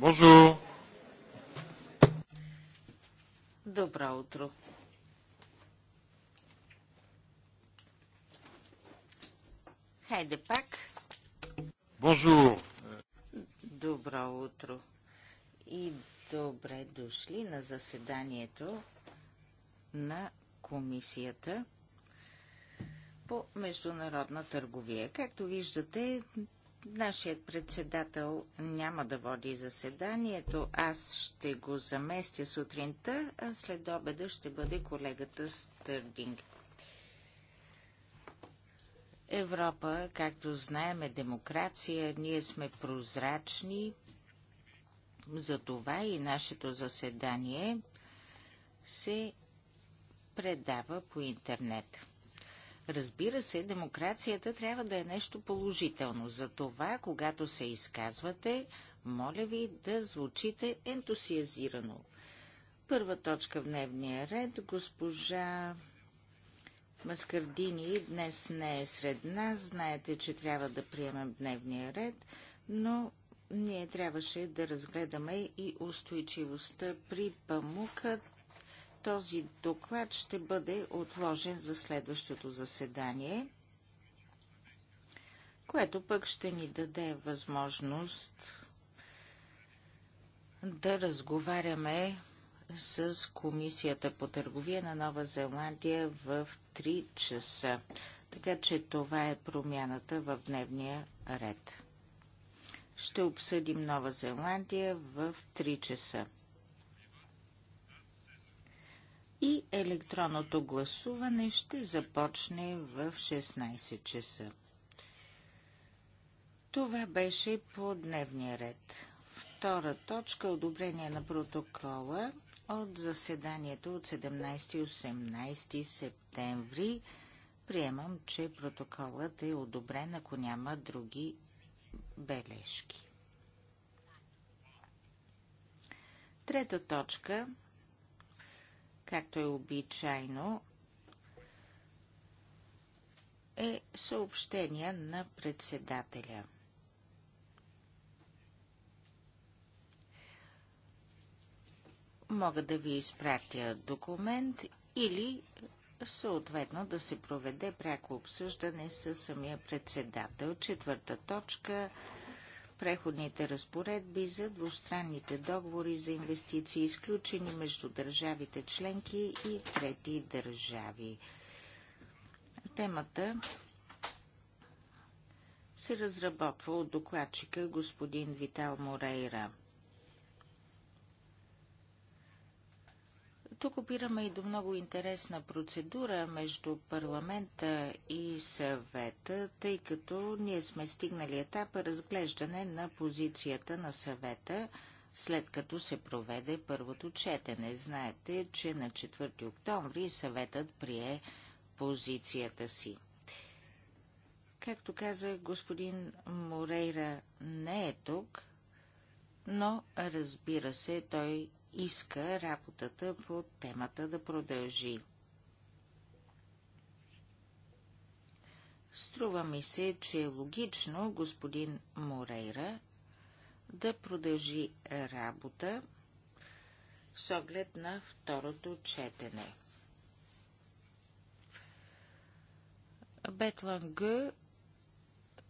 Bonjour. Добро утро. Хайде пак. Bonjour. Добро утро. И добре дошли на заседанието на комисията по международна търговия. Както виждате, Нашият председател няма да води заседанието. Аз ще го заместя сутринта, а след обеда ще бъде колегата Стърдинг. Европа, както знаем, е демокрация. Ние сме прозрачни. за това и нашето заседание се предава по интернет. Разбира се, демокрацията трябва да е нещо положително. Затова, когато се изказвате, моля ви да звучите ентусиазирано. Първа точка в дневния ред, госпожа Маскардини днес не е сред нас. Знаете, че трябва да приемем дневния ред, но ние трябваше да разгледаме и устойчивостта при памука. Този доклад ще бъде отложен за следващото заседание, което пък ще ни даде възможност да разговаряме с Комисията по търговия на Нова Зеландия в 3 часа. Така че това е промяната в дневния ред. Ще обсъдим Нова Зеландия в 3 часа и електронното гласуване ще започне в 16 часа. Това беше по дневния ред. Втора точка – одобрение на протокола от заседанието от 17-18 септември. Приемам, че протоколът е одобрен, ако няма други бележки. Трета точка – както е обичайно, е съобщение на председателя. Мога да ви изпратя документ или съответно да се проведе пряко обсъждане с самия председател. Четвърта точка преходните разпоредби за двустранните договори за инвестиции, изключени между държавите членки и трети държави. Темата се разработва от докладчика господин Витал Морейра – Тук опираме и до много интересна процедура между парламента и съвета, тъй като ние сме стигнали етапа разглеждане на позицията на съвета, след като се проведе първото четене. Знаете, че на 4 октомври съветът прие позицията си. Както каза господин Морейра, не е тук, но разбира се, той иска работата по темата да продължи. Струва ми се, че е логично господин Морейра да продължи работа с оглед на второто четене. Бетлан Г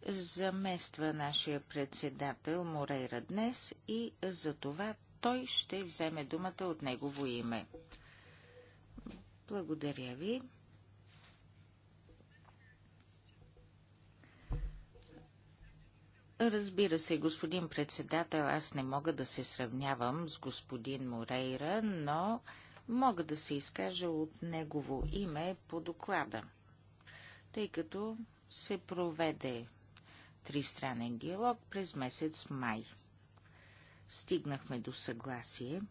замества нашия председател Морейра днес и за това той ще вземе думата от негово име. Благодаря ви. Разбира се, господин председател, аз не мога да се сравнявам с господин Морейра, но мога да се изкажа от негово име по доклада, тъй като се проведе тристранен диалог през месец май стигнахме до съгласие.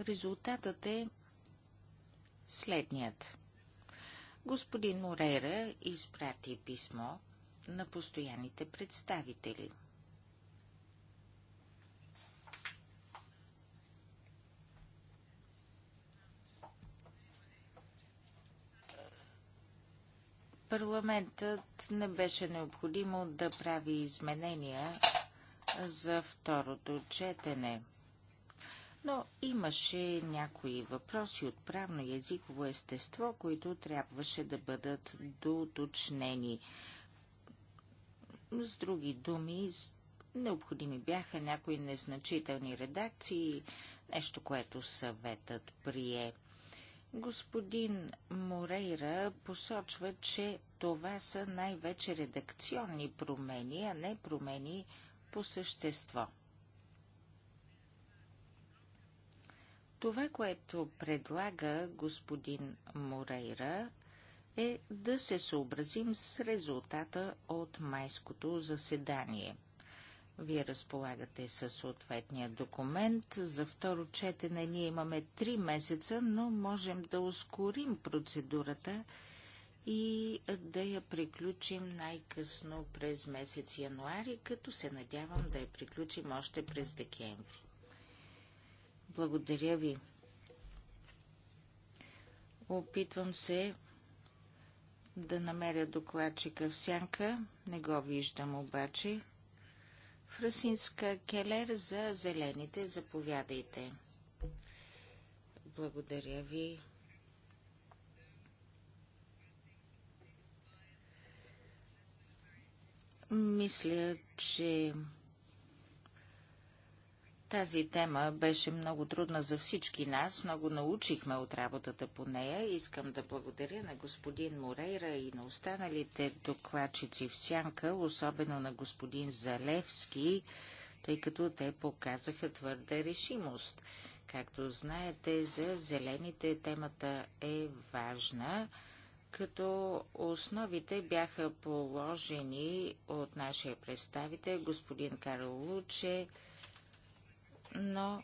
Резултатът е следният. Господин Морера изпрати писмо на постоянните представители – Парламентът не беше необходимо да прави изменения за второто четене. Но имаше някои въпроси от правно и езиково естество, които трябваше да бъдат доуточнени. С други думи, необходими бяха някои незначителни редакции, нещо, което съветът прие – Господин Морейра посочва, че това са най-вече редакционни промени, а не промени по същество. Това, което предлага господин Морейра, е да се съобразим с резултата от майското заседание – вие разполагате със съответния документ. За второ четене ние имаме три месеца, но можем да ускорим процедурата и да я приключим най-късно през месец януари, като се надявам да я приключим още през декември. Благодаря ви. Опитвам се да намеря докладчика в сянка. Не го виждам обаче. Фрасинска Келер за зелените. Заповядайте. Благодаря ви. Мисля, че тази тема беше много трудна за всички нас, много научихме от работата по нея. Искам да благодаря на господин Морейра и на останалите докладчици в Сянка, особено на господин Залевски, тъй като те показаха твърда решимост. Както знаете, за зелените темата е важна, като основите бяха положени от нашия представител господин Карл Луче, но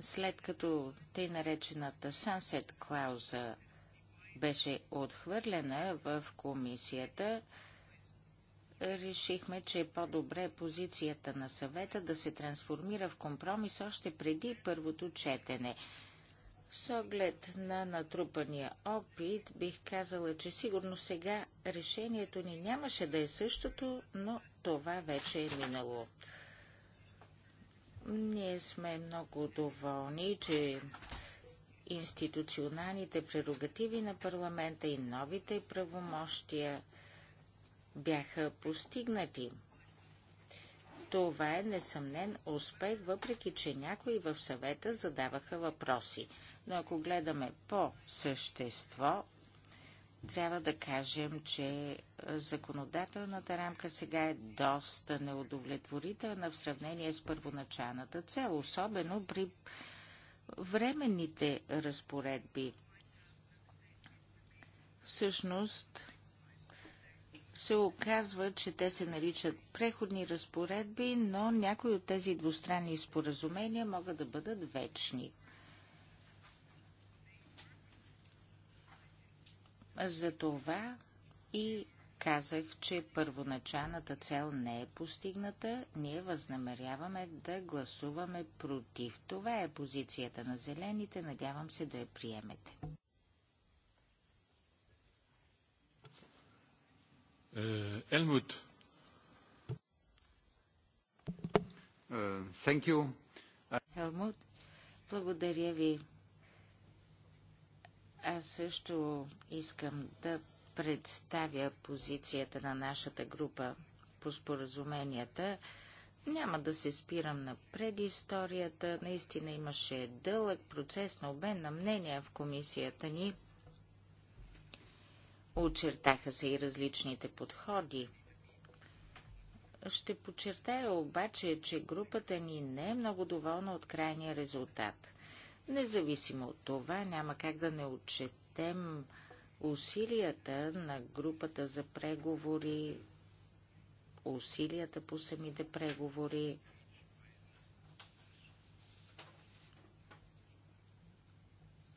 след като тъй наречената Sunset клауза беше отхвърлена в комисията, решихме, че е по-добре позицията на съвета да се трансформира в компромис още преди първото четене. С оглед на натрупания опит, бих казала, че сигурно сега решението ни нямаше да е същото, но това вече е минало. Ние сме много доволни, че институционалните прерогативи на парламента и новите правомощия бяха постигнати. Това е несъмнен успех, въпреки че някои в съвета задаваха въпроси. Но ако гледаме по същество, трябва да кажем, че законодателната рамка сега е доста неудовлетворителна в сравнение с първоначалната цел, особено при временните разпоредби. Всъщност, се оказва, че те се наричат преходни разпоредби, но някои от тези двустранни споразумения могат да бъдат вечни. Затова и казах, че първоначалната цел не е постигната, ние възнамеряваме да гласуваме против. Това е позицията на зелените, надявам се да я приемете. Euh, Helmut. Uh, thank you. Helmut, благодаря ви. Аз също искам да представя позицията на нашата група по споразуменията. Няма да се спирам на предисторията. Наистина имаше дълъг процес на обмен на мнения в комисията ни. Очертаха се и различните подходи. Ще подчертая обаче, че групата ни не е много доволна от крайния резултат. Независимо от това, няма как да не отчетем усилията на групата за преговори, усилията по самите преговори.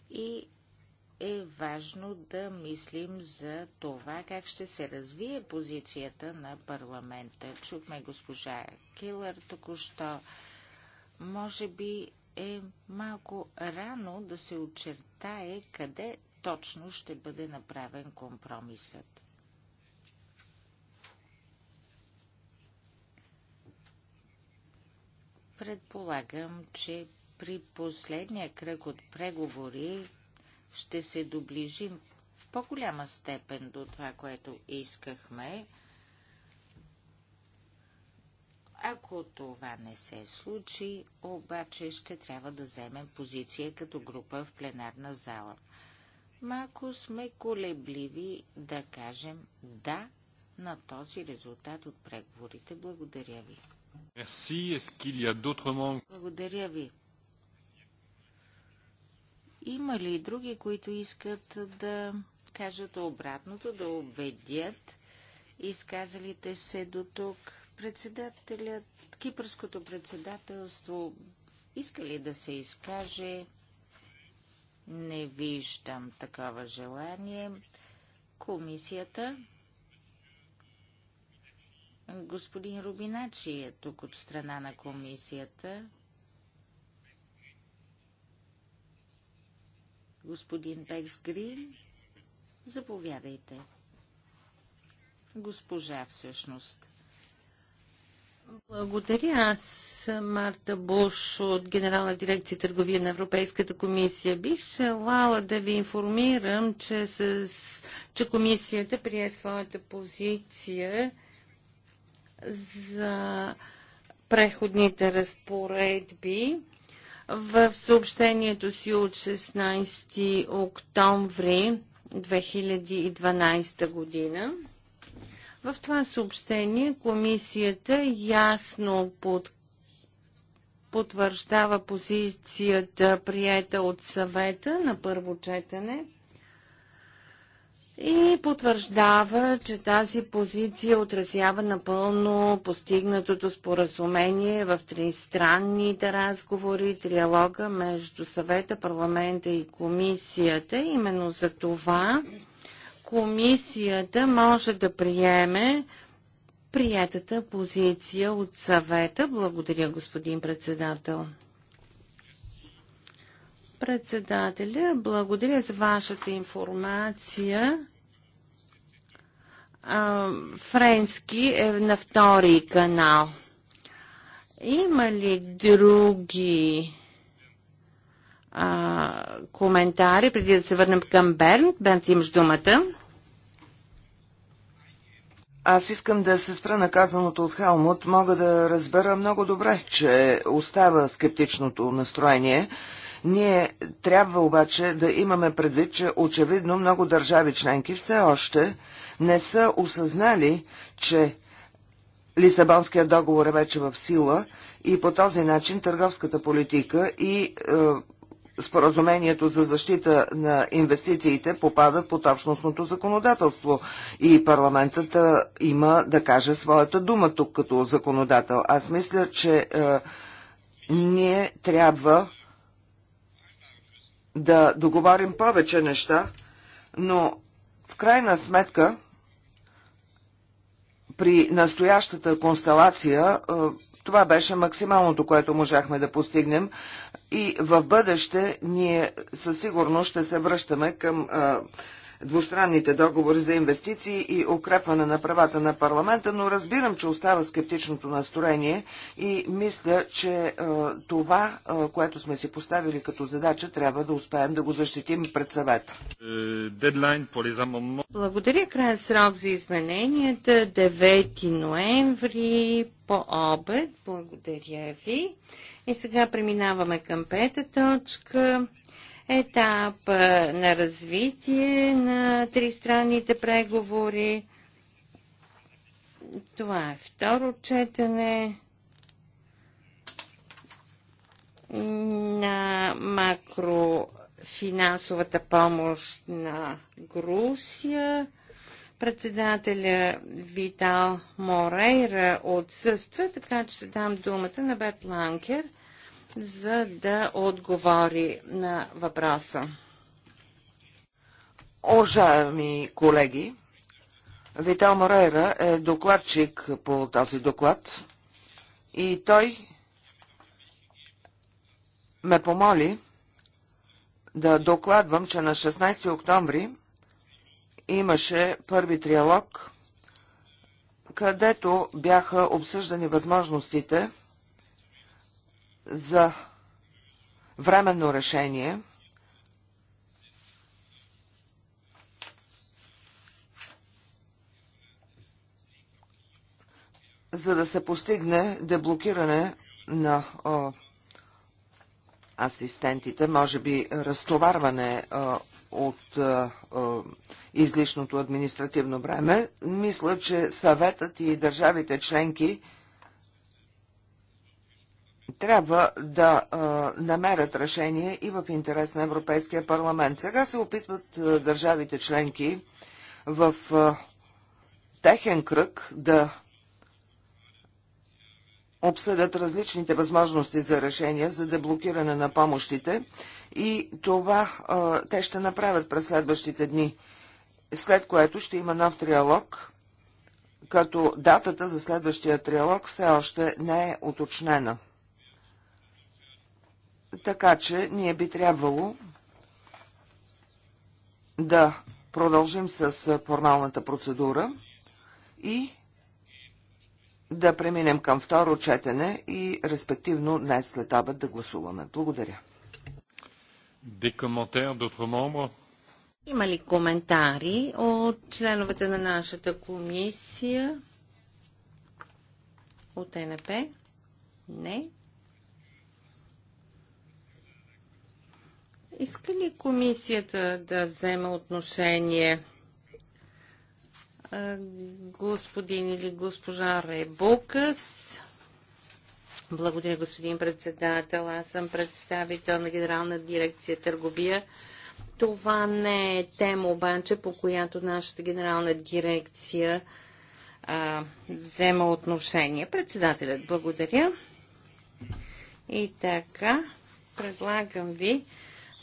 И е важно да мислим за това как ще се развие позицията на парламента. Чухме госпожа Килър току-що. Може би е малко рано да се очертае къде точно ще бъде направен компромисът. Предполагам, че при последния кръг от преговори ще се доближим в по-голяма степен до това, което искахме. Ако това не се случи, обаче ще трябва да вземем позиция като група в пленарна зала. Малко сме колебливи да кажем да на този резултат от преговорите. Благодаря ви. Благодаря ви. Има ли други, които искат да кажат обратното, да убедят изказалите се до тук? Председателят, кипърското председателство иска ли да се изкаже? Не виждам такова желание. Комисията. Господин Рубиначи е тук от страна на комисията. Господин Бекс Грин, заповядайте. Госпожа всъщност. Благодаря. Аз съм Марта Буш от Генерална дирекция търговия на Европейската комисия. Бих желала да ви информирам, че, с, че комисията прие своята позиция за преходните разпоредби в съобщението си от 16 октомври 2012 година в това съобщение комисията ясно под, потвърждава позицията, приета от съвета на първо четене и потвърждава, че тази позиция отразява напълно постигнатото споразумение в тристранните разговори, триалога между съвета, парламента и комисията. Именно за това комисията може да приеме приятата позиция от съвета. Благодаря, господин председател. Председателя, благодаря за вашата информация. Френски е на втори канал. Има ли други а, коментари, преди да се върнем към Берн? Берн, ти имаш думата. Аз искам да се спра на казаното от Хелмут. Мога да разбера много добре, че остава скептичното настроение. Ние трябва обаче да имаме предвид, че очевидно много държави членки все още не са осъзнали, че Лисабонският договор е вече в сила и по този начин търговската политика и е, споразумението за защита на инвестициите попадат под общностното законодателство и парламентът е, има да каже своята дума тук като законодател. Аз мисля, че е, ние трябва да договорим повече неща, но в крайна сметка при настоящата констелация е, това беше максималното, което можахме да постигнем и в бъдеще ние със сигурност ще се връщаме към е, двустранните договори за инвестиции и укрепване на правата на парламента, но разбирам, че остава скептичното настроение и мисля, че е, това, е, което сме си поставили като задача, трябва да успеем да го защитим пред съвета. Е, Благодаря. Крайен срок за измененията 9 ноември по обед. Благодаря ви. И сега преминаваме към пета точка етап на развитие на тристранните преговори. Това е второ четене на макрофинансовата помощ на Грусия. Председателя Витал Морейра отсъства, така че ще дам думата на Бет Ланкер – за да отговори на въпроса. Уважаеми колеги, Витал Морейра е докладчик по този доклад и той ме помоли да докладвам, че на 16 октомври имаше първи триалог, където бяха обсъждани възможностите – за временно решение за да се постигне деблокиране на о, асистентите, може би разтоварване о, от о, излишното административно време. Мисля, че съветът и държавите членки – трябва да а, намерят решение и в интерес на Европейския парламент. Сега се опитват държавите членки в а, техен кръг да обсъдят различните възможности за решения за деблокиране на помощите и това а, те ще направят през следващите дни, след което ще има нов триалог, като датата за следващия триалог все още не е уточнена. Така че ние би трябвало да продължим с формалната процедура и да преминем към второ четене и респективно днес след абът да гласуваме. Благодаря. Има ли коментари от членовете на нашата комисия от НП? Не. Иска ли комисията да вземе отношение? Господин или госпожа Ребукас. Благодаря, господин председател. Аз съм представител на Генерална дирекция търговия. Това не е тема обаче, по която нашата генерална дирекция а, взема отношение. Председателят, благодаря. И така, предлагам ви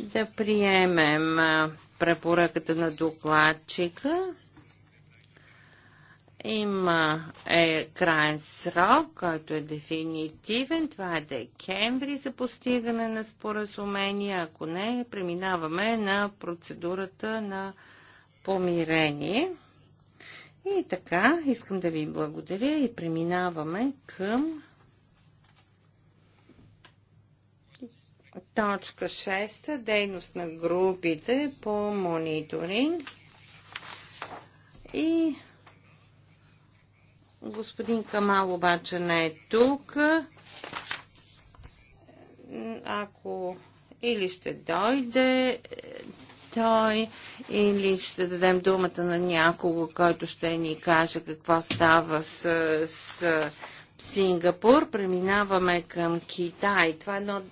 да приемем препоръката на докладчика. Има е крайен срок, който е дефинитивен. Това е декември за постигане на споразумение. Ако не, преминаваме на процедурата на помирение. И така, искам да ви благодаря и преминаваме към Точка 6. Дейност на групите по мониторинг. И господин Камал обаче не е тук. Ако или ще дойде той, или ще дадем думата на някого, който ще ни каже какво става с, с Сингапур. Преминаваме към Китай. Това е едно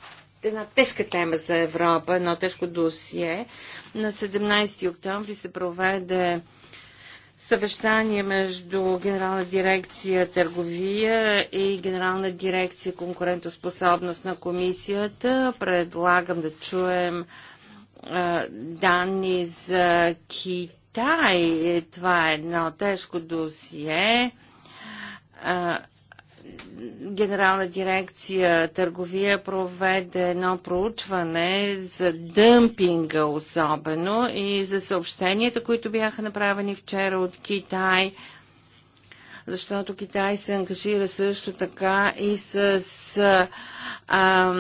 една тежка тема за Европа, едно тежко досие. На 17 октомври се проведе съвещание между Генерална дирекция търговия и Генерална дирекция конкурентоспособност на комисията. Предлагам да чуем а, данни за Китай. Това е едно тежко досие. А, Генерална дирекция търговия проведе едно проучване за дъмпинга особено и за съобщенията, които бяха направени вчера от Китай, защото Китай се ангажира също така и с а,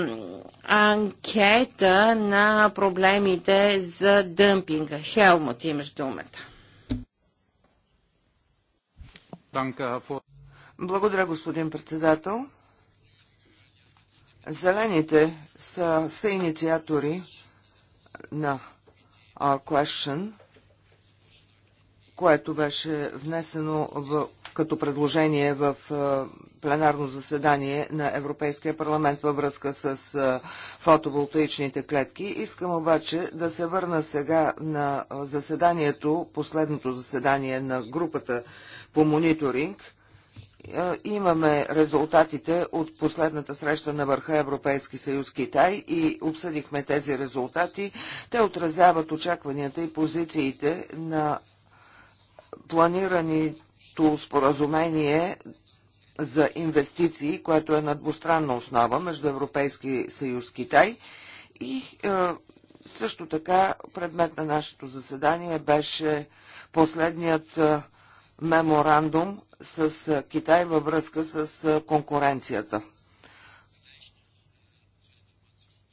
анкета на проблемите за дъмпинга. Хелмут, имаш думата. Благодаря, господин председател. Зелените са, са инициатори на Our Question, което беше внесено в, като предложение в е, пленарно заседание на Европейския парламент във връзка с е, фотоволтаичните клетки. Искам обаче да се върна сега на заседанието, последното заседание на групата по мониторинг – е, имаме резултатите от последната среща на върха Европейски съюз Китай и обсъдихме тези резултати. Те отразяват очакванията и позициите на планираното споразумение за инвестиции, което е на двустранна основа между Европейски съюз Китай и е, също така предмет на нашето заседание беше последният е, меморандум с Китай във връзка с конкуренцията.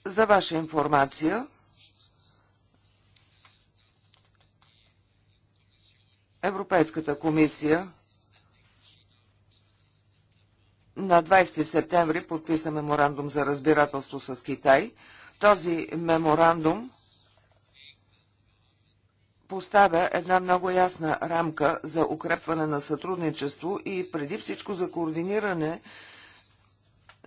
За ваша информация, Европейската комисия на 20 септември подписа меморандум за разбирателство с Китай. Този меморандум поставя една много ясна рамка за укрепване на сътрудничество и преди всичко за координиране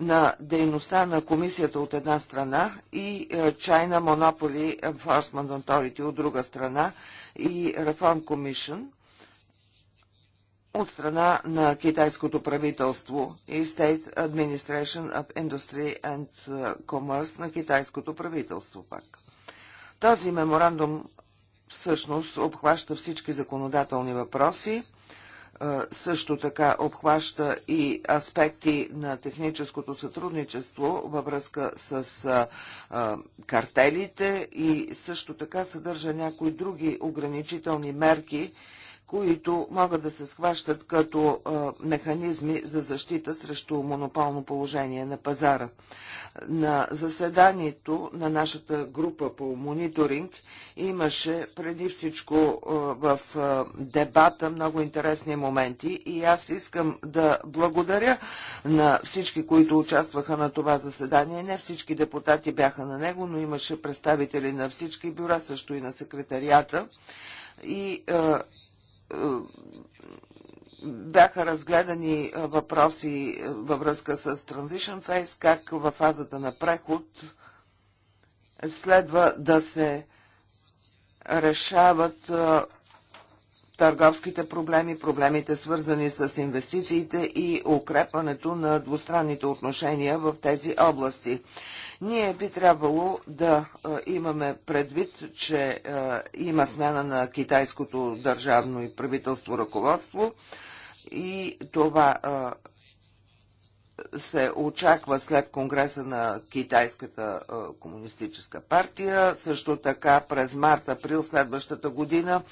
на дейността на комисията от една страна и е, China Monopoly Enforcement Authority от друга страна и Reform Commission от страна на китайското правителство и State Administration of Industry and е, Commerce на китайското правителство пак. Този меморандум всъщност обхваща всички законодателни въпроси, е, също така обхваща и аспекти на техническото сътрудничество във връзка с е, е, картелите и също така съдържа някои други ограничителни мерки, които могат да се схващат като механизми за защита срещу монополно положение на пазара. На заседанието на нашата група по мониторинг имаше преди всичко в дебата много интересни моменти и аз искам да благодаря на всички, които участваха на това заседание. Не всички депутати бяха на него, но имаше представители на всички бюра, също и на секретарията. И бяха разгледани въпроси във връзка с Transition Phase, как във фазата на преход следва да се решават търговските проблеми, проблемите свързани с инвестициите и укрепването на двустранните отношения в тези области. Ние би трябвало да е, имаме предвид, че е, има смяна на китайското държавно и правителство ръководство и това е, се очаква след Конгреса на Китайската комунистическа партия. Също така през март-април следващата година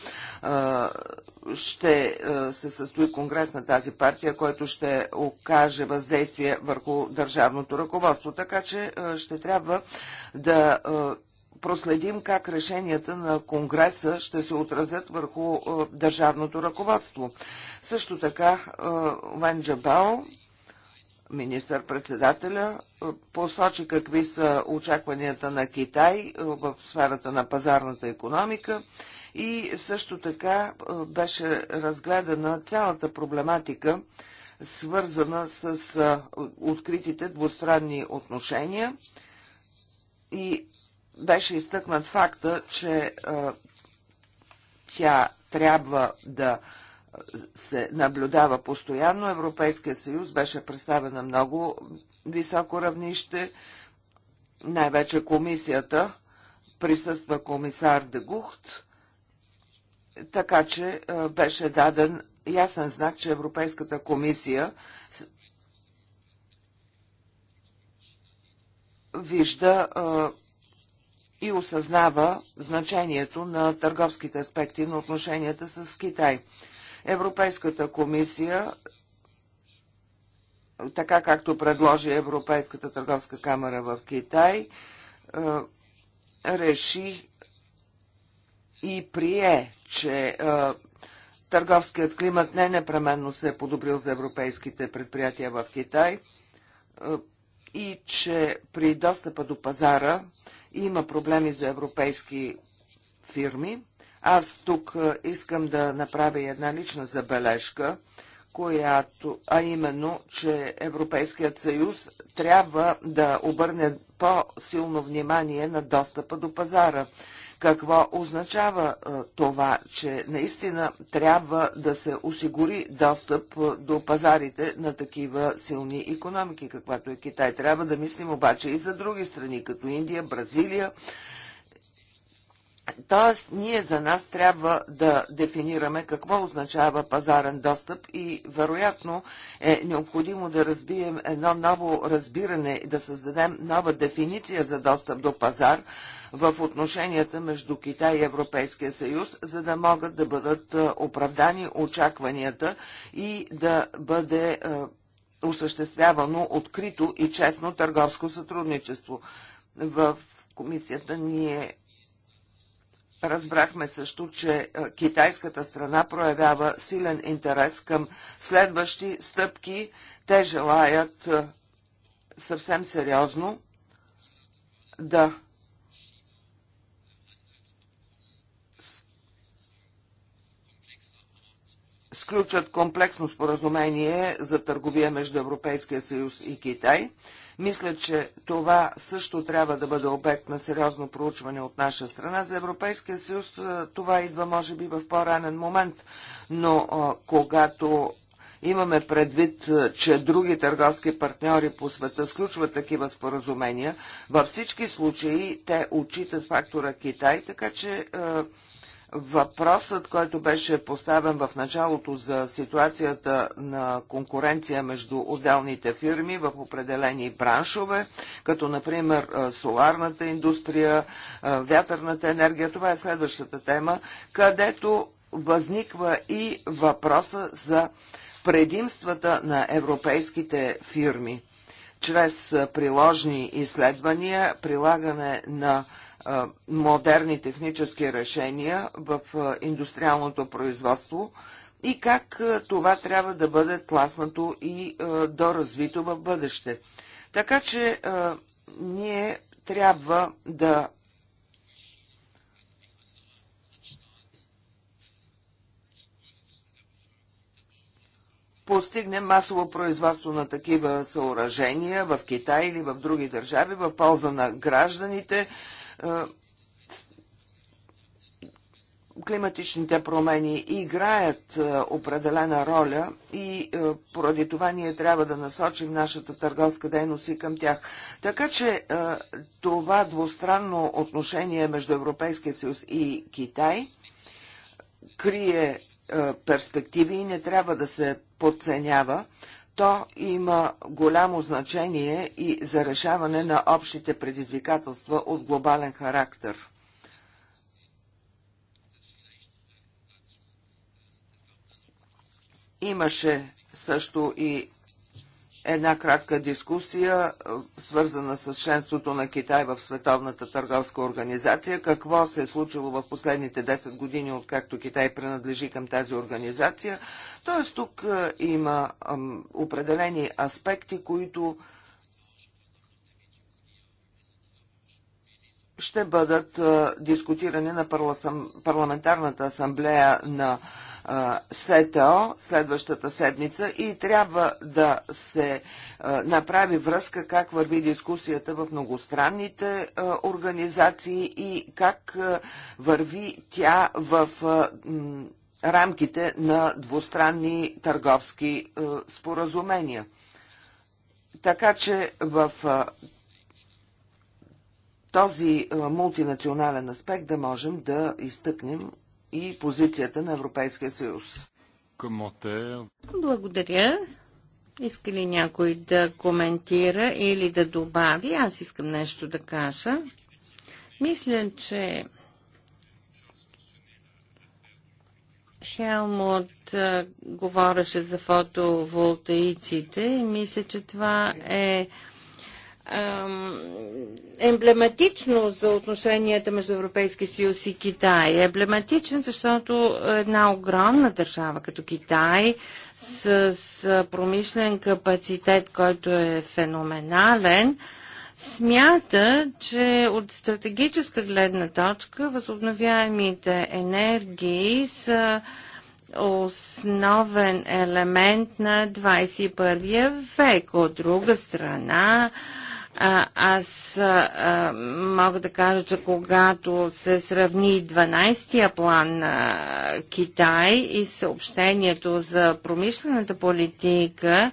ще се състои конгрес на тази партия, който ще окаже въздействие върху държавното ръководство. Така че ще трябва да проследим как решенията на Конгреса ще се отразят върху държавното ръководство. Също така Вен Джабао министър-председателя посочи какви са очакванията на Китай е, в сферата на пазарната економика и също така е, беше разгледана цялата проблематика, свързана с е, откритите двустранни отношения и беше изтъкнат факта, че тя трябва да се наблюдава постоянно. Европейския съюз беше представен на много високо равнище, най-вече комисията, присъства комисар Дегухт, така че е, беше даден ясен знак, че Европейската комисия вижда е, и осъзнава значението на търговските аспекти на отношенията с Китай. Европейската комисия, така както предложи Европейската търговска камера в Китай, е, реши и прие, че е, търговският климат не непременно се е подобрил за европейските предприятия в Китай е, и че при достъпа до пазара има проблеми за европейски фирми. Аз тук искам да направя една лична забележка, която, а именно, че Европейският съюз трябва да обърне по-силно внимание на достъпа до пазара. Какво означава това, че наистина трябва да се осигури достъп до пазарите на такива силни економики, каквато е Китай? Трябва да мислим обаче и за други страни, като Индия, Бразилия, Тоест, ние за нас трябва да дефинираме какво означава пазарен достъп и вероятно е необходимо да разбием едно ново разбиране, да създадем нова дефиниция за достъп до пазар в отношенията между Китай и Европейския съюз, за да могат да бъдат е, оправдани очакванията и да бъде е, осъществявано открито и честно търговско сътрудничество. В комисията ние Разбрахме също, че китайската страна проявява силен интерес към следващи стъпки. Те желаят съвсем сериозно да сключат комплексно споразумение за търговия между Европейския съюз и Китай. Мисля, че това също трябва да бъде обект на сериозно проучване от наша страна. За Европейския съюз това идва, може би, в по-ранен момент, но а, когато Имаме предвид, че други търговски партньори по света сключват такива споразумения. Във всички случаи те отчитат фактора Китай, така че Въпросът, който беше поставен в началото за ситуацията на конкуренция между отделните фирми в определени браншове, като например соларната индустрия, вятърната енергия, това е следващата тема, където възниква и въпроса за предимствата на европейските фирми чрез приложни изследвания, прилагане на модерни технически решения в индустриалното производство и как това трябва да бъде тласнато и доразвито в бъдеще. Така че ние трябва да постигне масово производство на такива съоръжения в Китай или в други държави в полза на гражданите, климатичните промени играят определена роля и поради това ние трябва да насочим нашата търговска дейност и към тях. Така че това двустранно отношение между Европейския съюз и Китай крие перспективи и не трябва да се подценява то има голямо значение и за решаване на общите предизвикателства от глобален характер. Имаше също и една кратка дискусия, свързана с членството на Китай в Световната търговска организация. Какво се е случило в последните 10 години, откакто Китай принадлежи към тази организация? Т.е. тук има определени аспекти, които ще бъдат дискутирани на парламентарната асамблея на СТО следващата седмица и трябва да се направи връзка как върви дискусията в многостранните организации и как върви тя в рамките на двустранни търговски споразумения. Така че в този мултинационален аспект да можем да изтъкнем и позицията на Европейския съюз. Благодаря. Иска ли някой да коментира или да добави? Аз искам нещо да кажа. Мисля, че Хелмут говореше за фотоволтаиците и мисля, че това е емблематично за отношенията между Европейския съюз и Китай. Е емблематичен, защото една огромна държава като Китай с, с промишлен капацитет, който е феноменален, смята, че от стратегическа гледна точка възобновяемите енергии са основен елемент на 21 век. От друга страна, а, аз а, мога да кажа, че когато се сравни 12-я план на Китай и съобщението за промишлената политика,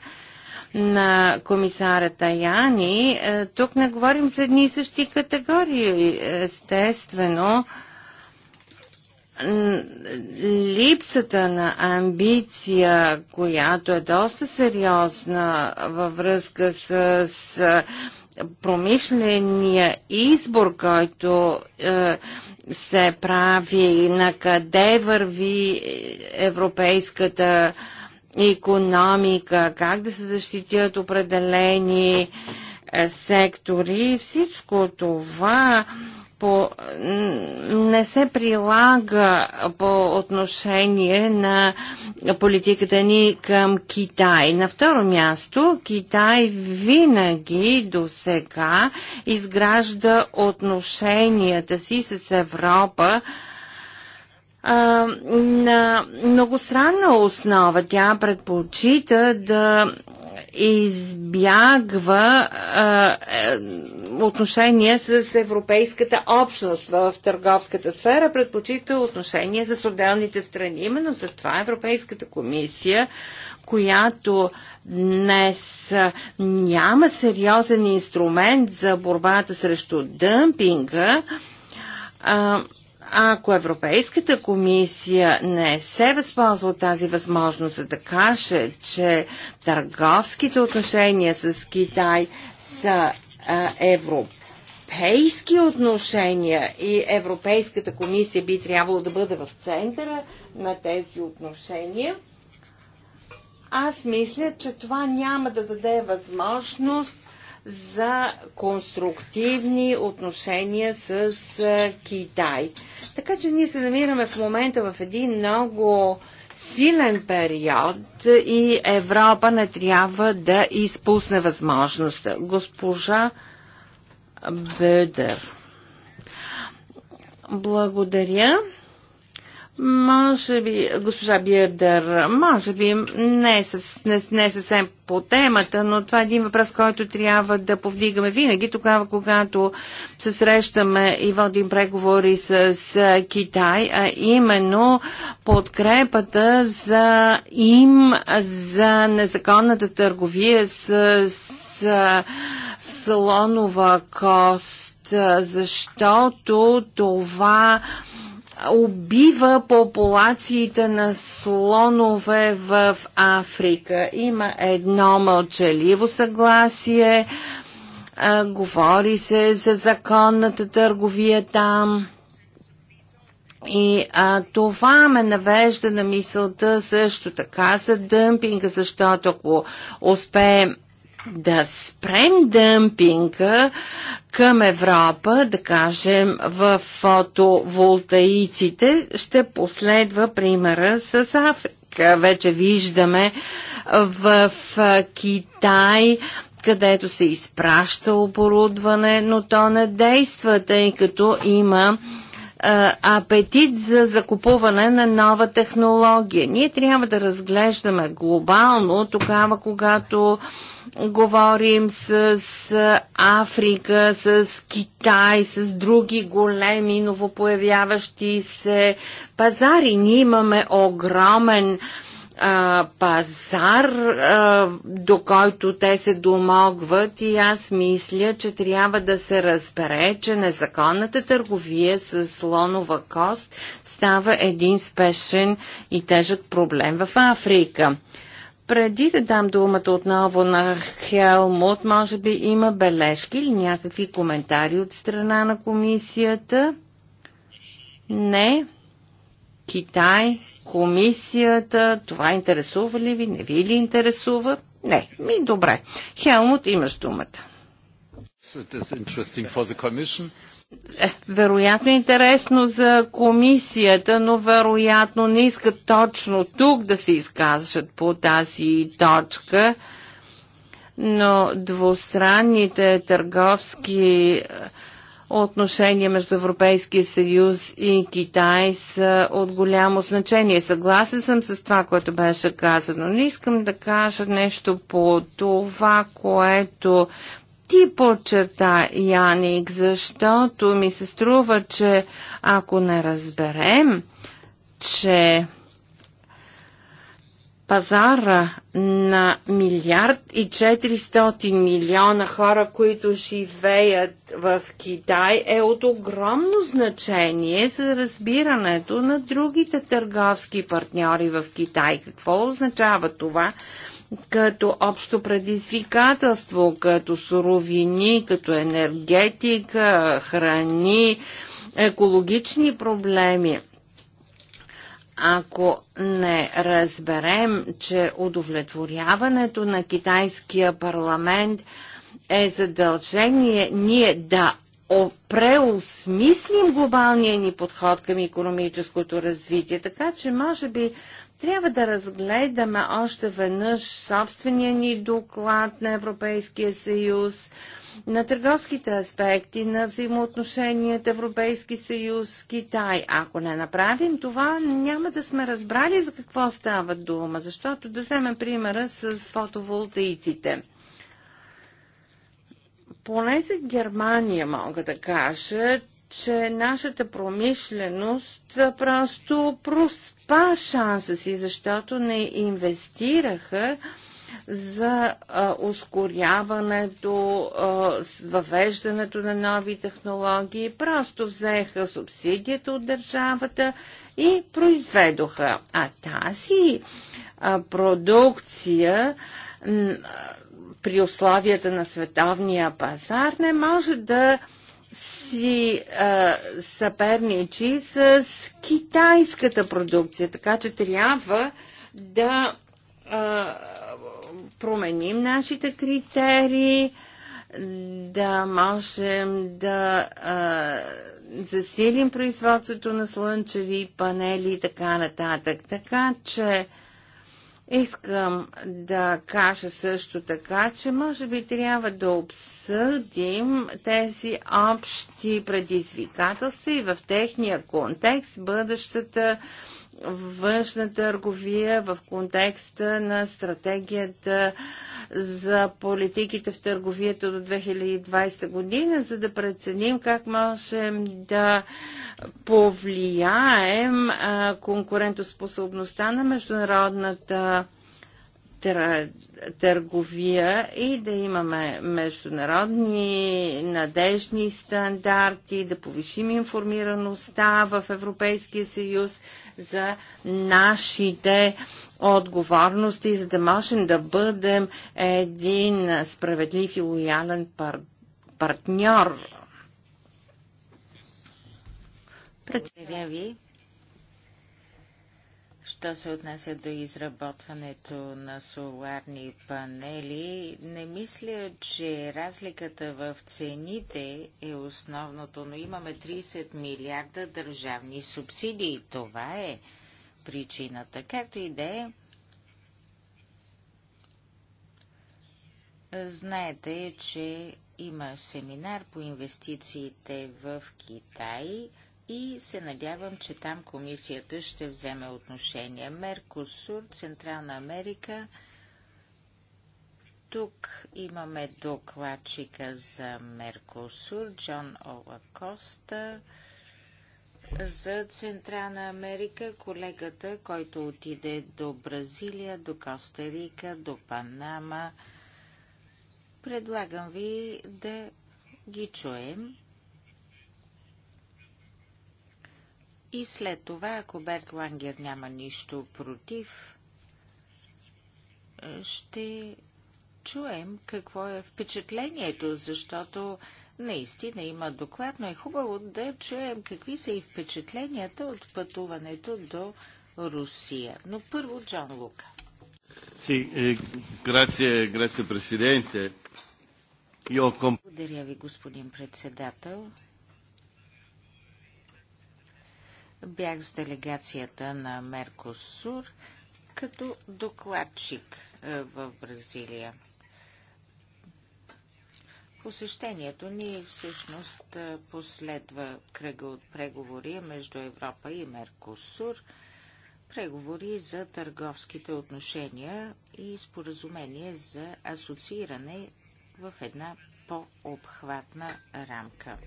на комисара Таяни, е, тук не говорим за едни и същи категории. Естествено, липсата на амбиция, която е доста сериозна във връзка с промишления избор, който е, се прави, на къде върви е, европейската економика, как да се защитят определени е, сектори, всичко това по, не се прилага по отношение на политиката ни към Китай. На второ място, Китай винаги до сега изгражда отношенията си с Европа а, на многостранна основа. Тя предпочита да избягва а, е, отношения с Европейската общност в търговската сфера, предпочита отношения с отделните страни. Именно за това Европейската комисия, която днес няма сериозен инструмент за борбата срещу дъмпинга, а, ако Европейската комисия не се възползва от тази възможност за да каже, че търговските отношения с Китай са а, европейски отношения и Европейската комисия би трябвало да бъде в центъра на тези отношения, аз мисля, че това няма да даде възможност за конструктивни отношения с Китай. Така че ние се намираме в момента в един много силен период и Европа не трябва да изпусне възможността. Госпожа Бедер. Благодаря. Може би, госпожа Бирдер, може би не, е съв, не, не е съвсем по темата, но това е един въпрос, който трябва да повдигаме винаги тогава, когато се срещаме и водим преговори с, с Китай, а именно подкрепата за им за незаконната търговия с, с слонова кост, защото това убива популациите на слонове в Африка. Има едно мълчаливо съгласие, а, говори се за законната търговия там. И а, това ме навежда на мисълта също така за дъмпинга, защото ако успеем да спрем дъмпинга към Европа, да кажем, в фотоволтаиците, ще последва примера с Африка. Вече виждаме в Китай където се изпраща оборудване, но то не действа, тъй като има апетит за закупуване на нова технология. Ние трябва да разглеждаме глобално тогава, когато говорим с Африка, с Китай, с други големи новопоявяващи се пазари. Ние имаме огромен а, пазар, а, до който те се домогват и аз мисля, че трябва да се разбере, че незаконната търговия с слонова кост става един спешен и тежък проблем в Африка. Преди да дам думата отново на Хелмут, може би има бележки или някакви коментари от страна на комисията? Не. Китай, комисията, това интересува ли ви? Не ви ли интересува? Не. Ми, добре. Хелмут, имаш думата. Е, вероятно е интересно за комисията, но вероятно не искат точно тук да се изкажат по тази точка. Но двустранните търговски е, отношения между Европейския съюз и Китай са от голямо значение. Съгласен съм с това, което беше казано, Не искам да кажа нещо по това, което ти подчерта, Яник, защото ми се струва, че ако не разберем, че пазара на милиард и 400 милиона хора, които живеят в Китай, е от огромно значение за разбирането на другите търговски партньори в Китай. Какво означава това като общо предизвикателство, като суровини, като енергетика, храни, екологични проблеми. Ако не разберем, че удовлетворяването на китайския парламент е задължение ние да преосмислим глобалния ни подход към економическото развитие. Така че, може би, трябва да разгледаме още веднъж собствения ни доклад на Европейския съюз, на търговските аспекти, на взаимоотношенията Европейски съюз, Китай. Ако не направим това, няма да сме разбрали за какво става дума, защото да вземем примера с фотоволтаиците. Поне за Германия мога да кажа, че нашата промишленост просто прос, изтърпа шанса си, защото не инвестираха за а, ускоряването, а, въвеждането на нови технологии. Просто взеха субсидията от държавата и произведоха. А тази а, продукция при условията на световния пазар не може да си а, съперничи с китайската продукция, така че трябва да а, променим нашите критерии, да можем да а, засилим производството на слънчеви панели и така нататък. Така че а, Искам да кажа също така, че може би трябва да обсъдим тези общи предизвикателства и в техния контекст бъдещата външна търговия в контекста на стратегията за политиките в търговията до 2020 година, за да преценим как можем да повлияем конкурентоспособността на международната търговия и да имаме международни надежни стандарти, да повишим информираността в Европейския съюз за нашите отговорности, за да можем да бъдем един справедлив и лоялен пар- партньор. Председателя ви. Що се отнася до изработването на соларни панели, не мисля, че разликата в цените е основното, но имаме 30 милиарда държавни субсидии. Това е причината. Както и да е, знаете, че има семинар по инвестициите в Китай – и се надявам, че там комисията ще вземе отношение. Меркосур, Централна Америка. Тук имаме докладчика за Меркосур, Джон Ола Коста. За Централна Америка колегата, който отиде до Бразилия, до Коста Рика, до Панама. Предлагам ви да ги чуем И след това, ако Берт Лангер няма нищо против, ще чуем какво е впечатлението, защото наистина има доклад, но е хубаво да чуем какви са и впечатленията от пътуването до Русия. Но първо Джон Лука. Си, грация, грация президенте. Благодаря ви, господин председател. бях с делегацията на Меркосур като докладчик е, в Бразилия. Посещението ни всъщност е, последва кръга от преговори между Европа и Меркосур, преговори за търговските отношения и споразумение за асоцииране в една по-обхватна рамка.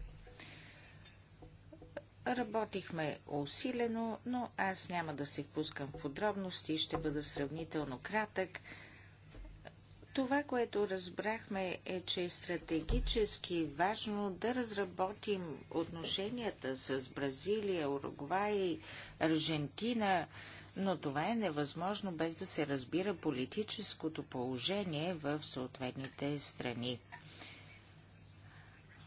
Работихме усилено, но аз няма да се впускам в подробности, ще бъда сравнително кратък. Това, което разбрахме е, че е стратегически важно да разработим отношенията с Бразилия, Уругвай, Аржентина, но това е невъзможно без да се разбира политическото положение в съответните страни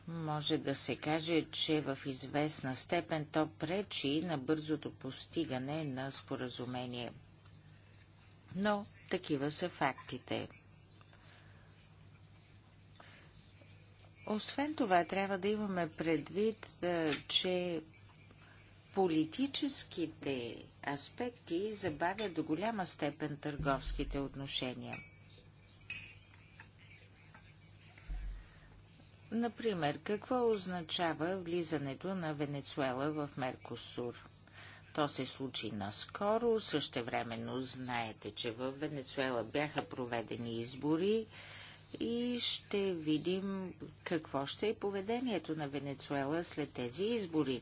може да се каже, че в известна степен то пречи на бързото постигане на споразумение. Но такива са фактите. Освен това, трябва да имаме предвид, че политическите аспекти забавят до голяма степен търговските отношения – Например, какво означава влизането на Венецуела в Меркосур? То се случи наскоро, същевременно знаете, че в Венецуела бяха проведени избори и ще видим какво ще е поведението на Венецуела след тези избори.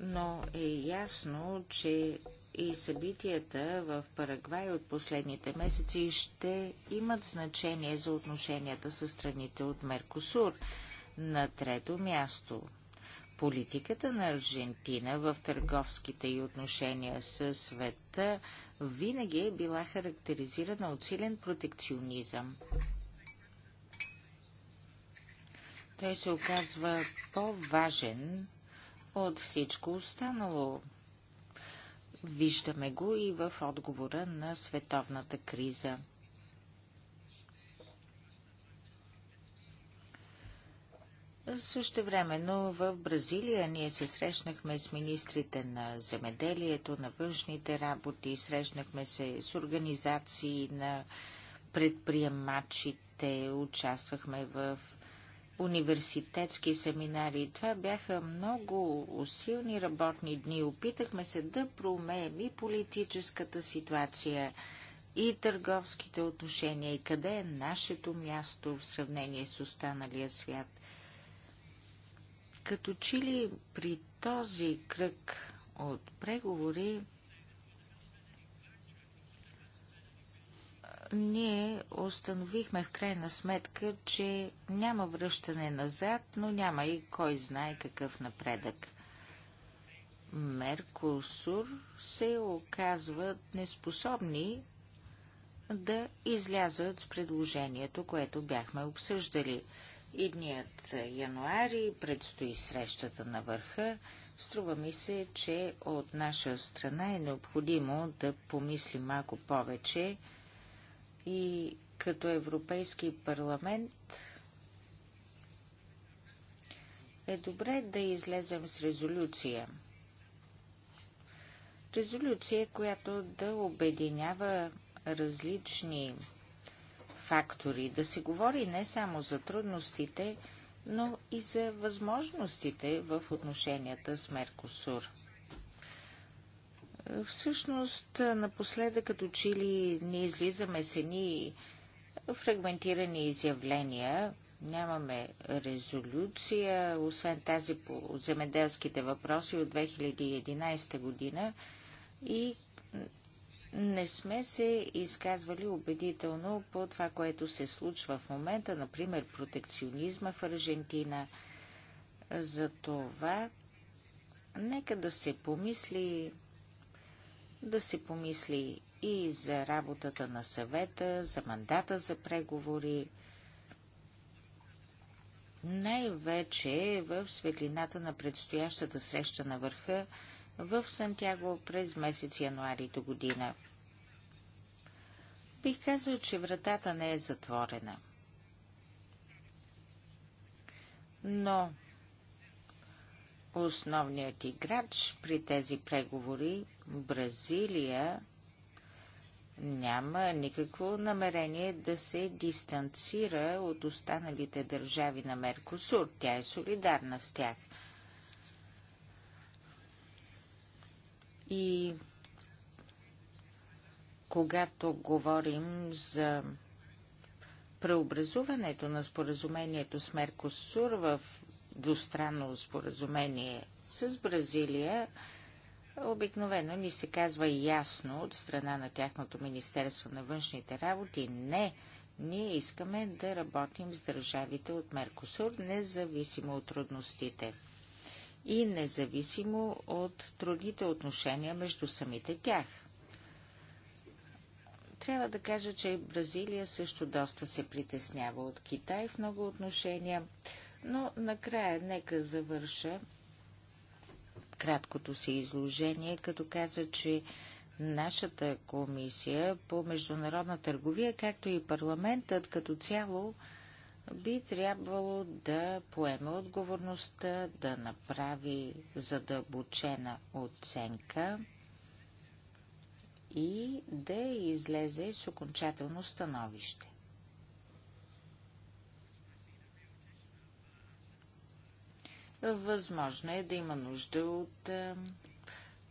Но е ясно, че и събитията в Парагвай от последните месеци ще имат значение за отношенията с страните от Меркосур. На трето място политиката на Аржентина в търговските и отношения с света винаги е била характеризирана от силен протекционизъм. Той се оказва по-важен от всичко останало. Виждаме го и в отговора на световната криза. Също времено в Бразилия ние се срещнахме с министрите на земеделието, на външните работи, срещнахме се с организации на предприемачите, участвахме в университетски семинари. Това бяха много усилни работни дни. Опитахме се да проумеем и политическата ситуация, и търговските отношения, и къде е нашето място в сравнение с останалия свят. Като че ли при този кръг от преговори ние установихме в крайна сметка, че няма връщане назад, но няма и кой знае какъв напредък. Меркусур се оказват неспособни да излязат с предложението, което бяхме обсъждали. Идният януари предстои срещата на върха. Струва ми се, че от наша страна е необходимо да помислим малко повече и като Европейски парламент е добре да излезем с резолюция. Резолюция, която да обединява различни фактори, да се говори не само за трудностите, но и за възможностите в отношенията с Меркосур. Всъщност, напоследък като че ли не излизаме с едни фрагментирани изявления, нямаме резолюция, освен тази по земеделските въпроси от 2011 година и не сме се изказвали убедително по това, което се случва в момента, например протекционизма в Аржентина. За това нека да се помисли да се помисли и за работата на съвета, за мандата за преговори, най-вече в светлината на предстоящата среща на върха в Сантяго през месец януари до година. Бих казал, че вратата не е затворена. Но основният играч при тези преговори, Бразилия, няма никакво намерение да се дистанцира от останалите държави на Меркосур. Тя е солидарна с тях. И когато говорим за преобразуването на споразумението с Меркосур в двустранно споразумение с Бразилия, обикновено ни се казва ясно от страна на тяхното Министерство на външните работи не. Ние искаме да работим с държавите от Меркосур, независимо от трудностите и независимо от трудните отношения между самите тях. Трябва да кажа, че Бразилия също доста се притеснява от Китай в много отношения. Но накрая нека завърша краткото си изложение, като каза, че нашата комисия по международна търговия, както и парламентът като цяло, би трябвало да поеме отговорността, да направи задълбочена оценка и да излезе с окончателно становище. Възможно е да има нужда от е,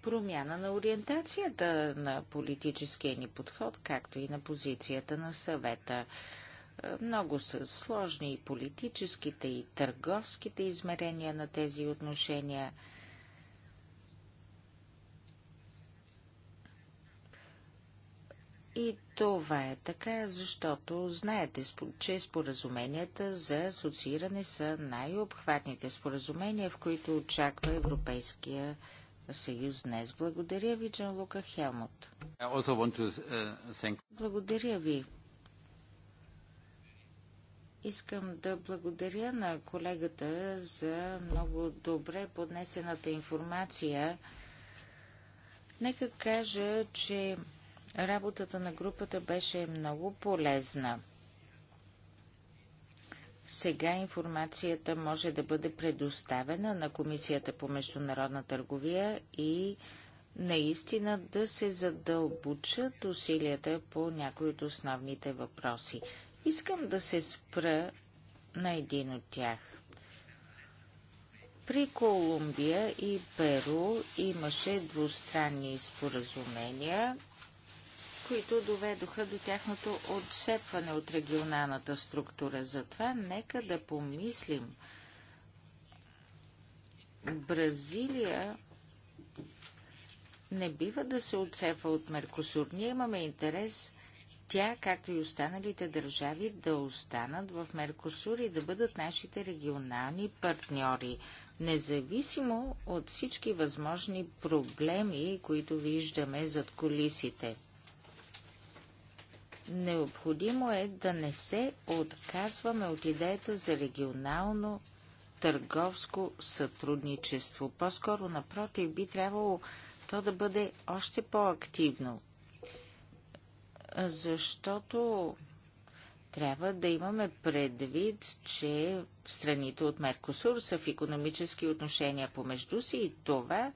промяна на ориентацията на политическия ни подход, както и на позицията на съвета. Е, много са сложни и политическите, и търговските измерения на тези отношения – И това е така, защото знаете, че споразуменията за асоцииране са най-обхватните споразумения, в които очаква Европейския съюз днес. Благодаря ви, Джан Лука Хелмут. Uh, благодаря ви. Искам да благодаря на колегата за много добре поднесената информация. Нека кажа, че Работата на групата беше много полезна. Сега информацията може да бъде предоставена на Комисията по международна търговия и наистина да се задълбочат усилията по някои от основните въпроси. Искам да се спра на един от тях. При Колумбия и Перу имаше двустранни споразумения които доведоха до тяхното отцепване от регионалната структура. Затова нека да помислим. Бразилия не бива да се отцепва от Меркосур. Ние имаме интерес тя, както и останалите държави, да останат в Меркосур и да бъдат нашите регионални партньори, независимо от всички възможни проблеми, които виждаме зад колисите. Необходимо е да не се отказваме от идеята за регионално търговско сътрудничество. По-скоро, напротив, би трябвало то да бъде още по-активно. Защото трябва да имаме предвид, че страните от Меркосур са в економически отношения помежду си и това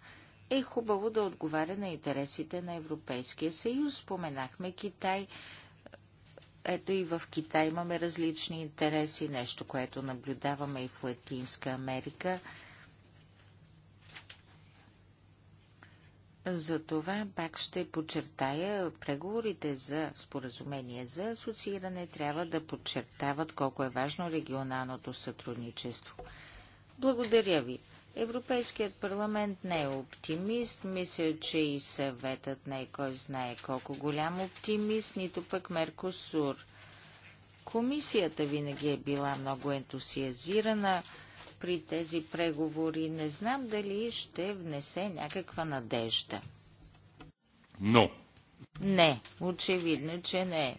е хубаво да отговаря на интересите на Европейския съюз. Споменахме Китай, ето и в Китай имаме различни интереси, нещо, което наблюдаваме и в Латинска Америка. Затова пак ще подчертая, преговорите за споразумение за асоцииране трябва да подчертават колко е важно регионалното сътрудничество. Благодаря ви. Европейският парламент не е оптимист. Мисля, че и съветът не е кой знае колко голям оптимист, нито пък Меркосур. Комисията винаги е била много ентусиазирана при тези преговори. Не знам дали ще внесе някаква надежда. Но. Не, очевидно, че не. Е.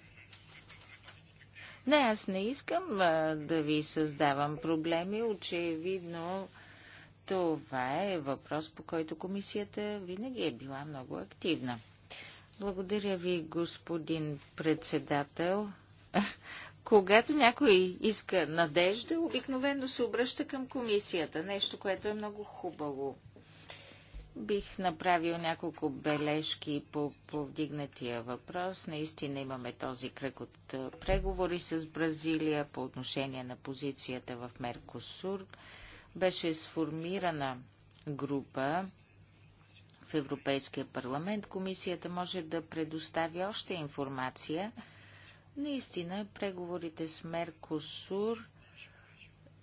Не, аз не искам а, да ви създавам проблеми. Очевидно, а, това е въпрос, по който комисията винаги е била много активна. Благодаря ви, господин председател. Когато някой иска надежда, обикновено се обръща към комисията. Нещо, което е много хубаво. Бих направил няколко бележки по повдигнатия въпрос. Наистина имаме този кръг от преговори с Бразилия по отношение на позицията в Меркосур беше сформирана група в Европейския парламент. Комисията може да предостави още информация. Наистина, преговорите с Меркосур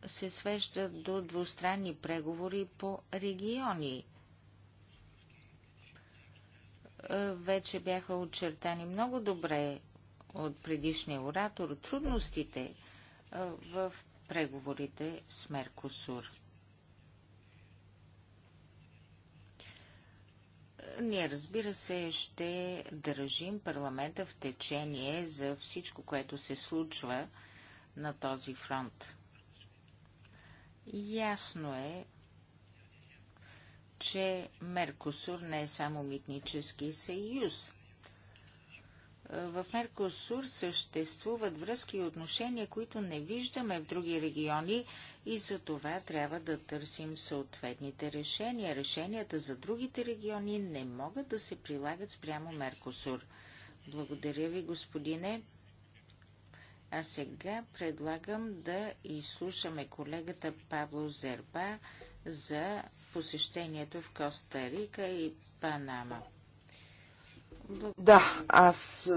се свеждат до двустранни преговори по региони. Вече бяха очертани много добре от предишния оратор трудностите в преговорите с Меркосур. Ние, разбира се, ще държим парламента в течение за всичко, което се случва на този фронт. Ясно е, че Меркосур не е само митнически съюз. В Меркосур съществуват връзки и отношения, които не виждаме в други региони и за това трябва да търсим съответните решения. Решенията за другите региони не могат да се прилагат спрямо Меркосур. Благодаря ви, господине. А сега предлагам да изслушаме колегата Пабло Зерба за посещението в Коста Рика и Панама. Благодаря. Да, аз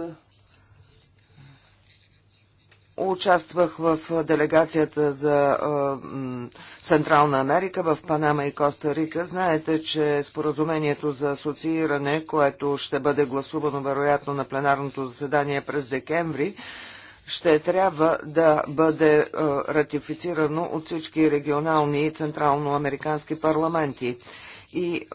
Участвах в делегацията за Централна Америка в Панама и Коста Рика. Знаете, че споразумението за асоцииране, което ще бъде гласувано вероятно на пленарното заседание през декември, ще трябва да бъде ратифицирано от всички регионални и централноамерикански парламенти. И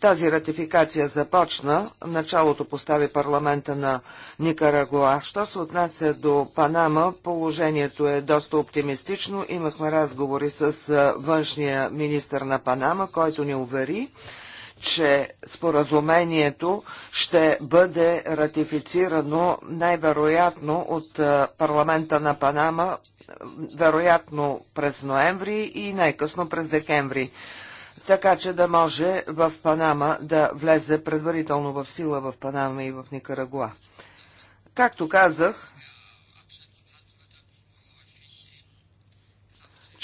тази ратификация започна. Началото постави парламента на Никарагуа. Що се отнася до Панама, положението е доста оптимистично. Имахме разговори с външния министр на Панама, който ни увери, че споразумението ще бъде ратифицирано най-вероятно от парламента на Панама, вероятно през ноември и най-късно през декември така че да може в Панама да влезе предварително в сила в Панама и в Никарагуа. Както казах,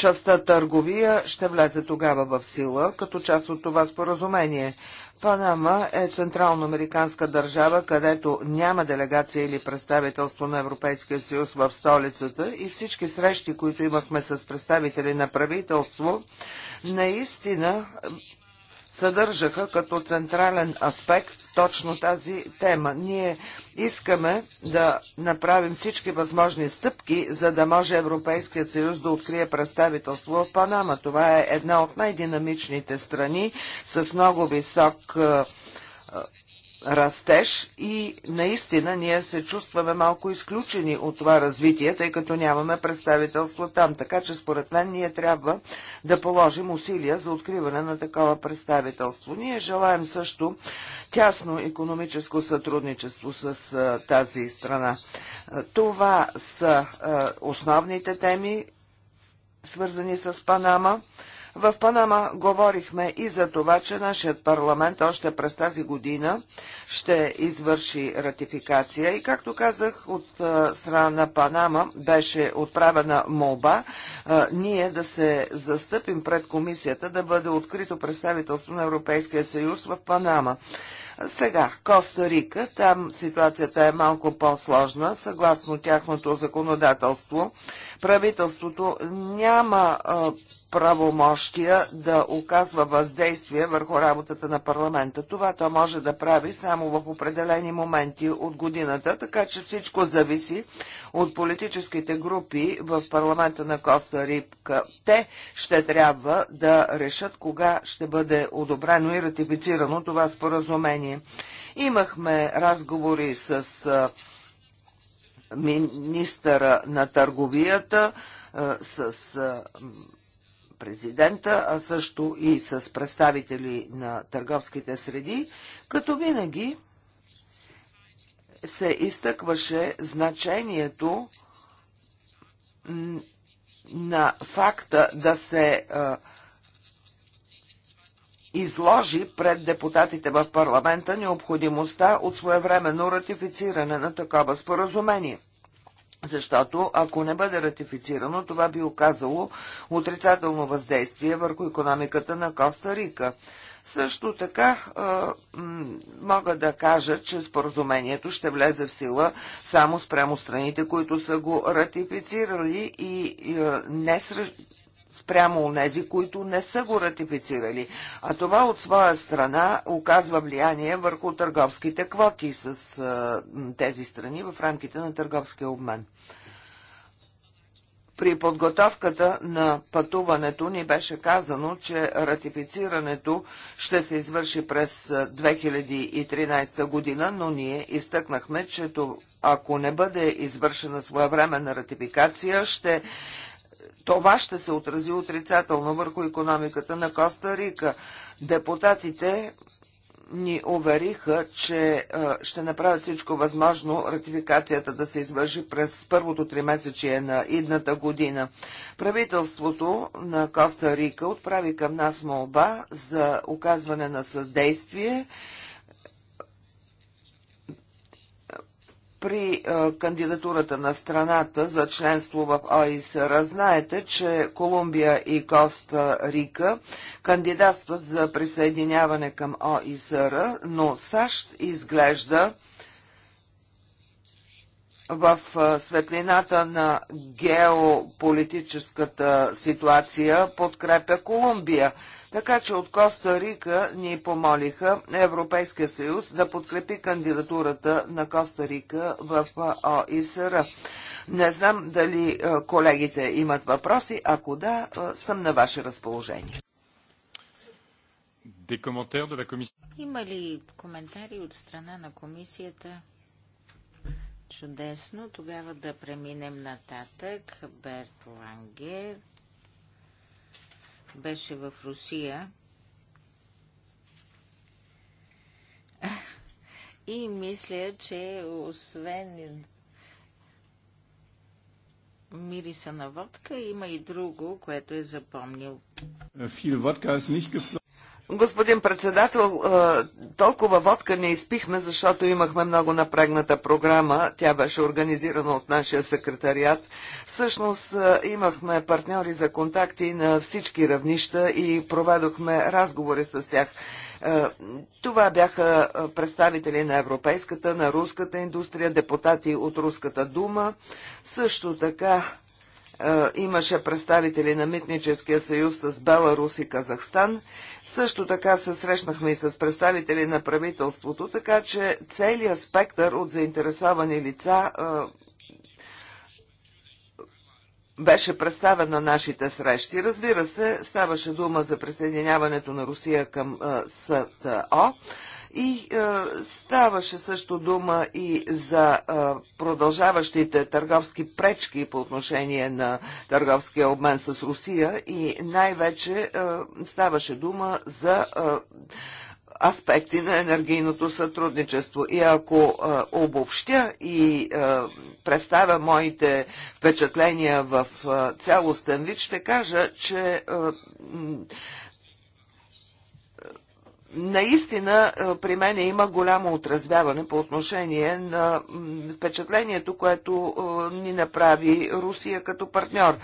частта търговия ще влезе тогава в сила, като част от това споразумение. Панама е централноамериканска държава, където няма делегация или представителство на Европейския съюз в столицата и всички срещи, които имахме с представители на правителство, наистина съдържаха като централен аспект точно тази тема. Ние искаме да направим всички възможни стъпки, за да може Европейският съюз да открие представителство в Панама. Това е една от най-динамичните страни с много висок е, е, растеж и наистина ние се чувстваме малко изключени от това развитие, тъй като нямаме представителство там. Така че според мен ние трябва да положим усилия за откриване на такова представителство. Ние желаем също тясно економическо сътрудничество с а, тази страна. Това са а, основните теми, свързани с Панама. В Панама говорихме и за това, че нашият парламент още през тази година ще извърши ратификация. И както казах, от страна на Панама беше отправена молба ние да се застъпим пред комисията да бъде открито представителство на Европейския съюз в Панама. Сега, Коста Рика, там ситуацията е малко по-сложна, съгласно тяхното законодателство правителството няма правомощия да оказва въздействие върху работата на парламента. Това то може да прави само в определени моменти от годината, така че всичко зависи от политическите групи в парламента на Коста Рибка. Те ще трябва да решат кога ще бъде одобрено и ратифицирано това споразумение. Имахме разговори с министъра на търговията с президента, а също и с представители на търговските среди, като винаги се изтъкваше значението на факта да се а, изложи пред депутатите в парламента необходимостта от своевременно ратифициране на такова споразумение. Защото ако не бъде ратифицирано, това би оказало отрицателно въздействие върху економиката на Коста Рика. Също така е, мога да кажа, че споразумението ще влезе в сила само спрямо страните, които са го ратифицирали и е, не срещу спрямо нези, които не са го ратифицирали, а това от своя страна оказва влияние върху търговските квоти с а, тези страни в рамките на търговския обмен. При подготовката на пътуването ни беше казано, че ратифицирането ще се извърши през 2013 година, но ние изтъкнахме, че ако не бъде извършена своевременна ратификация, ще това ще се отрази отрицателно върху економиката на Коста Рика. Депутатите ни увериха, че ще направят всичко възможно ратификацията да се извърши през първото месече на идната година. Правителството на Коста Рика отправи към нас молба за оказване на съдействие при кандидатурата на страната за членство в ОИСР. Знаете, че Колумбия и Коста Рика кандидатстват за присъединяване към ОИСР, но САЩ изглежда в светлината на геополитическата ситуация подкрепя Колумбия. Така че от Коста Рика ни помолиха Европейския съюз да подкрепи кандидатурата на Коста Рика в ОИСР. Не знам дали колегите имат въпроси. Ако да, съм на ваше разположение. Има ли коментари от страна на комисията? Чудесно. Тогава да преминем нататък. Берт Лангер беше в Русия. И мисля, че освен мириса на водка, има и друго, което е запомнил. водка е не nicht Господин председател, е, толкова водка не изпихме, защото имахме много напрегната програма. Тя беше организирана от нашия секретариат. Всъщност е, имахме партньори за контакти на всички равнища и проведохме разговори с тях. Е, това бяха представители на европейската, на руската индустрия, депутати от Руската дума, също така е, имаше представители на Митническия съюз с Беларус и Казахстан. Също така се срещнахме и с представители на правителството, така че целият спектър от заинтересовани лица е, беше представен на нашите срещи. Разбира се, ставаше дума за присъединяването на Русия към е, СТО. И е, ставаше също дума и за е, продължаващите търговски пречки по отношение на търговския обмен с Русия и най-вече е, ставаше дума за е, аспекти на енергийното сътрудничество. И ако е, обобщя и е, представя моите впечатления в е, цялостен вид, ще кажа, че е, наистина е, при мен има голямо отразяване по отношение на впечатлението, което е, ни направи Русия като партньор. Е,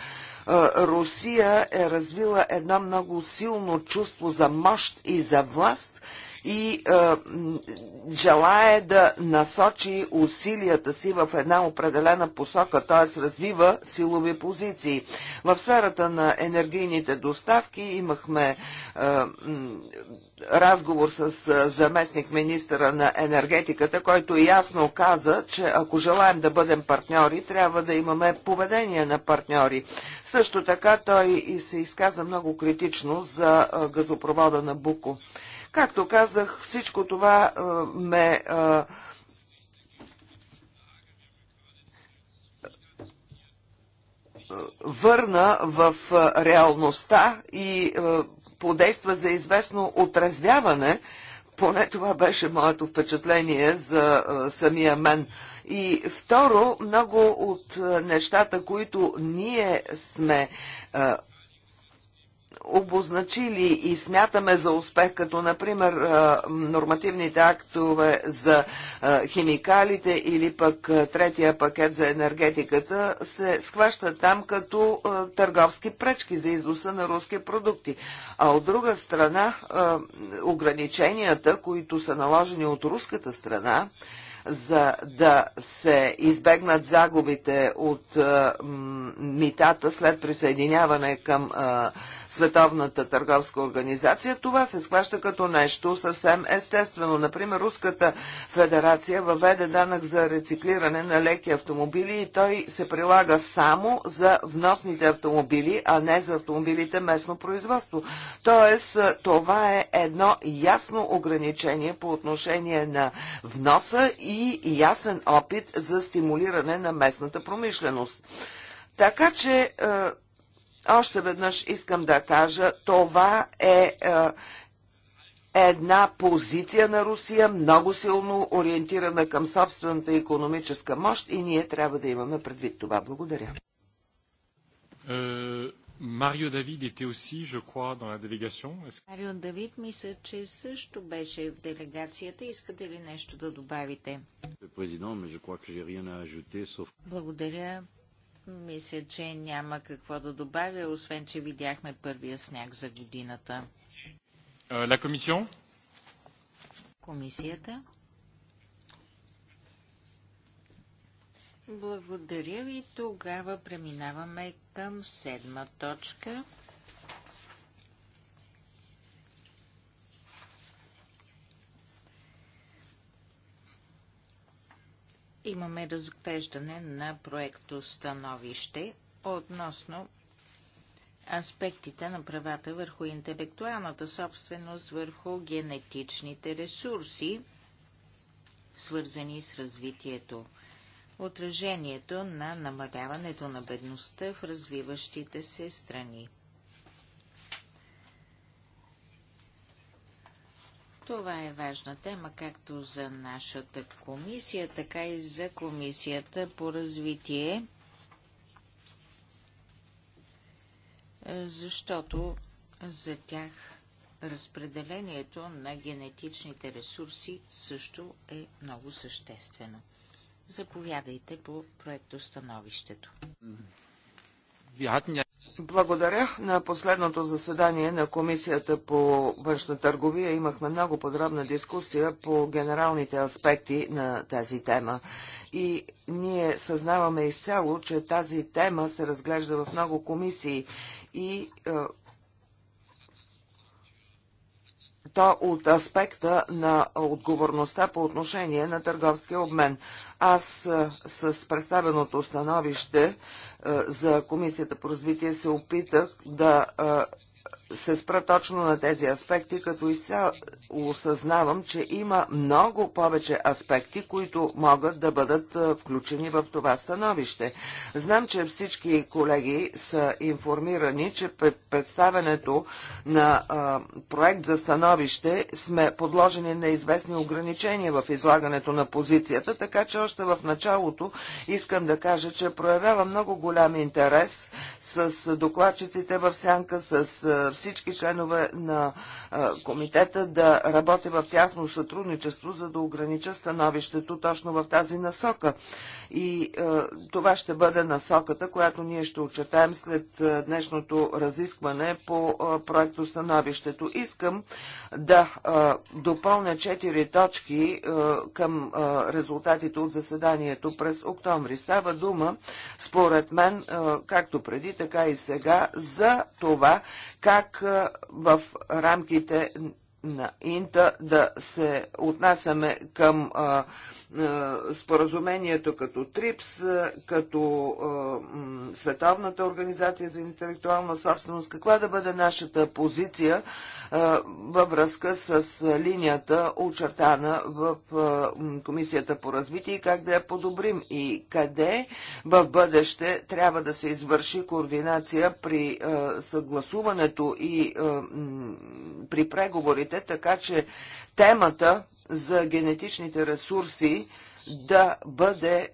Русия е развила едно много силно чувство за мощ и за власт и е, да насочи усилията си в една определена посока, т.е. развива силови позиции. В сферата на енергийните доставки имахме е, разговор с заместник министъра на енергетиката, който ясно каза, че ако желаем да бъдем партньори, трябва да имаме поведение на партньори. Също така той и се изказа много критично за газопровода на Буко. Както казах, всичко това ме върна в реалността и подейства за известно отразвяване, поне това беше моето впечатление за самия мен. И второ, много от нещата, които ние сме обозначили и смятаме за успех, като например нормативните актове за химикалите или пък третия пакет за енергетиката, се схваща там като търговски пречки за износа на руски продукти. А от друга страна, ограниченията, които са наложени от руската страна, за да се избегнат загубите от е, митата след присъединяване към е, Световната търговска организация, това се схваща като нещо съвсем естествено. Например, Руската федерация въведе данък за рециклиране на леки автомобили и той се прилага само за вносните автомобили, а не за автомобилите местно производство. Тоест, е, това е едно ясно ограничение по отношение на вноса и и ясен опит за стимулиране на местната промишленост. Така че, е, още веднъж искам да кажа, това е, е една позиция на Русия, много силно ориентирана към собствената економическа мощ и ние трябва да имаме предвид това. Благодаря. Е, Марио Давид était aussi, je crois, dans la délégation. Марио Давид мисля, че също беше в делегацията. Искате ли нещо да добавите? Благодаря. Мисля, че няма какво да добавя, освен, че видяхме първия сняг за годината. Е, la комисион? Комисията. Благодаря ви. Тогава преминаваме към седма точка. Имаме разглеждане на проекто становище относно аспектите на правата върху интелектуалната собственост, върху генетичните ресурси, свързани с развитието отражението на намаляването на бедността в развиващите се страни. Това е важна тема както за нашата комисия, така и за комисията по развитие, защото за тях разпределението на генетичните ресурси също е много съществено. Заповядайте по проекто становището. Благодаря. На последното заседание на Комисията по външна търговия имахме много подробна дискусия по генералните аспекти на тази тема. И ние съзнаваме изцяло, че тази тема се разглежда в много комисии и е, то от аспекта на отговорността по отношение на търговския обмен. Аз с представеното становище за Комисията по развитие се опитах да се спра точно на тези аспекти, като изцяло осъзнавам, че има много повече аспекти, които могат да бъдат включени в това становище. Знам, че всички колеги са информирани, че представенето на проект за становище сме подложени на известни ограничения в излагането на позицията, така че още в началото искам да кажа, че проявява много голям интерес с докладчиците в сянка, с всички членове на комитета да работя в тяхно сътрудничество, за да огранича становището точно в тази насока. И е, това ще бъде насоката, която ние ще очетаем след е, днешното разискване по е, проекто становището. Искам да е, допълня четири точки е, към е, резултатите от заседанието през октомври. Става дума, според мен, е, както преди, така и сега, за това как е, в рамките на Инта да се отнасяме към а, е, споразумението като ТРИПС, е, като е, Световната организация за интелектуална собственост, каква да бъде нашата позиция във връзка с линията очертана в Комисията по развитие и как да я подобрим и къде в бъдеще трябва да се извърши координация при съгласуването и при преговорите, така че темата за генетичните ресурси да бъде е,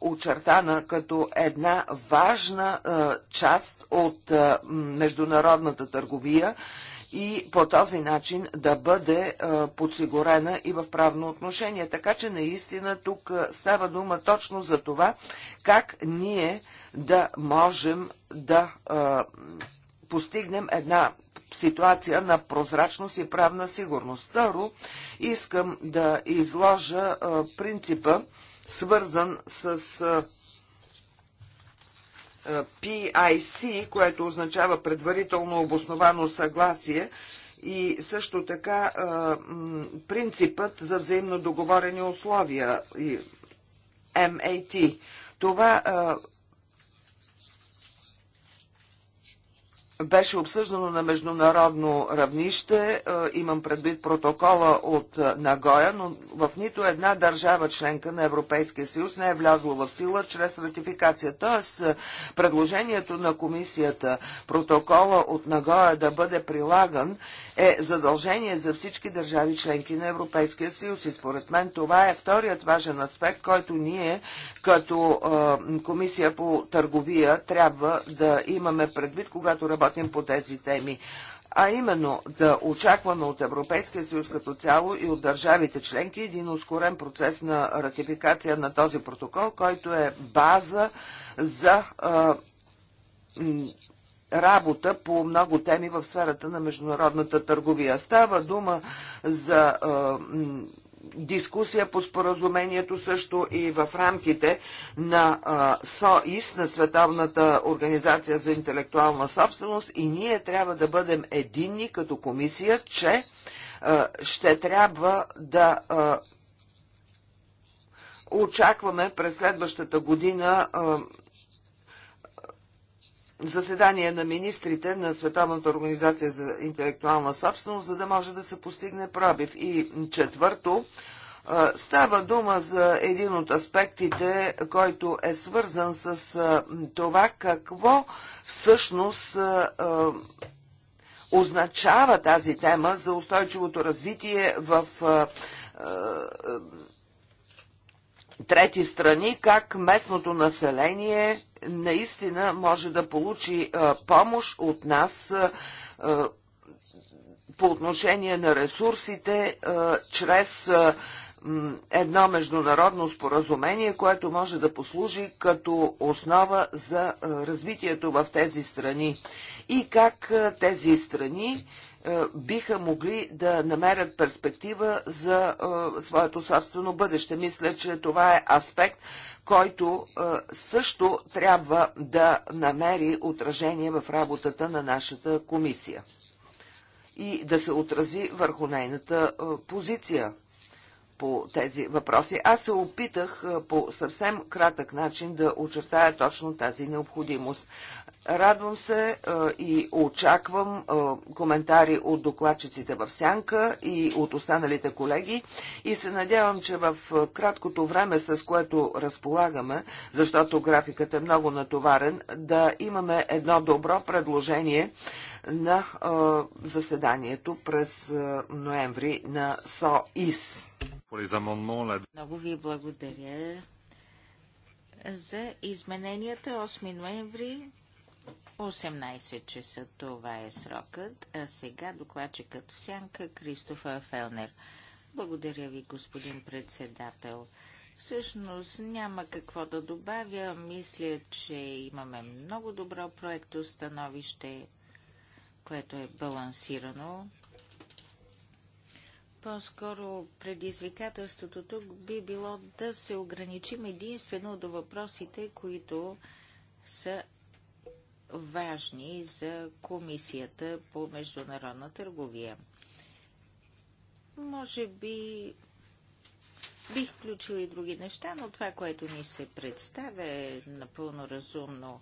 очертана като една важна е, част от е, международната търговия и по този начин да бъде подсигурена и в правно отношение. Така че наистина тук става дума точно за това как ние да можем да постигнем една ситуация на прозрачност и правна сигурност. Второ, искам да изложа принципа, свързан с PIC, което означава предварително обосновано съгласие и също така принципът за взаимно договорени условия MAT. Това беше обсъждано на международно равнище, е, имам предвид протокола от е, Нагоя, но в нито една държава членка на Европейския съюз не е влязло в сила чрез ратификация. Тоест, е, предложението на комисията протокола от Нагоя да бъде прилаган е задължение за всички държави членки на Европейския съюз. И според мен това е вторият важен аспект, който ние като комисия по търговия трябва да имаме предвид, когато работим работим по тези теми а именно да очакваме от Европейския съюз като цяло и от държавите членки един ускорен процес на ратификация на този протокол, който е база за а, работа по много теми в сферата на международната търговия. Става дума за а, дискусия по споразумението също и в рамките на СОИС, на Световната организация за интелектуална собственост и ние трябва да бъдем единни като комисия, че ще трябва да очакваме през следващата година заседание на министрите на Световната организация за интелектуална собственост, за да може да се постигне пробив. И четвърто, Става дума за един от аспектите, който е свързан с това какво всъщност означава тази тема за устойчивото развитие в трети страни, как местното население наистина може да получи помощ от нас по отношение на ресурсите чрез едно международно споразумение, което може да послужи като основа за развитието в тези страни и как тези страни биха могли да намерят перспектива за своето собствено бъдеще. Мисля, че това е аспект, който също трябва да намери отражение в работата на нашата комисия и да се отрази върху нейната позиция по тези въпроси. Аз се опитах по съвсем кратък начин да очертая точно тази необходимост. Радвам се и очаквам коментари от докладчиците в Сянка и от останалите колеги и се надявам, че в краткото време, с което разполагаме, защото графикът е много натоварен, да имаме едно добро предложение на заседанието през ноември на СОИС. Много ви благодаря за измененията 8 ноември 18 часа това е срокът, а сега докладчи като сянка Кристофа Фелнер. Благодаря ви, господин председател. Всъщност няма какво да добавя. Мисля, че имаме много добро проекто становище, което е балансирано. По-скоро предизвикателството тук би било да се ограничим единствено до въпросите, които са важни за Комисията по международна търговия. Може би бих включил и други неща, но това, което ни се представя е напълно разумно.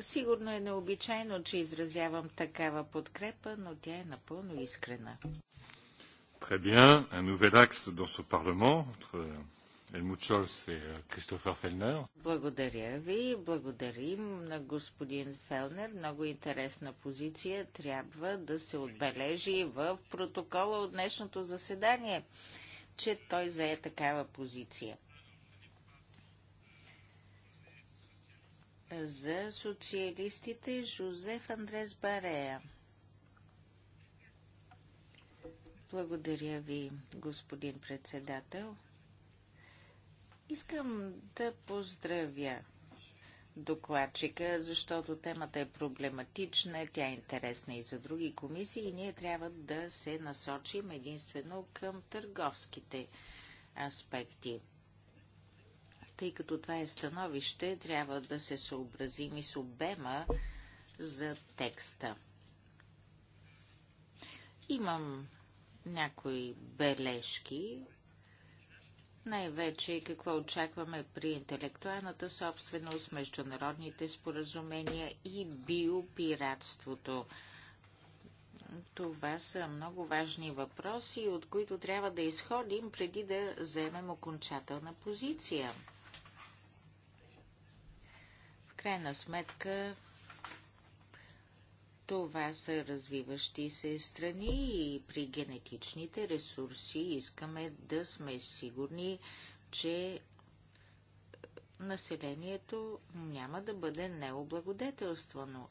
Сигурно е необичайно, че изразявам такава подкрепа, но тя е напълно искрена. Très bien, un nouvel axe dans ce Parlement entre Елмут и Фелнер. Благодаря ви. Благодарим на господин Фелнер. Много интересна позиция трябва да се отбележи в протокола от днешното заседание, че той зае такава позиция. За социалистите Жозеф Андрес Барея. Благодаря ви, господин председател. Искам да поздравя докладчика, защото темата е проблематична, тя е интересна и за други комисии и ние трябва да се насочим единствено към търговските аспекти. Тъй като това е становище, трябва да се съобразим и с обема за текста. Имам някои бележки най-вече какво очакваме при интелектуалната собственост, международните споразумения и биопиратството. Това са много важни въпроси, от които трябва да изходим преди да вземем окончателна позиция. В крайна сметка това са развиващи се страни и при генетичните ресурси искаме да сме сигурни, че населението няма да бъде необлагодетелствано.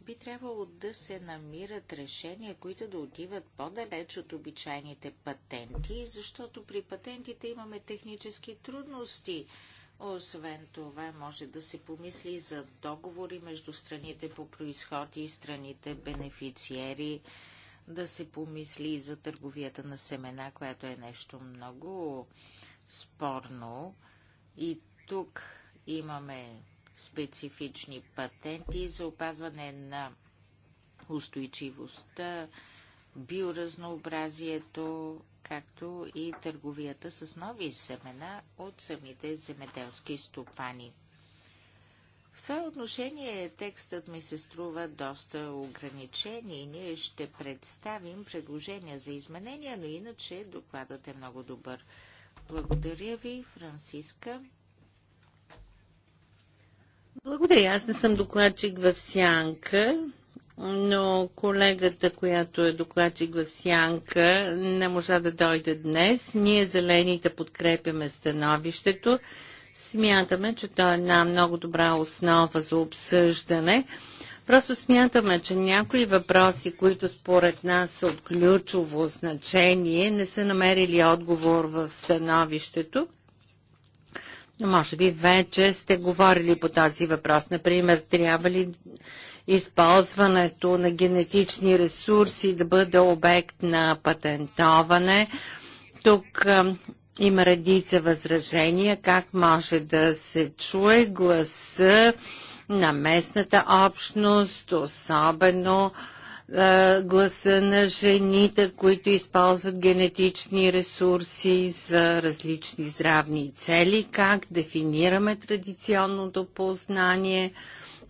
Би трябвало да се намират решения, които да отиват по-далеч от обичайните патенти, защото при патентите имаме технически трудности – освен това, може да се помисли за договори между страните по происход и страните бенефициери, да се помисли и за търговията на семена, която е нещо много спорно. И тук имаме специфични патенти за опазване на устойчивостта, биоразнообразието, както и търговията с нови семена от самите земеделски стопани. В това отношение текстът ми се струва доста ограничен и ние ще представим предложения за изменения, но иначе докладът е много добър. Благодаря ви, Франциска. Благодаря. Аз не съм докладчик в Сянка но колегата, която е докладчик в Сянка, не можа да дойде днес. Ние, зелените, подкрепяме становището. Смятаме, че то е една много добра основа за обсъждане. Просто смятаме, че някои въпроси, които според нас са от ключово значение, не са намерили отговор в становището. Но може би вече сте говорили по този въпрос. Например, трябва ли използването на генетични ресурси да бъде обект на патентоване. Тук има редица възражения, как може да се чуе гласа на местната общност, особено гласа на жените, които използват генетични ресурси за различни здравни цели, как дефинираме традиционното познание –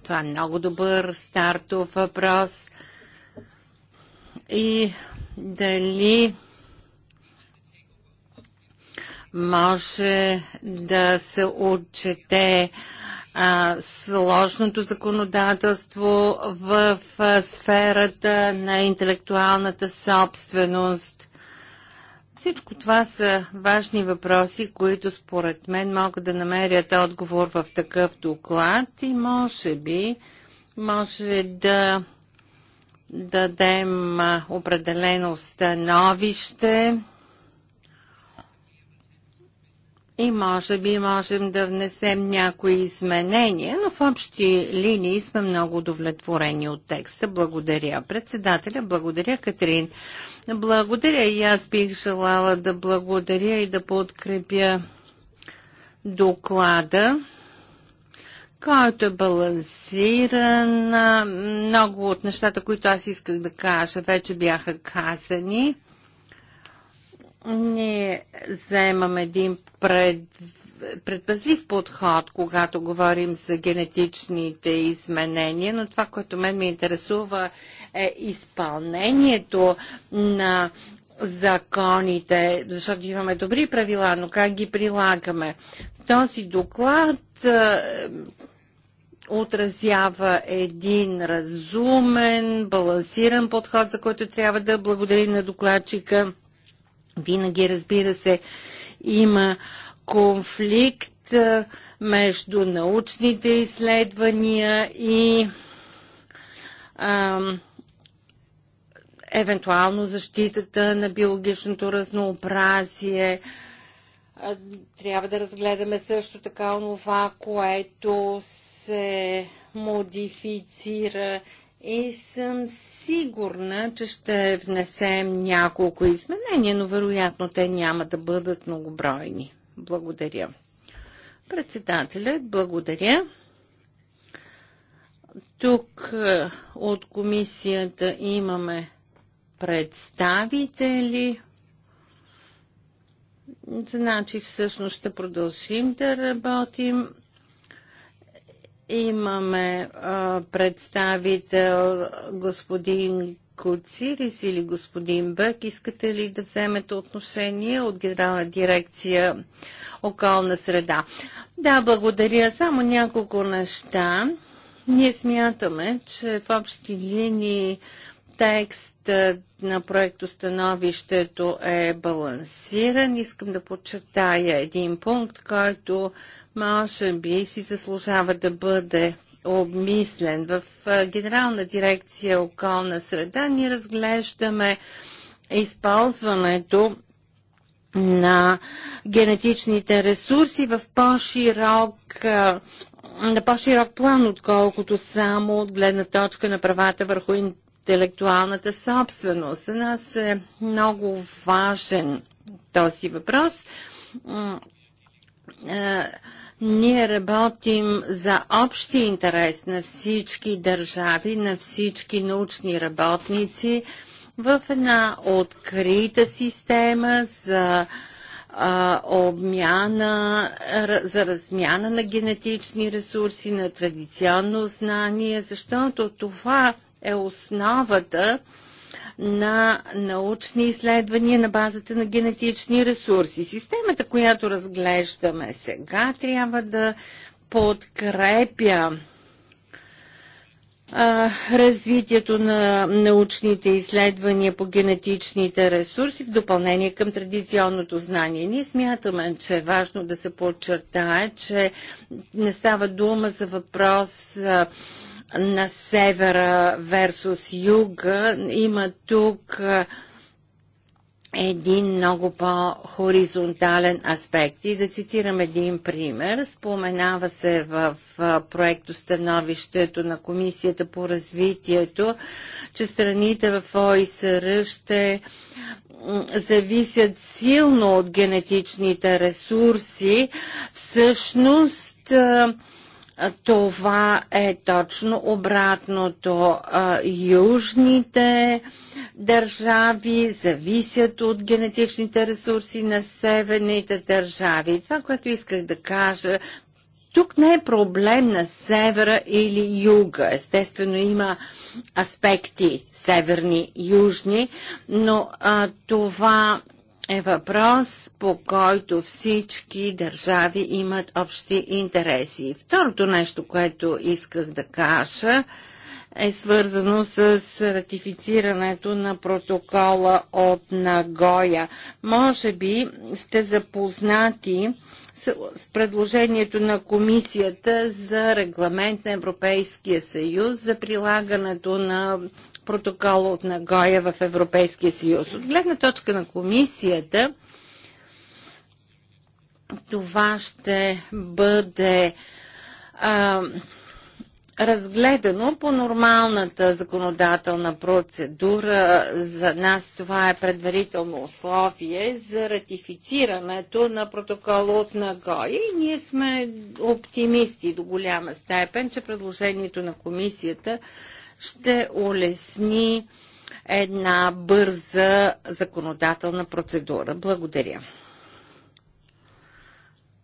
това е много добър стартов въпрос. И дали може да се отчете а, сложното законодателство в а, сферата на интелектуалната собственост всичко това са важни въпроси, които според мен могат да намерят отговор в такъв доклад и може би може да дадем определено становище и може би можем да внесем някои изменения, но в общи линии сме много удовлетворени от текста. Благодаря председателя, благодаря Катрин. Благодаря и аз бих желала да благодаря и да подкрепя доклада, който е балансиран. Много от нещата, които аз исках да кажа, вече бяха казани. Ние вземаме един пред, предпазлив подход, когато говорим за генетичните изменения, но това, което мен ме интересува е изпълнението на законите, защото имаме добри правила, но как ги прилагаме. Този доклад е, отразява един разумен, балансиран подход, за който трябва да благодарим на докладчика винаги, разбира се, има конфликт между научните изследвания и ам, евентуално защитата на биологичното разнообразие. Трябва да разгледаме също така онова, което се модифицира и съм сигурна, че ще внесем няколко изменения, но вероятно те няма да бъдат многобройни. Благодаря. Председателят, благодаря. Тук е, от комисията имаме представители. Значи всъщност ще продължим да работим Имаме а, представител господин Куцирис или господин Бък. Искате ли да вземете отношение от Генерална дирекция околна среда? Да, благодаря. Само няколко неща. Ние смятаме, че в общи линии текст на проекто становището е балансиран. Искам да подчертая един пункт, който може би си заслужава да бъде обмислен. В Генерална дирекция околна среда ние разглеждаме използването на генетичните ресурси в по-широк на по-широк план, отколкото само от гледна точка на правата върху интелектуалната собственост. За нас е много важен този въпрос ние работим за общи интерес на всички държави, на всички научни работници в една открита система за а, обмяна, за размяна на генетични ресурси, на традиционно знание, защото това е основата на научни изследвания на базата на генетични ресурси. Системата, която разглеждаме сега, трябва да подкрепя а, развитието на научните изследвания по генетичните ресурси в допълнение към традиционното знание. Ние смятаме, че е важно да се подчертае, че не става дума за въпрос а, на севера versus юга. Има тук един много по-хоризонтален аспект. И да цитирам един пример. Споменава се в проекто становището на Комисията по развитието, че страните в ОИСР ще зависят силно от генетичните ресурси. Всъщност, това е точно обратното. Южните държави зависят от генетичните ресурси на северните държави. Това, което исках да кажа, тук не е проблем на севера или юга. Естествено има аспекти северни, южни, но а, това е въпрос, по който всички държави имат общи интереси. Второто нещо, което исках да кажа, е свързано с ратифицирането на протокола от Нагоя. Може би сте запознати с предложението на комисията за регламент на Европейския съюз за прилагането на протокола от Нагоя в Европейския съюз. От гледна точка на комисията, това ще бъде а, разгледано по нормалната законодателна процедура. За нас това е предварително условие за ратифицирането на протокола от Нагоя и ние сме оптимисти до голяма степен, че предложението на комисията ще улесни една бърза законодателна процедура. Благодаря.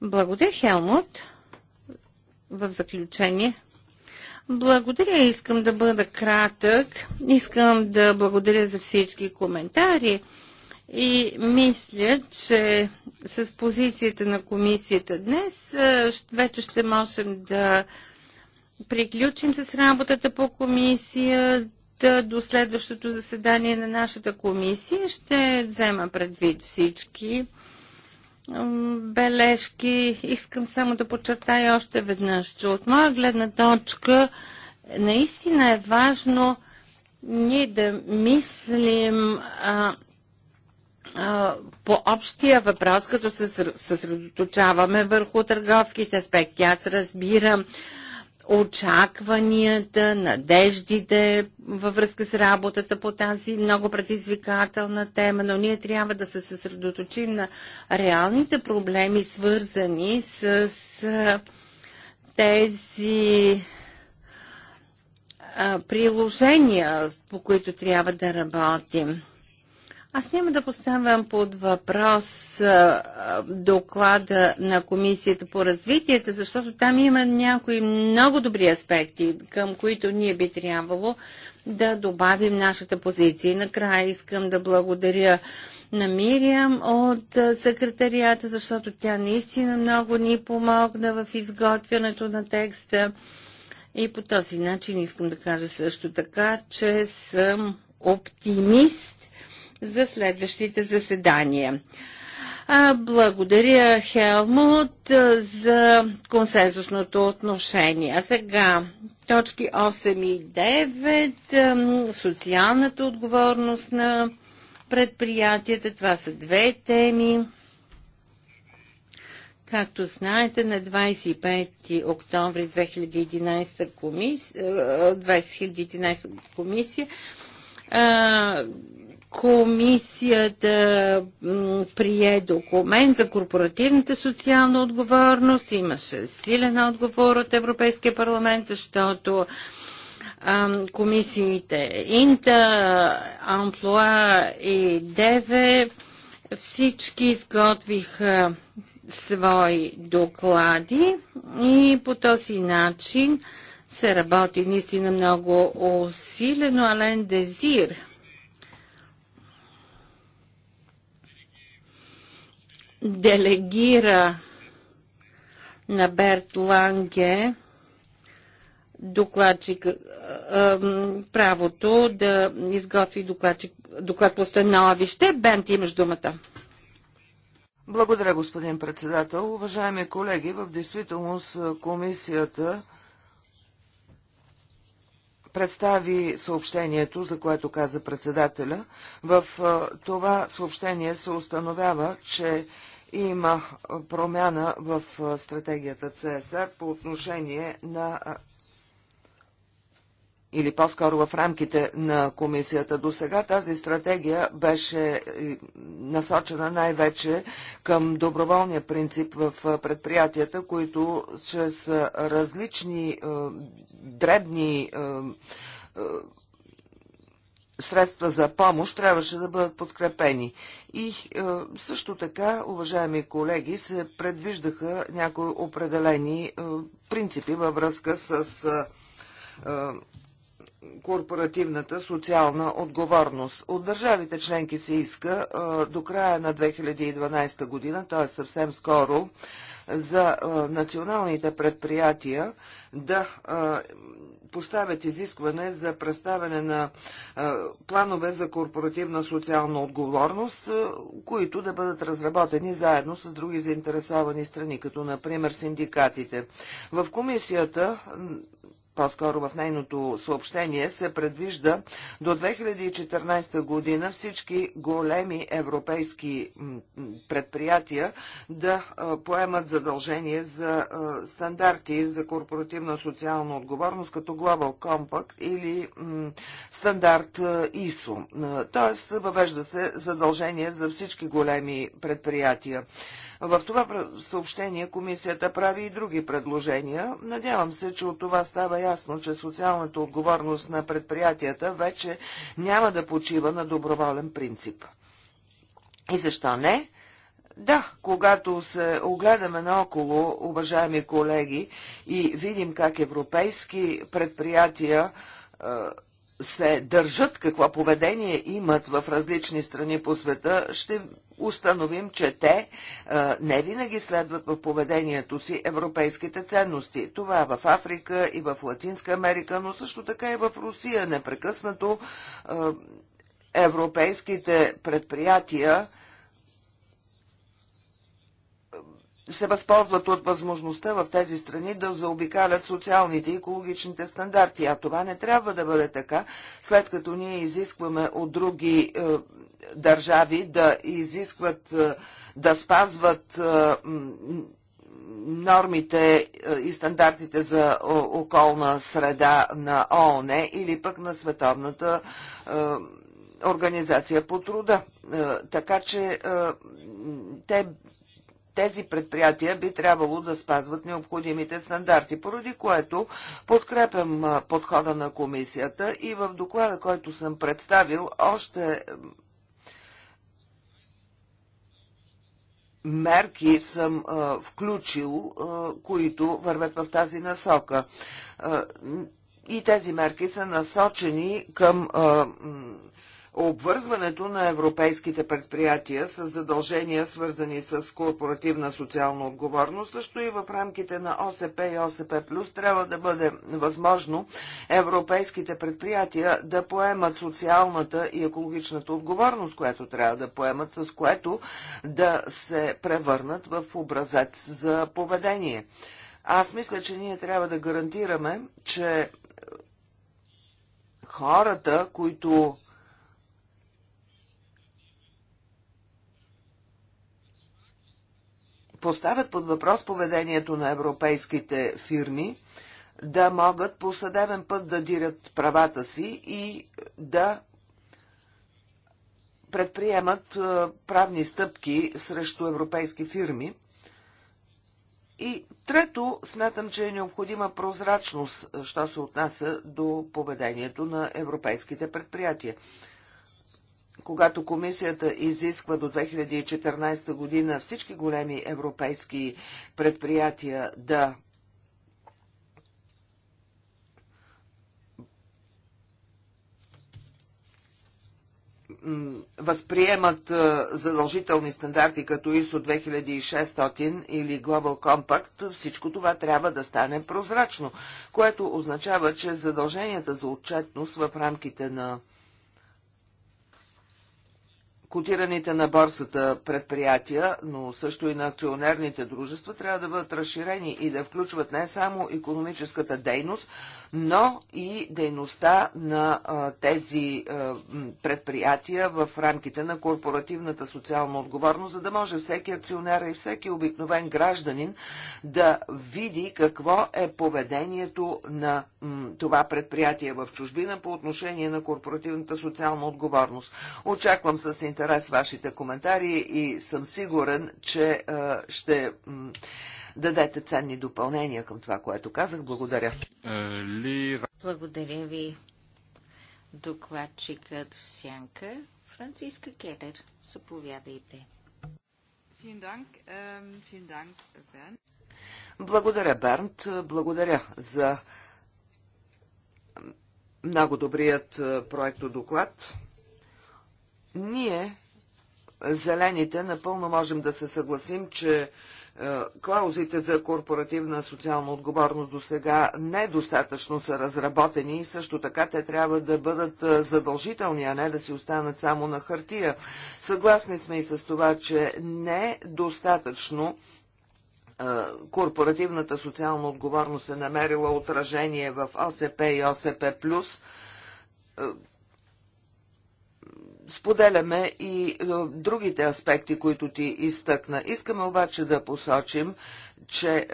Благодаря, Хелмут. В заключение. Благодаря, искам да бъда кратък. Искам да благодаря за всички коментари. И мисля, че с позицията на комисията днес вече ще можем да приключим с работата по комисията до следващото заседание на нашата комисия. Ще взема предвид всички бележки. Искам само да подчертая още веднъж, че от моя гледна точка наистина е важно ние да мислим а, а, по общия въпрос, като се съсредоточаваме върху търговските аспекти. Аз разбирам очакванията, надеждите във връзка с работата по тази много предизвикателна тема, но ние трябва да се съсредоточим на реалните проблеми, свързани с тези приложения, по които трябва да работим. Аз няма да поставям под въпрос а, доклада на Комисията по развитието, защото там има някои много добри аспекти, към които ние би трябвало да добавим нашата позиция. И накрая искам да благодаря на Мириам от секретарията, защото тя наистина много ни помогна в изготвянето на текста. И по този начин искам да кажа също така, че съм оптимист за следващите заседания. Благодаря, Хелмут, за консенсусното отношение. А сега точки 8 и 9, социалната отговорност на предприятията. Това са две теми. Както знаете, на 25 октомври 2011 комисия, 2011 комисия Комисията прие документ за корпоративната социална отговорност. Имаше силен отговор от Европейския парламент, защото комисиите Инта, Амплуа и Деве всички изготвиха свои доклади и по този начин се работи наистина много усилено. Ален Дезир делегира на Берт Ланге докладчик, правото да изготви докладчик, доклад по становище. Бент, имаш думата. Благодаря, господин председател. Уважаеми колеги, в действителност комисията представи съобщението, за което каза председателя. В това съобщение се установява, че има промяна в стратегията ЦСР по отношение на или по-скоро в рамките на комисията. До сега тази стратегия беше насочена най-вече към доброволния принцип в предприятията, които чрез различни дребни средства за помощ трябваше да бъдат подкрепени. И е, също така, уважаеми колеги, се предвиждаха някои определени е, принципи във връзка с е, е корпоративната социална отговорност. От държавите членки се иска е, до края на 2012 година, т.е. съвсем скоро, за е, националните предприятия да поставят изискване за представяне на планове за корпоративна социална отговорност, които да бъдат разработени заедно с други заинтересовани страни, като например синдикатите. В комисията по-скоро в нейното съобщение, се предвижда до 2014 година всички големи европейски предприятия да поемат задължение за стандарти за корпоративна социална отговорност, като Global Compact или стандарт ISO. Тоест, въвежда се задължение за всички големи предприятия. В това съобщение комисията прави и други предложения. Надявам се, че от това става ясно, че социалната отговорност на предприятията вече няма да почива на доброволен принцип. И защо не? Да, когато се огледаме наоколо, уважаеми колеги, и видим как европейски предприятия е, се държат, какво поведение имат в различни страни по света, ще установим, че те а, е, не винаги следват в поведението си европейските ценности. Това е в Африка и в Латинска Америка, но също така и в Русия непрекъснато а, е, европейските предприятия се възползват от възможността в тези страни да заобикалят социалните и екологичните стандарти. А това не трябва да бъде така, след като ние изискваме от други е, държави да изискват, е, да спазват е, нормите е, и стандартите за околна среда на ООН или пък на Световната е, организация по труда. Е, така че те тези предприятия би трябвало да спазват необходимите стандарти, поради което подкрепям подхода на комисията и в доклада, който съм представил, още мерки съм включил, които вървят в тази насока. и тези мерки са насочени към обвързването на европейските предприятия с задължения, свързани с корпоративна социална отговорност, също и в рамките на ОСП и ОСП+, трябва да бъде възможно европейските предприятия да поемат социалната и екологичната отговорност, която трябва да поемат, с което да се превърнат в образец за поведение. Аз мисля, че ние трябва да гарантираме, че хората, които поставят под въпрос поведението на европейските фирми, да могат по съдебен път да дирят правата си и да предприемат е, правни стъпки срещу европейски фирми. И трето, смятам, че е необходима прозрачност, що се отнася до поведението на европейските предприятия когато комисията изисква до 2014 година всички големи европейски предприятия да възприемат задължителни стандарти като ISO 2600 или Global Compact, всичко това трябва да стане прозрачно, което означава, че задълженията за отчетност в рамките на котираните на борсата предприятия, но също и на акционерните дружества трябва да бъдат разширени и да включват не само економическата дейност, но и дейността на а, тези а, предприятия в рамките на корпоративната социална отговорност, за да може всеки акционер и всеки обикновен гражданин да види какво е поведението на м, това предприятие в чужбина по отношение на корпоративната социална отговорност. Очаквам с интерес интерес вашите коментари и съм сигурен, че ще дадете ценни допълнения към това, което казах. Благодаря. Е, Благодаря ви, докладчикът в Сянка. Франциска Келер, заповядайте. Ähm, Благодаря, Бернт. Благодаря за много добрият проектодоклад. доклад. Ние, зелените, напълно можем да се съгласим, че е, клаузите за корпоративна социална отговорност до сега недостатъчно са разработени и също така те трябва да бъдат е, задължителни, а не да си останат само на хартия. Съгласни сме и с това, че недостатъчно е, корпоративната социална отговорност е намерила отражение в ОСП и ОСП+ споделяме и е, другите аспекти, които ти изтъкна. Искаме обаче да посочим, че е,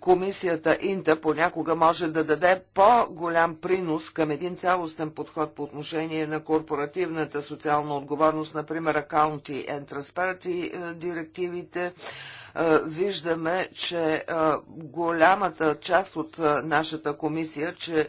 комисията Инта понякога може да даде по-голям принос към един цялостен подход по отношение на корпоративната социална отговорност, например Accounting and Transparency е, директивите. Виждаме, че голямата част от нашата комисия, че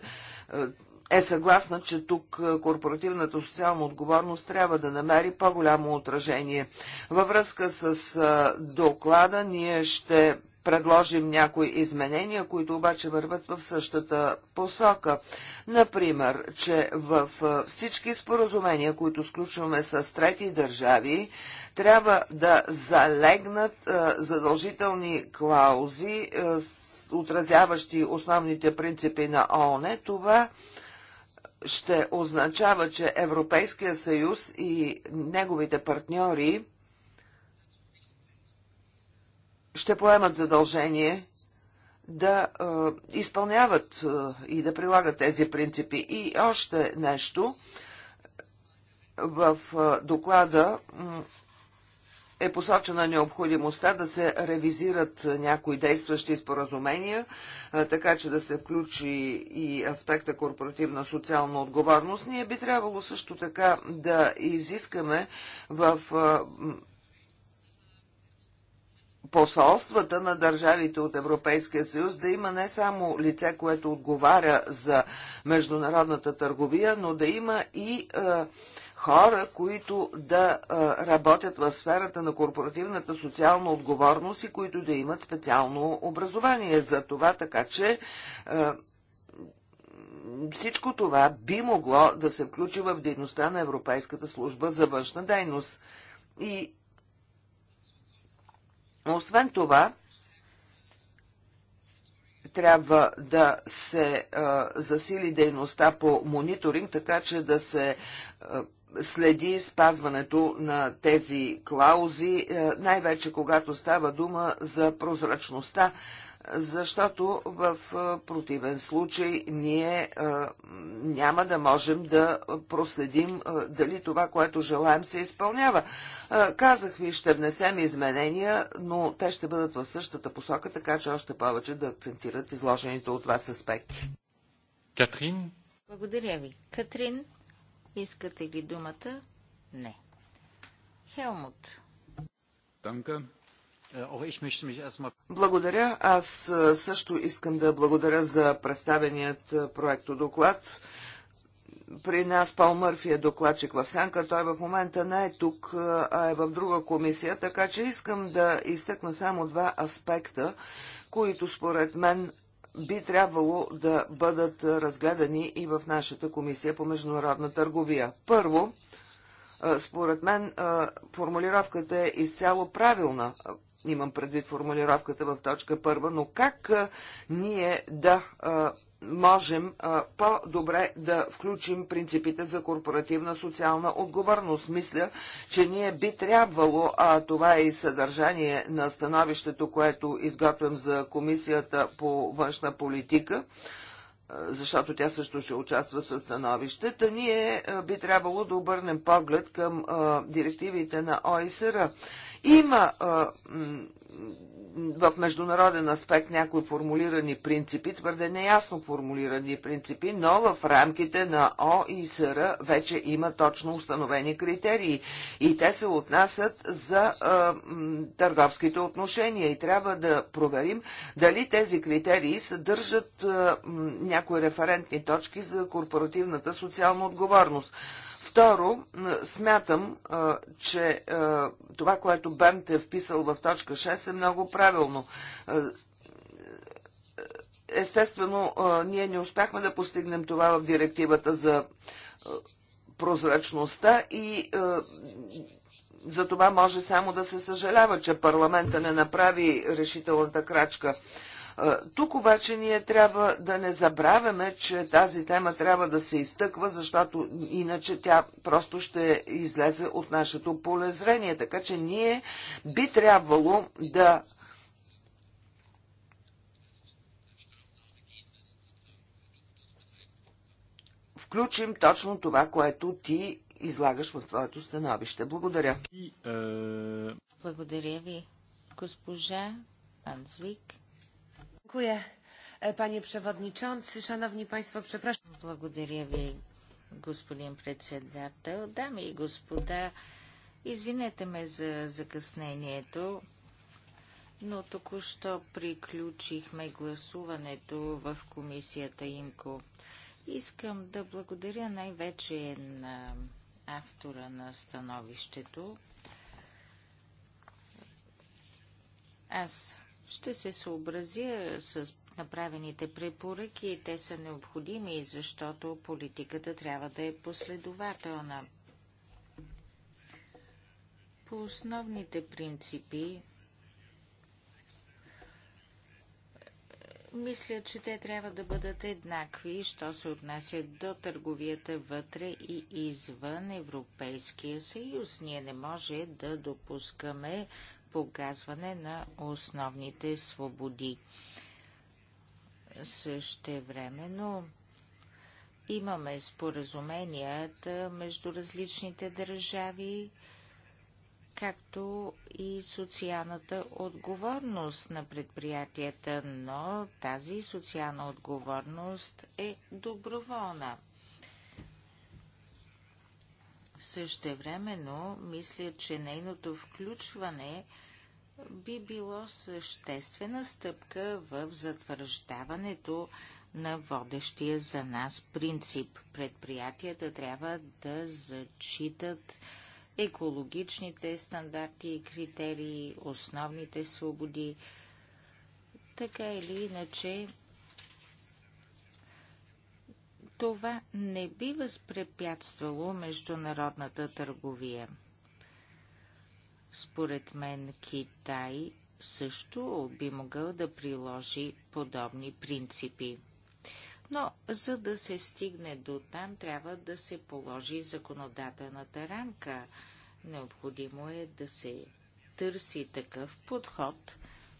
е съгласна, че тук е, корпоративната социална отговорност трябва да намери по-голямо отражение. Във връзка с е, доклада ние ще предложим някои изменения, които обаче върват в същата посока. Например, че в е, всички споразумения, които сключваме с трети държави, трябва да залегнат задължителни клаузи, отразяващи основните принципи на ООН. Това е ще означава, че Европейския съюз и неговите партньори ще поемат задължение да е, изпълняват е, и да прилагат тези принципи. И още нещо в е, доклада е посочена необходимостта да се ревизират някои действащи споразумения, така че да се включи и аспекта корпоративна социална отговорност, ние би трябвало също така да изискаме в посолствата на държавите от Европейския съюз да има не само лице, което отговаря за международната търговия, но да има и е, хора, които да работят в сферата на корпоративната социална отговорност и които да имат специално образование за това, така че всичко това би могло да се включи в дейността на Европейската служба за външна дейност. И освен това, трябва да се а, засили дейността по мониторинг, така че да се а, следи спазването на тези клаузи, е, най-вече когато става дума за прозрачността, защото в е, противен случай ние е, няма да можем да проследим дали това, което желаем, се изпълнява. Казах ви, ще внесем изменения, но те ще бъдат в същата посока, така че още повече да акцентират изложените от вас аспекти. Катрин? Благодаря ви. Катрин? Искате ли думата? Не. Хелмут. Данка. Е, благодаря. Аз е, също искам да благодаря за представеният е, проекто доклад. При нас Пал Мърфи е докладчик в Сянка. Той в момента не е тук, а е в друга комисия, така че искам да изтъкна само два аспекта, които според мен би трябвало да бъдат разгледани и в нашата комисия по международна търговия. Първо, според мен формулировката е изцяло правилна. Имам предвид формулировката в точка първа, но как ние да можем по-добре да включим принципите за корпоративна социална отговорност. Мисля, че ние би трябвало, а това е и съдържание на становището, което изготвям за Комисията по външна политика, защото тя също ще участва със становищата, ние би трябвало да обърнем поглед към директивите на ОИСР. Има в международен аспект някои формулирани принципи, твърде неясно формулирани принципи, но в рамките на ОИСР вече има точно установени критерии и те се отнасят за а, м, търговските отношения и трябва да проверим дали тези критерии съдържат а, м, някои референтни точки за корпоративната социална отговорност. Второ, смятам, че това, което Бент е вписал в точка 6 е много правилно. Естествено, ние не успяхме да постигнем това в директивата за прозрачността и за това може само да се съжалява, че парламента не направи решителната крачка. Тук обаче ние трябва да не забравяме, че тази тема трябва да се изтъква, защото иначе тя просто ще излезе от нашето полезрение. Така че ние би трябвало да включим точно това, което ти излагаш в твоето становище. Благодаря. Е, Благодаря ви, госпожа Анзвик. Dziękuję, e, panie przewodniczący. Szanowni państwo, przepraszam. Благодаря ви, господин председател. Дами и господа, извинете ме за закъснението, но току-що приключихме гласуването в комисията ИМКО. Искам да благодаря най-вече на автора на становището. Аз ще се съобразя е, с направените препоръки. Те са необходими, защото политиката трябва да е последователна. По основните принципи мисля, че те трябва да бъдат еднакви, що се отнася до търговията вътре и извън Европейския съюз. Ние не може да допускаме погазване на основните свободи. Същевременно имаме споразуменията между различните държави, както и социалната отговорност на предприятията, но тази социална отговорност е доброволна. Също времено, мисля, че нейното включване би било съществена стъпка в затвърждаването на водещия за нас принцип. Предприятията трябва да зачитат екологичните стандарти и критерии, основните свободи. Така или иначе, това не би възпрепятствало международната търговия. Според мен Китай също би могъл да приложи подобни принципи. Но за да се стигне до там, трябва да се положи законодателната рамка. Необходимо е да се търси такъв подход,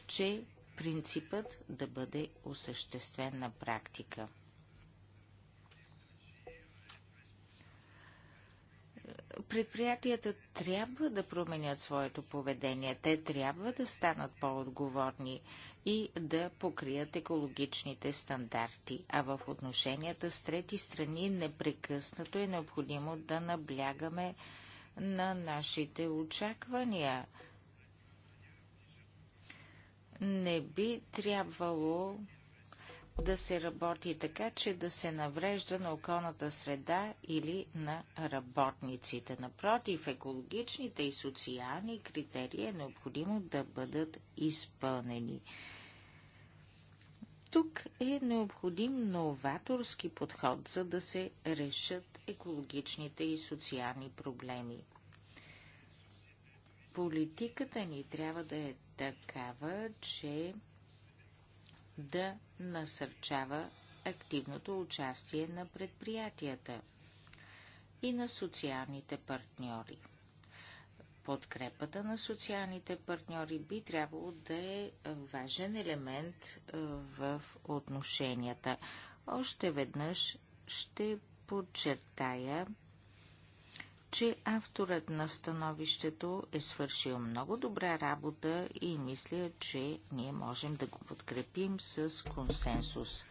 че принципът да бъде осъществен на практика. предприятията трябва да променят своето поведение. Те трябва да станат по-отговорни и да покрият екологичните стандарти. А в отношенията с трети страни непрекъснато е необходимо да наблягаме на нашите очаквания. Не би трябвало да се работи така, че да се наврежда на околната среда или на работниците. Напротив, екологичните и социални критерии е необходимо да бъдат изпълнени. Тук е необходим новаторски подход, за да се решат екологичните и социални проблеми. Политиката ни трябва да е такава, че да насърчава активното участие на предприятията и на социалните партньори. Подкрепата на социалните партньори би трябвало да е важен елемент е, в отношенията. Още веднъж ще подчертая, че авторът на становището е свършил много добра работа и мисля, че ние можем да го подкрепим с консенсус.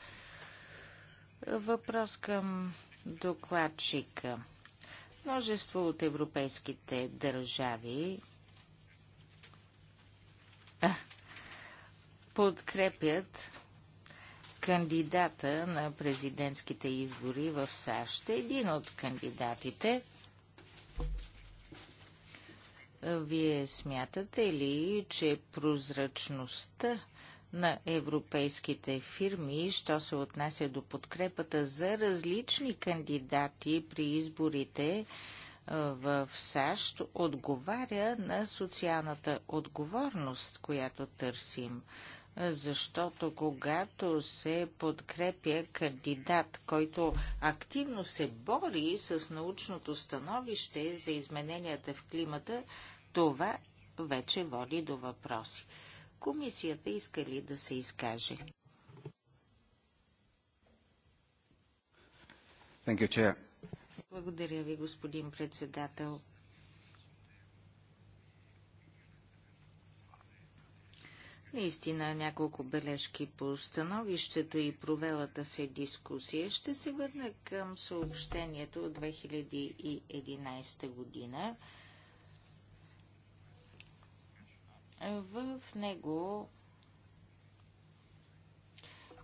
Въпрос към докладчика. Множество от европейските държави подкрепят кандидата на президентските избори в САЩ. Един от кандидатите вие смятате ли, че прозрачността на европейските фирми, що се отнася до подкрепата за различни кандидати при изборите е, в САЩ, отговаря на социалната отговорност, която търсим? защото когато се подкрепя кандидат, който активно се бори с научното становище за измененията в климата, това вече води до въпроси. Комисията иска ли да се изкаже? Thank you, Chair. Благодаря ви, господин председател. Наистина няколко бележки по становището и провелата се дискусия. Ще се върна към съобщението от 2011 година. В него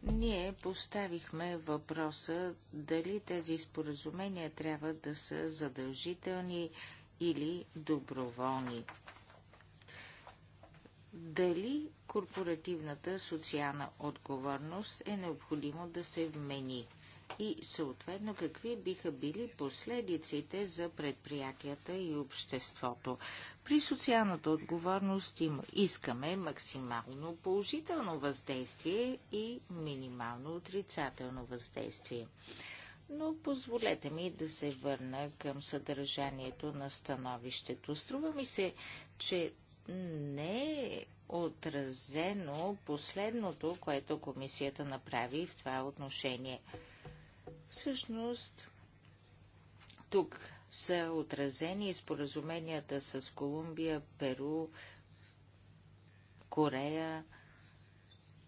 ние поставихме въпроса дали тези споразумения трябва да са задължителни или доброволни. Дали корпоративната социална отговорност е необходимо да се вмени и съответно какви биха били последиците за предприятията и обществото. При социалната отговорност им искаме максимално положително въздействие и минимално отрицателно въздействие. Но позволете ми да се върна към съдържанието на становището. Струва ми се, че не е отразено последното, което комисията направи в това отношение. Всъщност, тук са отразени споразуменията с Колумбия, Перу, Корея,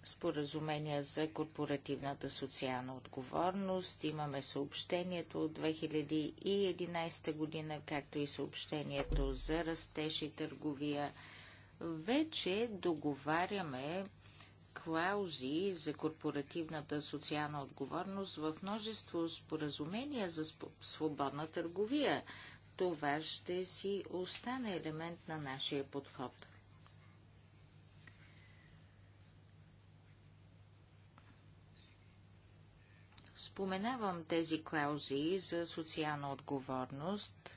споразумения за корпоративната социална отговорност. Имаме съобщението от 2011 година, както и съобщението за растеж и търговия – вече договаряме клаузи за корпоративната социална отговорност в множество споразумения за свободна търговия. Това ще си остане елемент на нашия подход. Споменавам тези клаузи за социална отговорност –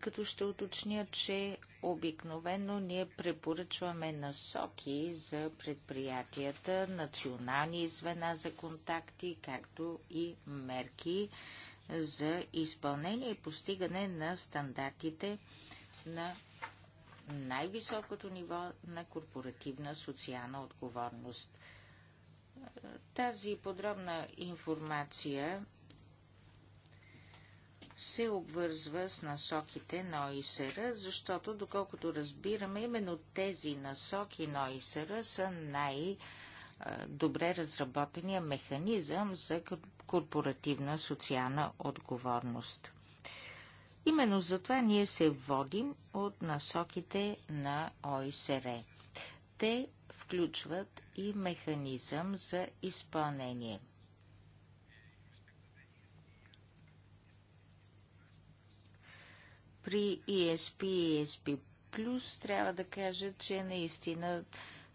като ще уточня, че обикновено ние препоръчваме насоки за предприятията, национални звена за контакти, както и мерки за изпълнение и постигане на стандартите на най-високото ниво на корпоративна социална отговорност. Тази подробна информация се обвързва с насоките на ОИСР, защото, доколкото разбираме, именно тези насоки на ОИСР са най- добре разработения механизъм за корпоративна социална отговорност. Именно за това ние се водим от насоките на ОИСР. Те включват и механизъм за изпълнение – при ESP и ESP+, трябва да кажа, че наистина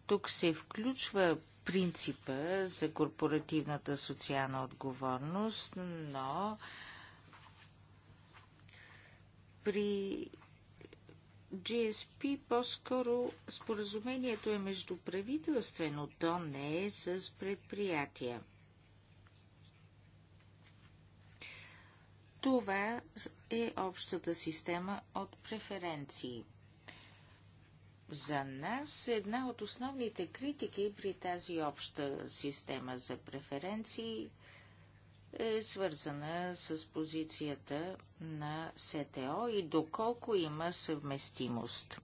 тук се включва принципа за корпоративната социална отговорност, но при GSP по-скоро споразумението е между правителствено, то не е с предприятия. Това е общата система от преференции. За нас една от основните критики при тази обща система за преференции е свързана с позицията на СТО и доколко има съвместимост.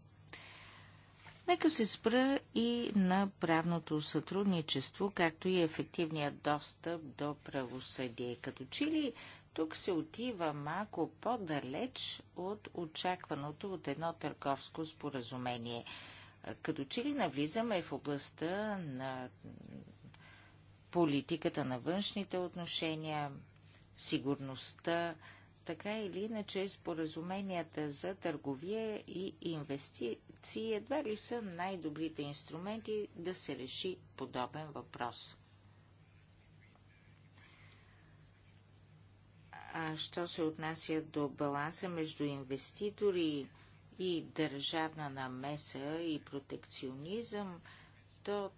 Нека се спра и на правното сътрудничество, както и ефективният достъп до правосъдие. Като че ли тук се отива малко по-далеч от очакваното от едно търговско споразумение. Като че ли навлизаме в областта на политиката на външните отношения, сигурността, така или иначе споразуменията за търговия и инвестиции едва ли са най-добрите инструменти да се реши подобен въпрос. А що се отнася до баланса между инвеститори и държавна намеса и протекционизъм, то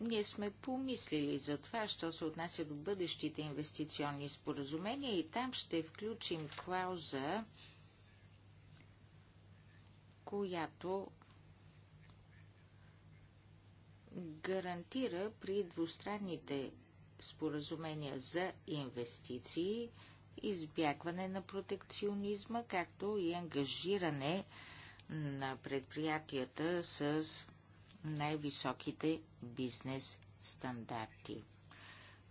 ние сме помислили за това, що се отнася до бъдещите инвестиционни споразумения и там ще включим клауза, която гарантира при двустранните споразумения за инвестиции, избягване на протекционизма, както и ангажиране на предприятията с най-високите бизнес стандарти.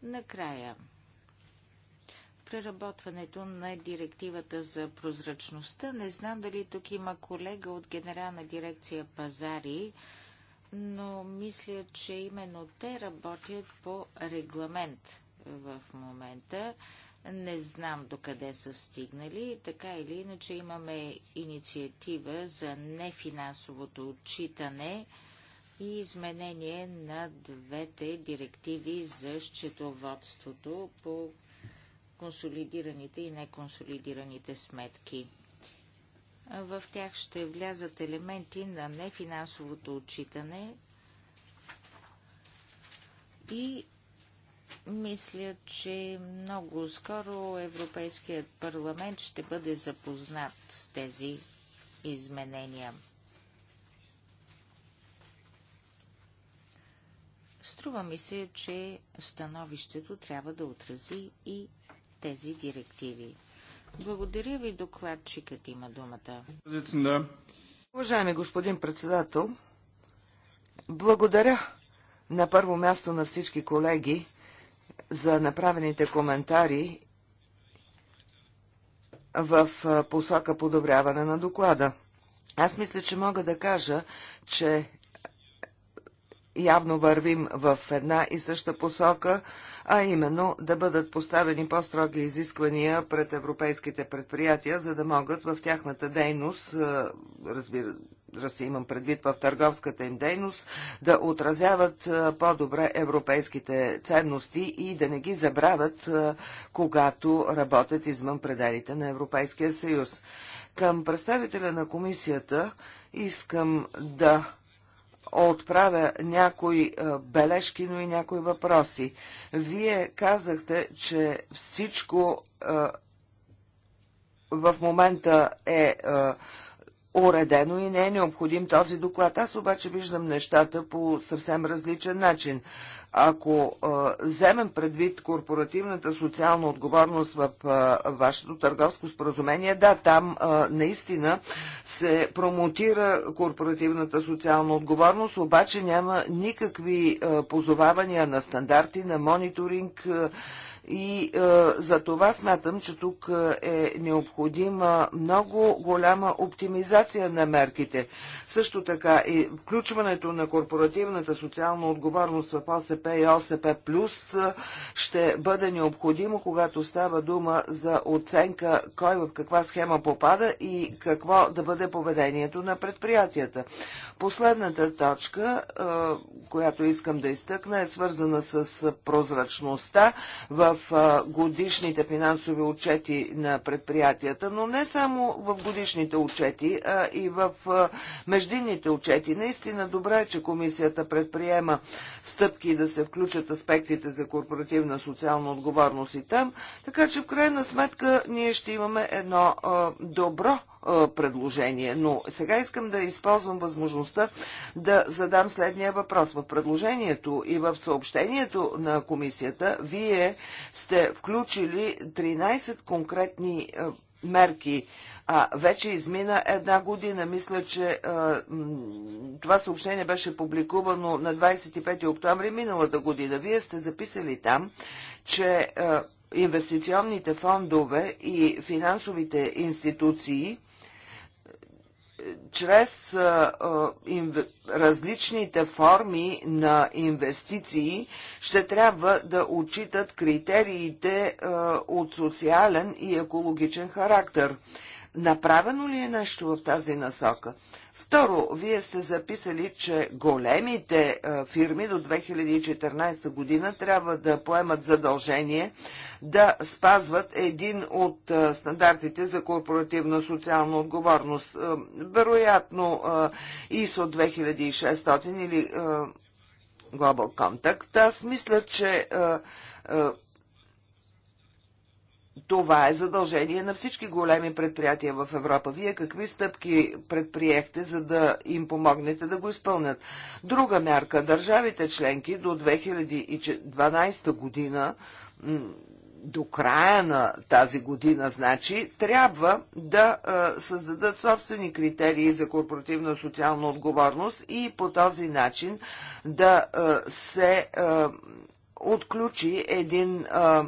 Накрая, преработването на директивата за прозрачността. Не знам дали тук има колега от Генерална дирекция пазари, но мисля, че именно те работят по регламент в момента. Не знам докъде са стигнали. Така или иначе имаме инициатива за нефинансовото отчитане и изменение на двете директиви за счетоводството по консолидираните и неконсолидираните сметки. В тях ще влязат елементи на нефинансовото отчитане и мисля, че много скоро Европейският парламент ще бъде запознат с тези изменения. Струва ми се, че становището трябва да отрази и тези директиви. Благодаря ви, докладчикът има думата. Уважаеми господин председател, благодаря на първо място на всички колеги за направените коментари в посока подобряване на доклада. Аз мисля, че мога да кажа, че явно вървим в една и съща посока, а именно да бъдат поставени по-строги изисквания пред европейските предприятия, за да могат в тяхната дейност, разбира да се имам предвид в търговската им дейност, да отразяват по-добре европейските ценности и да не ги забравят, когато работят извън пределите на Европейския съюз. Към представителя на комисията искам да отправя някои е, бележки, но и някои въпроси. Вие казахте, че всичко е, в момента е, е уредено и не е необходим този доклад. Аз обаче виждам нещата по съвсем различен начин. Ако а, вземем предвид корпоративната социална отговорност в а, вашето търговско споразумение, да, там а, наистина се промотира корпоративната социална отговорност, обаче няма никакви а, позовавания на стандарти, на мониторинг. А, и е, за това смятам, че тук е, е необходима много голяма оптимизация на мерките. Също така и включването на корпоративната социална отговорност в ОСП и ОСП Плюс е, ще бъде необходимо, когато става дума за оценка кой в каква схема попада и какво да бъде поведението на предприятията. Последната точка, е, която искам да изтъкна, е свързана с прозрачността в годишните финансови отчети на предприятията, но не само в годишните отчети, а и в междинните отчети. Наистина добре е, че комисията предприема стъпки да се включат аспектите за корпоративна социална отговорност и там, така че в крайна сметка ние ще имаме едно добро предложение. Но сега искам да използвам възможността да задам следния въпрос. В предложението и в съобщението на комисията вие сте включили 13 конкретни мерки. А, вече измина една година. Мисля, че а, това съобщение беше публикувано на 25 октомври миналата година. Вие сте записали там, че а, инвестиционните фондове и финансовите институции чрез различните форми на инвестиции ще трябва да отчитат критериите от социален и екологичен характер. Направено ли е нещо в тази насока? Второ, вие сте записали, че големите е, фирми до 2014 година трябва да поемат задължение да спазват един от е, стандартите за корпоративна социална отговорност. Е, вероятно ISO 2600 или Global Contact. Аз мисля, че това е задължение на всички големи предприятия в Европа. Вие какви стъпки предприехте, за да им помогнете да го изпълнят? Друга мярка. Държавите членки до 2012 година, до края на тази година, значи, трябва да създадат собствени критерии за корпоративна социална отговорност и по този начин да се отключи един а,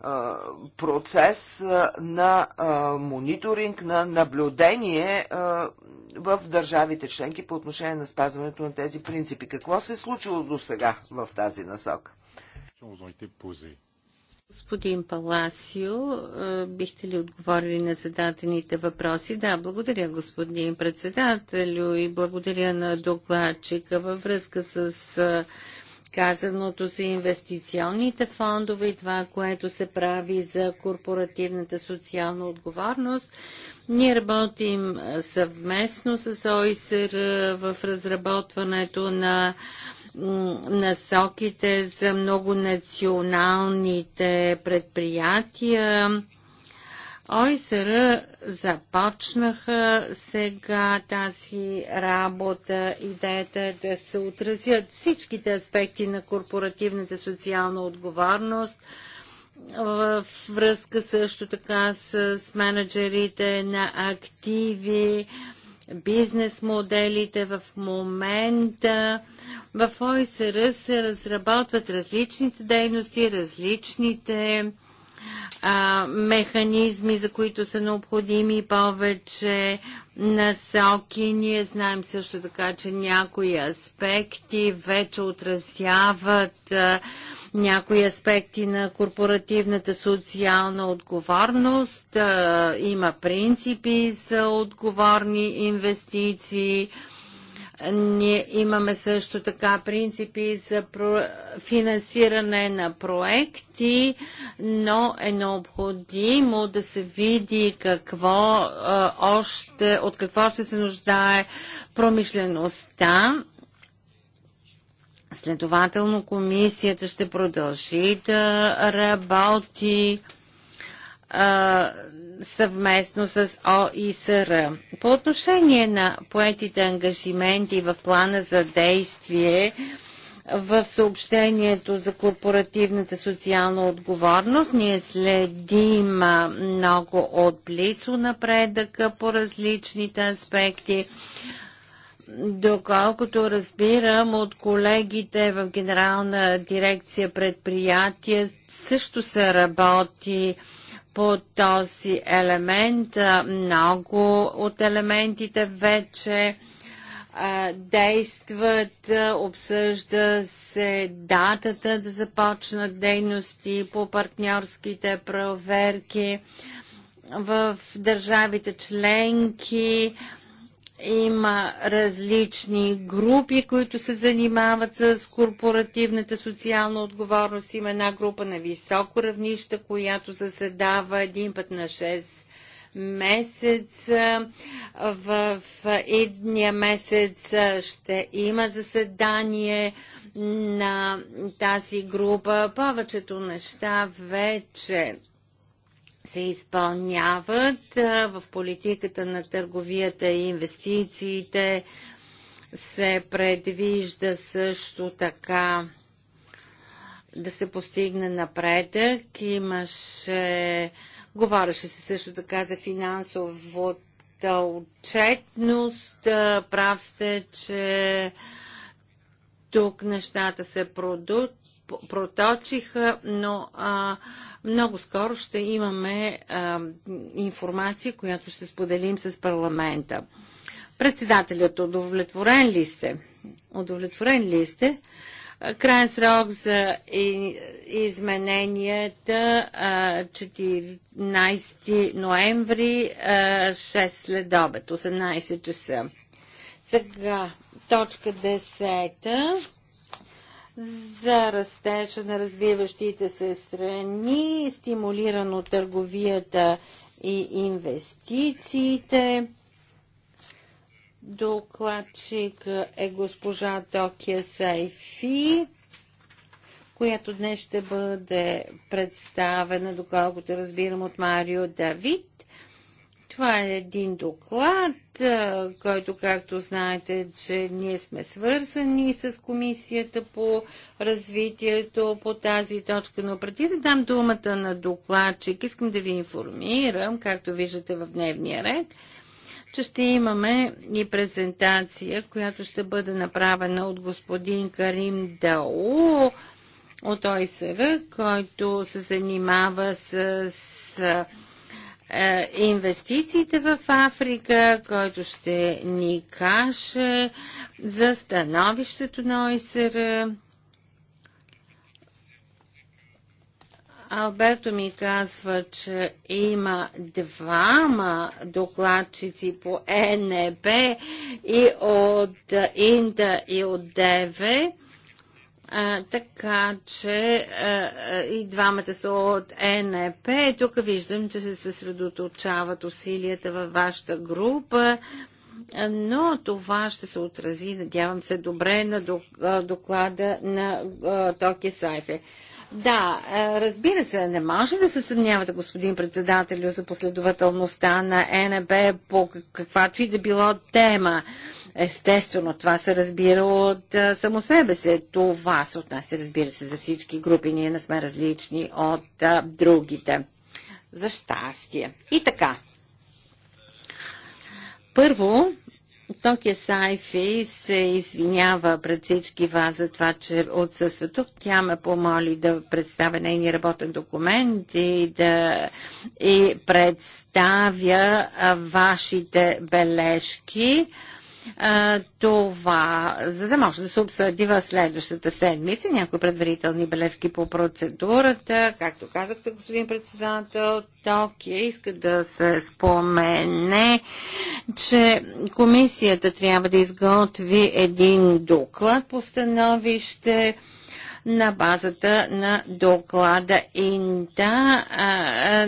а, процес а, на а, мониторинг, на наблюдение а, в държавите членки по отношение на спазването на тези принципи. Какво се е случило до сега в тази насока? Господин Паласио, бихте ли отговорили на зададените въпроси? Да, благодаря господин председателю и благодаря на докладчика във връзка с казаното за инвестиционните фондове и това, което се прави за корпоративната социална отговорност. Ние работим съвместно с ОИСР в разработването на насоките за многонационалните предприятия ОСР започнаха сега тази работа. Идеята е да се отразят всичките аспекти на корпоративната социална отговорност в връзка също така с менеджерите на активи, бизнес моделите в момента. В ОИСР се разработват различните дейности, различните механизми, за които са необходими повече насоки. Ние знаем също така, че някои аспекти вече отразяват някои аспекти на корпоративната социална отговорност. има принципи за отговорни инвестиции. Ние имаме също така принципи за финансиране на проекти, но е необходимо да се види какво още, от какво ще се нуждае промишлеността. Следователно комисията ще продължи да работи съвместно с ОИСР. По отношение на поетите ангажименти в плана за действие, в съобщението за корпоративната социална отговорност. Ние следим много отблизо напредъка по различните аспекти. Доколкото разбирам от колегите в Генерална дирекция предприятия, също се работи по този елемент. Много от елементите вече действат, обсъжда се датата да започнат дейности по партньорските проверки в държавите членки има различни групи, които се занимават с корпоративната социална отговорност. Има една група на високо равнище, която заседава един път на 6 месец. В едния месец ще има заседание на тази група. Повечето неща вече се изпълняват в политиката на търговията и инвестициите. Се предвижда също така да се постигне напредък. Имаше, говореше се също така за финансовата отчетност. Прав сте, че тук нещата се продукт проточиха, но а, много скоро ще имаме а, информация, която ще споделим с парламента. Председателят, удовлетворен ли сте? Удовлетворен ли сте? Крайен срок за измененията 14 ноември 6 след обед, 18 часа. Сега точка 10 за растежа на развиващите се страни, стимулирано търговията и инвестициите. Докладчик е госпожа Токия Сайфи, която днес ще бъде представена, доколкото разбирам, от Марио Давид. Това е един доклад, който, както знаете, че ние сме свързани с Комисията по развитието по тази точка. Но преди да дам думата на докладчик, искам да ви информирам, както виждате в дневния ред, че ще имаме и презентация, която ще бъде направена от господин Карим Дау от ОИСР, който се занимава с, с е, инвестициите в Африка, който ще ни каже за становището на ОИСР. Алберто ми казва, че има двама докладчици по е НБ и от Инда и от ДВ така че и двамата са от ЕНП. Тук виждам, че се съсредоточават усилията във вашата група но това ще се отрази, надявам се, добре на доклада на Токи Сайфе. Да, разбира се, не може да се съмнявате, господин председателю, за последователността на НБ по каквато и да било тема. Естествено, това се разбира от а, само себе се. Това се отнася, разбира се, за всички групи. Ние не сме различни от а, другите. За щастие. И така. Първо, Токия Сайфи се извинява пред всички вас за това, че отсъства тук. Тя ме помоли да представя нейния работен документ и да и представя вашите бележки това, за да може да се обсъди в следващата седмица някои предварителни бележки по процедурата. Както казахте, господин председател, токия, иска да се спомене, че комисията трябва да изготви един доклад по становище на базата на доклада Инта.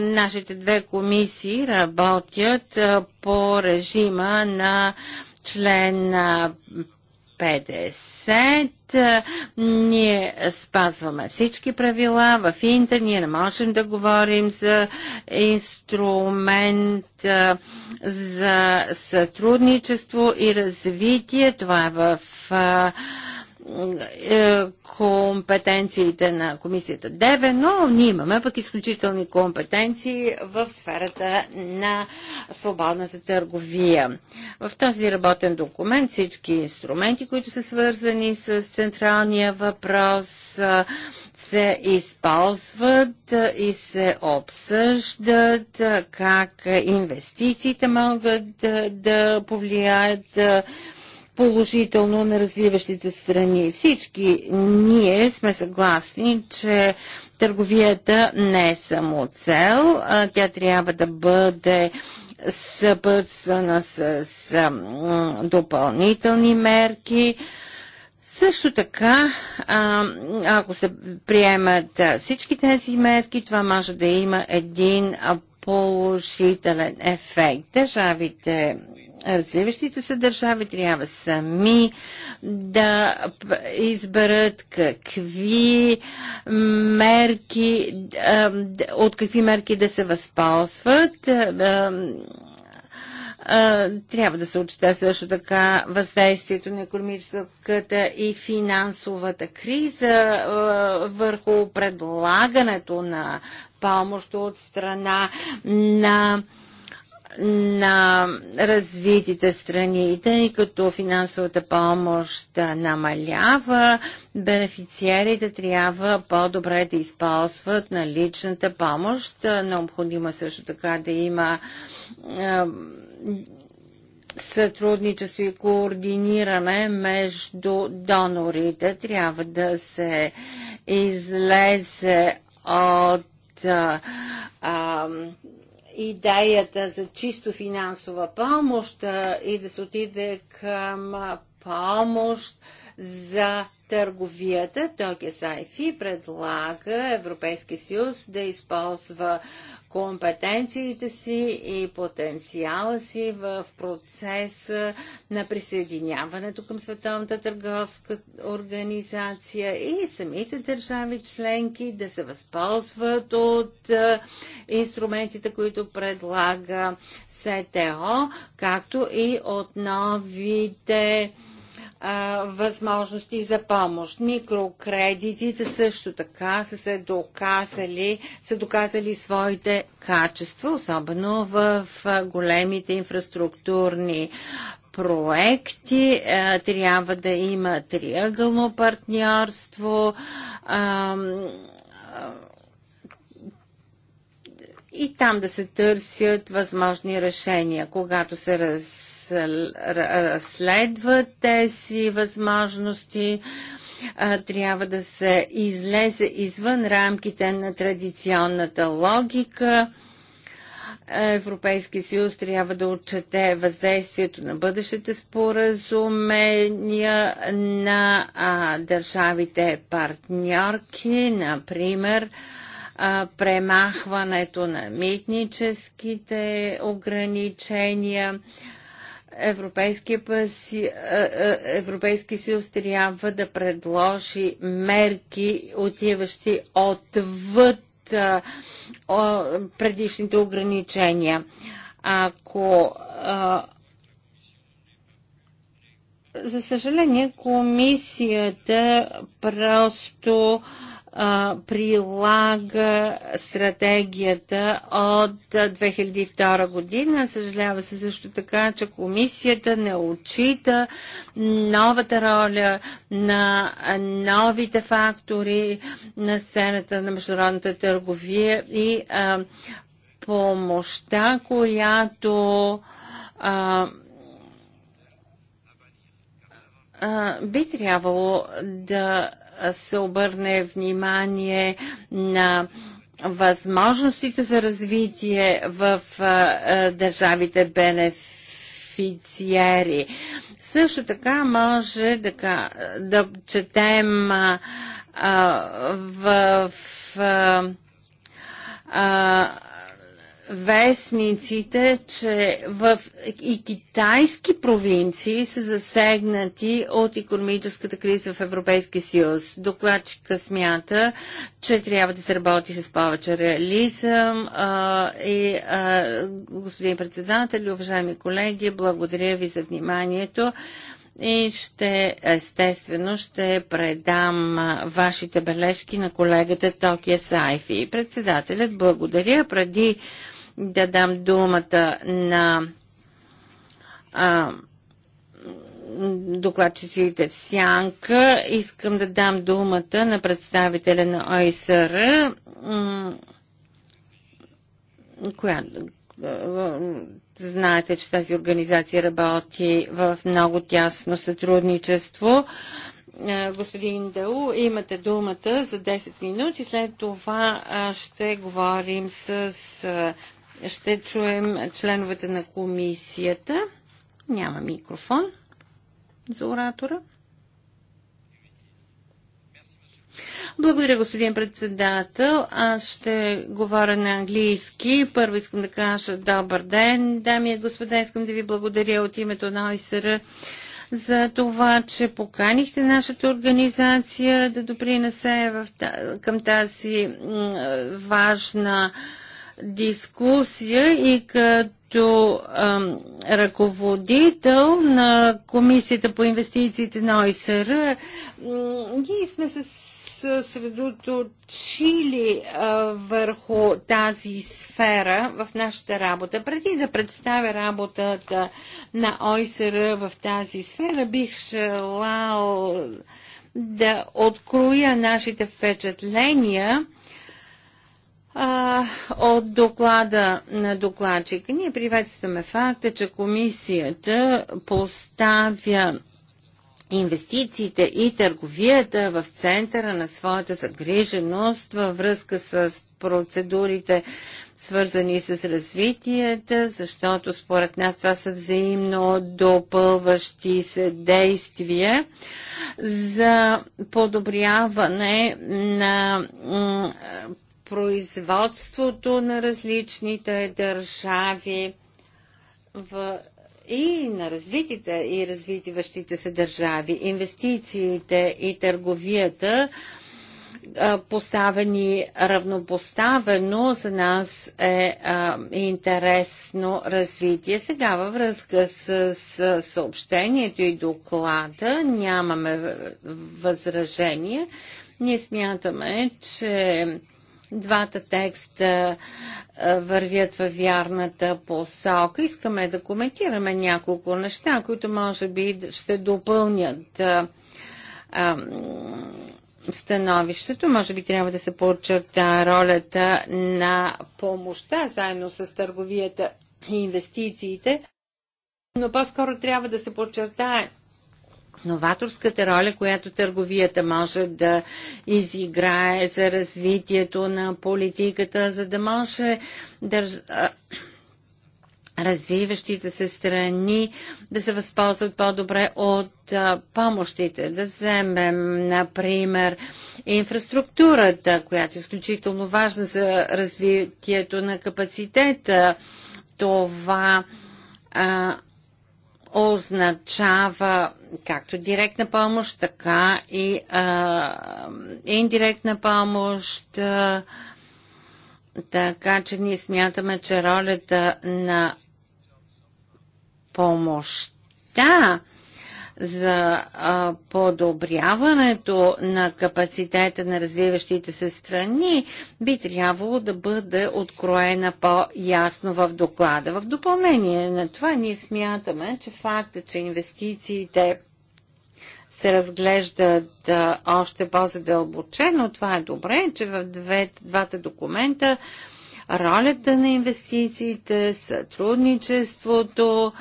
нашите две комисии работят по режима на член 50. Ние спазваме всички правила. В Инта ние не можем да говорим за инструмент за сътрудничество и развитие. Това е в е, компетенциите на комисията ДЕВЕ, но ние имаме пък изключителни компетенции в сферата на свободната търговия. В този работен документ всички инструменти, които са свързани с централния въпрос, се използват и се обсъждат как инвестициите могат да повлияят положително на развиващите страни. Всички ние сме съгласни, че търговията не е само цел, тя трябва да бъде съпътствана с, с допълнителни мерки. Също така, а, ако се приемат всички тези мерки, това може да има един положителен ефект. Държавите Развиващите се държави трябва сами да изберат какви мерки, от какви мерки да се възползват трябва да се отчита също така въздействието на економическата и финансовата криза върху предлагането на помощ от страна на на развитите страни, тъй като финансовата помощ намалява, бенефициерите трябва по-добре да използват наличната помощ. Необходимо е също така да има сътрудничество и координиране между донорите. Трябва да се излезе от а, идеята за чисто финансова помощ и да се отиде към помощ за търговията, Токио Сайфи предлага Европейския съюз да използва компетенциите си и потенциала си в процеса на присъединяването към Световната търговска организация и самите държави членки да се възползват от е, инструментите, които предлага СТО, както и от новите възможности за помощ. Микрокредитите също така са се доказали, са доказали своите качества, особено в големите инфраструктурни проекти, трябва да има триъгълно партньорство, и там да се търсят възможни решения. Когато се раз разследват тези възможности, трябва да се излезе извън рамките на традиционната логика. Европейския съюз трябва да отчете въздействието на бъдещите споразумения на а, държавите партньорки, например а, премахването на митническите ограничения, Европейския, паси, е, е, Европейски съюз трябва да предложи мерки, отиващи отвъд е, о, предишните ограничения. Ако за съжаление, комисията просто а, прилага стратегията от 2002 година. Съжалява се също така, че комисията не отчита новата роля на новите фактори на сцената на международната търговия и помощта, която би трябвало да се обърне внимание на възможностите за развитие в държавите бенефициери. Също така може да, да четем а, а, в а, вестниците, че в и китайски провинции са засегнати от економическата криза в Европейския съюз. Докладчика смята, че трябва да се работи с повече реализъм а, и а, господин председател уважаеми колеги, благодаря ви за вниманието и ще естествено ще предам вашите бележки на колегата Токия Сайфи. Председателят благодаря преди да дам думата на а, докладчиците в Сянка. Искам да дам думата на представителя на ОИСР, която знаете, че тази организация работи в много тясно сътрудничество. Господин Дау, имате думата за 10 минути. След това ще говорим с ще чуем членовете на комисията. Няма микрофон за оратора. Благодаря, господин председател. Аз ще говоря на английски. Първо искам да кажа добър ден, дами и господа. Искам да ви благодаря от името на ОИСР за това, че поканихте нашата организация да допринесе в, към тази важна дискусия и като ам, ръководител на Комисията по инвестициите на ОИСР, ние сме се съсредоточили върху тази сфера в нашата работа. Преди да представя работата на ОИСР в тази сфера, бих желал да откроя нашите впечатления а, от доклада на докладчика. Ние приветстваме факта, че комисията поставя инвестициите и търговията в центъра на своята загриженост във връзка с процедурите, свързани с развитията, защото според нас това са взаимно допълващи се действия за подобряване на производството на различните държави в и на развитите и развитиващите се държави, инвестициите и търговията, поставени равнопоставено, за нас е интересно развитие. Сега във връзка с, с съобщението и доклада нямаме възражение. Ние смятаме, че Двата текста вървят във вярната посока. Искаме да коментираме няколко неща, които може би ще допълнят становището. Може би трябва да се подчерта ролята на помощта заедно с търговията и инвестициите, но по-скоро трябва да се подчертае новаторската роля, която търговията може да изиграе за развитието на политиката, за да може държ развиващите се страни да се възползват по-добре от помощите. Да вземем, например, инфраструктурата, която е изключително важна за развитието на капацитета. Това а, означава както директна помощ, така и а, индиректна помощ. така че ние смятаме, че ролята на помощта за а, подобряването на капацитета на развиващите се страни би трябвало да бъде откроена по-ясно в доклада. В допълнение на това ние смятаме, че факта, че инвестициите се разглеждат още по-задълбочено. Това е добре, че в две, двата документа ролята на инвестициите, сътрудничеството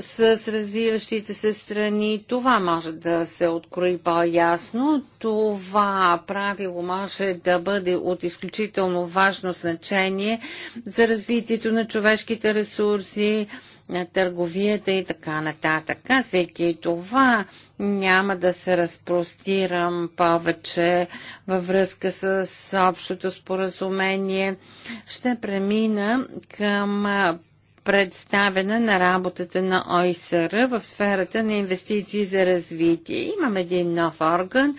с развиващите се страни, това може да се открои по-ясно. Това правило може да бъде от изключително важно значение за развитието на човешките ресурси, на търговията и така нататък. Казвайки това, няма да се разпростирам повече във връзка с общото споразумение. Ще премина към представена на работата на ОИСР в сферата на инвестиции за развитие. Имам един нов орган,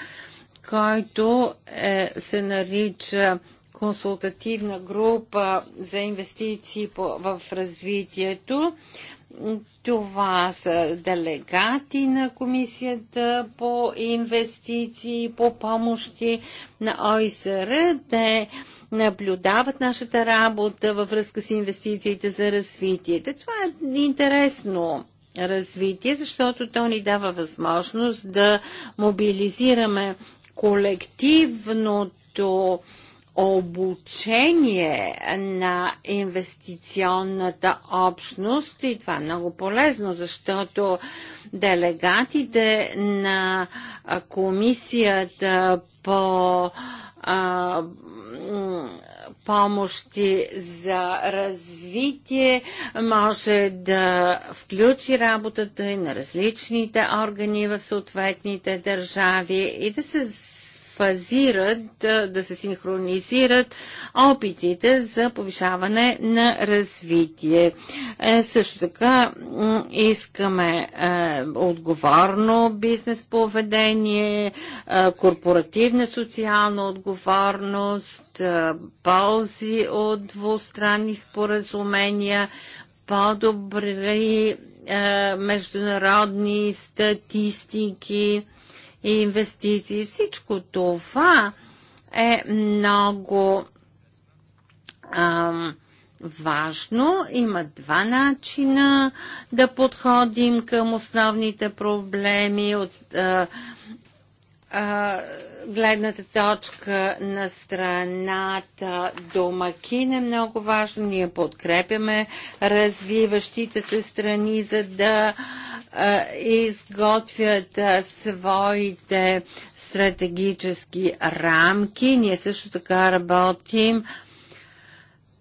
който е, се нарича консултативна група за инвестиции в развитието. Това са делегати на Комисията по инвестиции, по помощи на ОИСР. Те наблюдават нашата работа във връзка с инвестициите за развитието. Това е интересно развитие, защото то ни дава възможност да мобилизираме колективното обучение на инвестиционната общност и това е много полезно, защото делегатите на комисията по а, помощи за развитие може да включи работата и на различните органи в съответните държави и да се фазират, да се синхронизират опитите за повишаване на развитие. Е, също така искаме е, отговорно бизнес поведение, е, корпоративна социална отговорност, е, ползи от двустранни споразумения, по-добри е, международни статистики и инвестиции. Всичко това е много ам, важно. Има два начина да подходим към основните проблеми от а, а, гледната точка на страната домакин е много важно. Ние подкрепяме развиващите се страни, за да а, изготвят своите стратегически рамки. Ние също така работим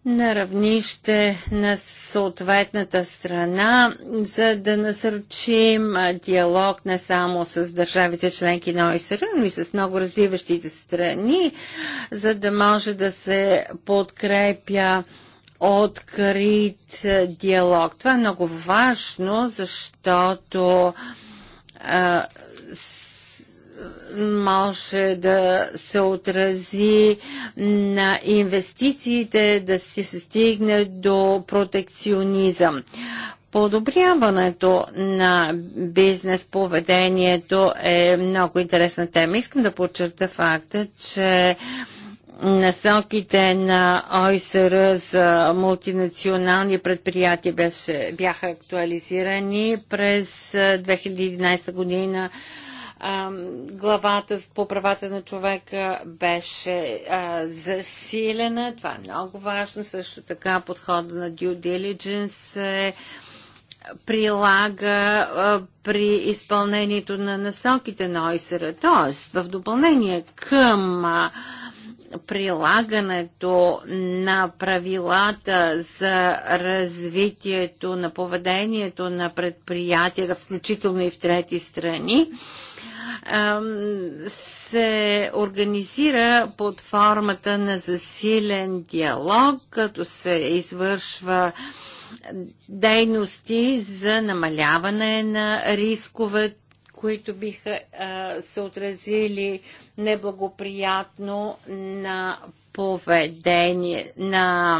на равнище на съответната страна, за да насърчим диалог не само с държавите членки на ОИСР, но и с много развиващите страни, за да може да се подкрепя открит е, диалог. Това е много важно, защото а, е, може да се отрази на инвестициите, да се стигне до протекционизъм. Подобряването на бизнес поведението е много интересна тема. Искам да подчерта факта, че а, насоките на ОИСР за мултинационални предприятия беше, бяха актуализирани през 2011 година. главата по правата на човека беше а, засилена. Това е много важно. Също така подхода на due diligence е прилага а, при изпълнението на насоките на ОИСР. Тоест, в допълнение към а, прилагането на правилата за развитието на поведението на предприятията, включително и в трети страни, се организира под формата на засилен диалог, като се извършва дейности за намаляване на рисковете които биха а, се отразили неблагоприятно на поведение, на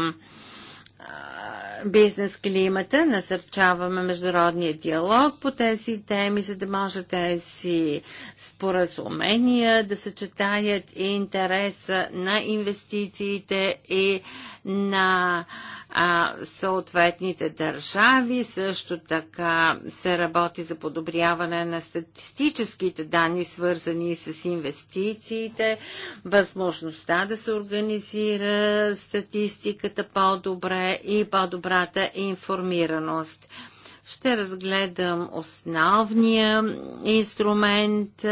бизнес климата, насърчаваме международния диалог по тези теми, за да може тези споразумения да съчетаят и интереса на инвестициите и на а, а, съответните държави. Също така се работи за подобряване на статистическите данни, свързани с инвестициите, възможността да се организира статистиката по-добре и по-добрата информираност ще разгледам основния инструмент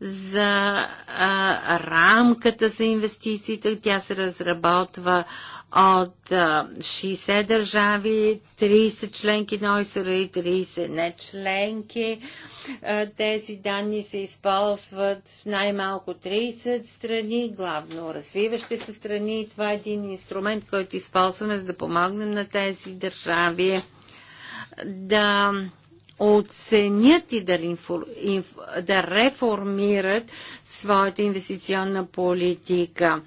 за а, рамката за инвестициите. Тя се разработва от а, 60 държави, 30 членки на ОИСР и 30 не членки. А, тези данни се използват в най-малко 30 страни, главно развиващи се страни. Това е един инструмент, който използваме, за да помогнем на тези държави да оценят и да, да реформират своята инвестиционна политика.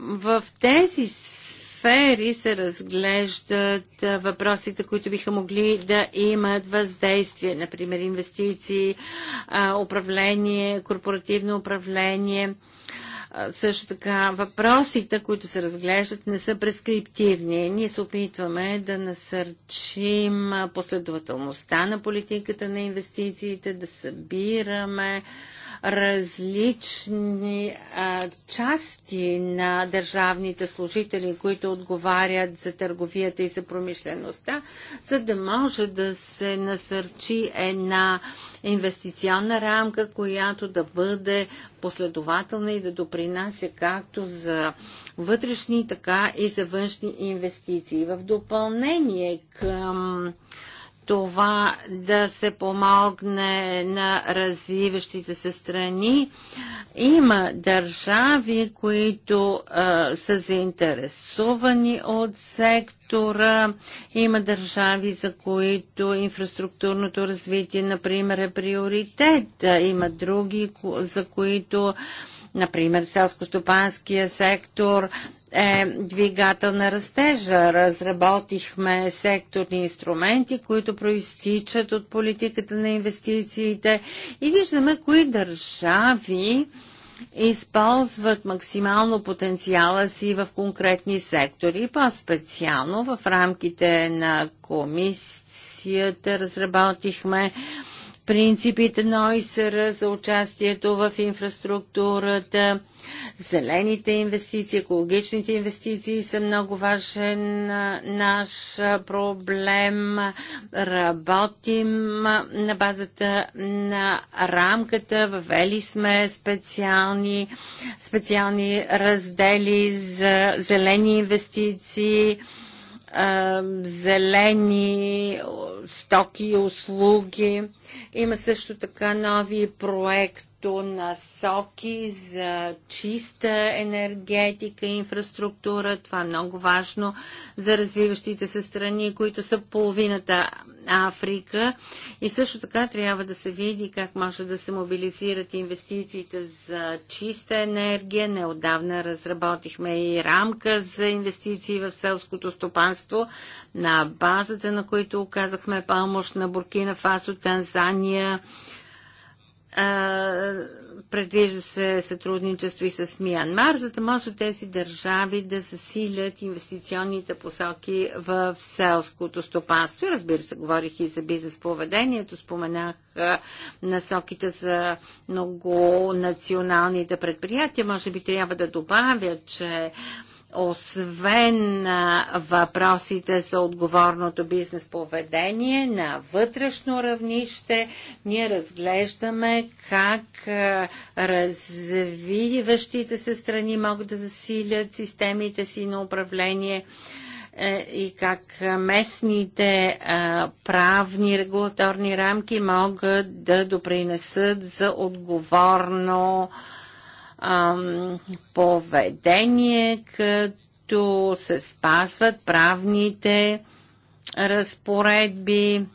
В тези сфери се разглеждат въпросите, които биха могли да имат въздействие, например инвестиции, управление, корпоративно управление също така въпросите, които се разглеждат, не са прескриптивни. Ние се опитваме да насърчим последователността на политиката на инвестициите, да събираме различни а, части на държавните служители, които отговарят за търговията и за промишлеността, за да може да се насърчи една инвестиционна рамка, която да бъде последователна и да допринася както за вътрешни, така и за външни инвестиции. В допълнение към това да се помогне на развиващите се страни. Има държави, които а, са заинтересовани от сектора. Има държави, за които инфраструктурното развитие, например, е приоритет. Има други, за които Например, селско-стопанския сектор е двигател на растежа. Разработихме секторни инструменти, които проистичат от политиката на инвестициите и виждаме кои държави използват максимално потенциала си в конкретни сектори, по-специално в рамките на комисията разработихме принципите на ОИСР за участието в инфраструктурата, зелените инвестиции, екологичните инвестиции са много важен наш проблем. Работим на базата на рамката, въвели сме специални, специални раздели за зелени инвестиции, зелени стоки и услуги. Има също така нови проекти като насоки за чиста енергетика, и инфраструктура. Това е много важно за развиващите се страни, които са половината Африка. И също така трябва да се види как може да се мобилизират инвестициите за чиста енергия. Неодавна разработихме и рамка за инвестиции в селското стопанство, на базата на които оказахме помощ на Буркина Фасо, Танзания, предвижда се сътрудничество и с Миянмар, за да може тези държави да засилят инвестиционните посоки в селското стопанство. И разбира се, говорих и за бизнес поведението, споменах насоките за многонационалните предприятия. Може би трябва да добавя, че освен въпросите за отговорното бизнес поведение на вътрешно равнище, ние разглеждаме как развиващите се страни могат да засилят системите си на управление е, и как местните правни регулаторни рамки могат да допринесат за отговорно ам, поведение, като се спазват правните разпоредби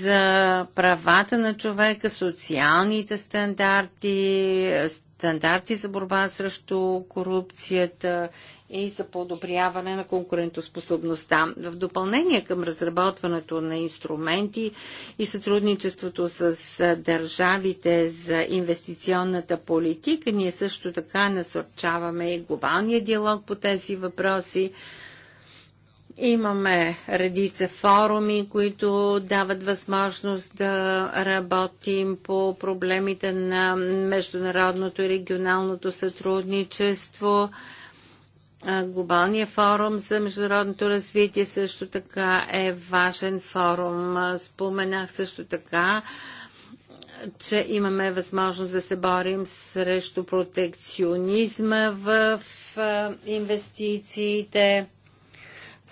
за правата на човека, социалните стандарти, стандарти за борба срещу корупцията и за подобряване на конкурентоспособността. В допълнение към разработването на инструменти и сътрудничеството с държавите за инвестиционната политика, ние също така насърчаваме и глобалния диалог по тези въпроси. Имаме редица форуми, които дават възможност да работим по проблемите на международното и регионалното сътрудничество Глобалния форум за международното развитие също така е важен форум. Споменах също така, че имаме възможност да се борим срещу протекционизма в инвестициите.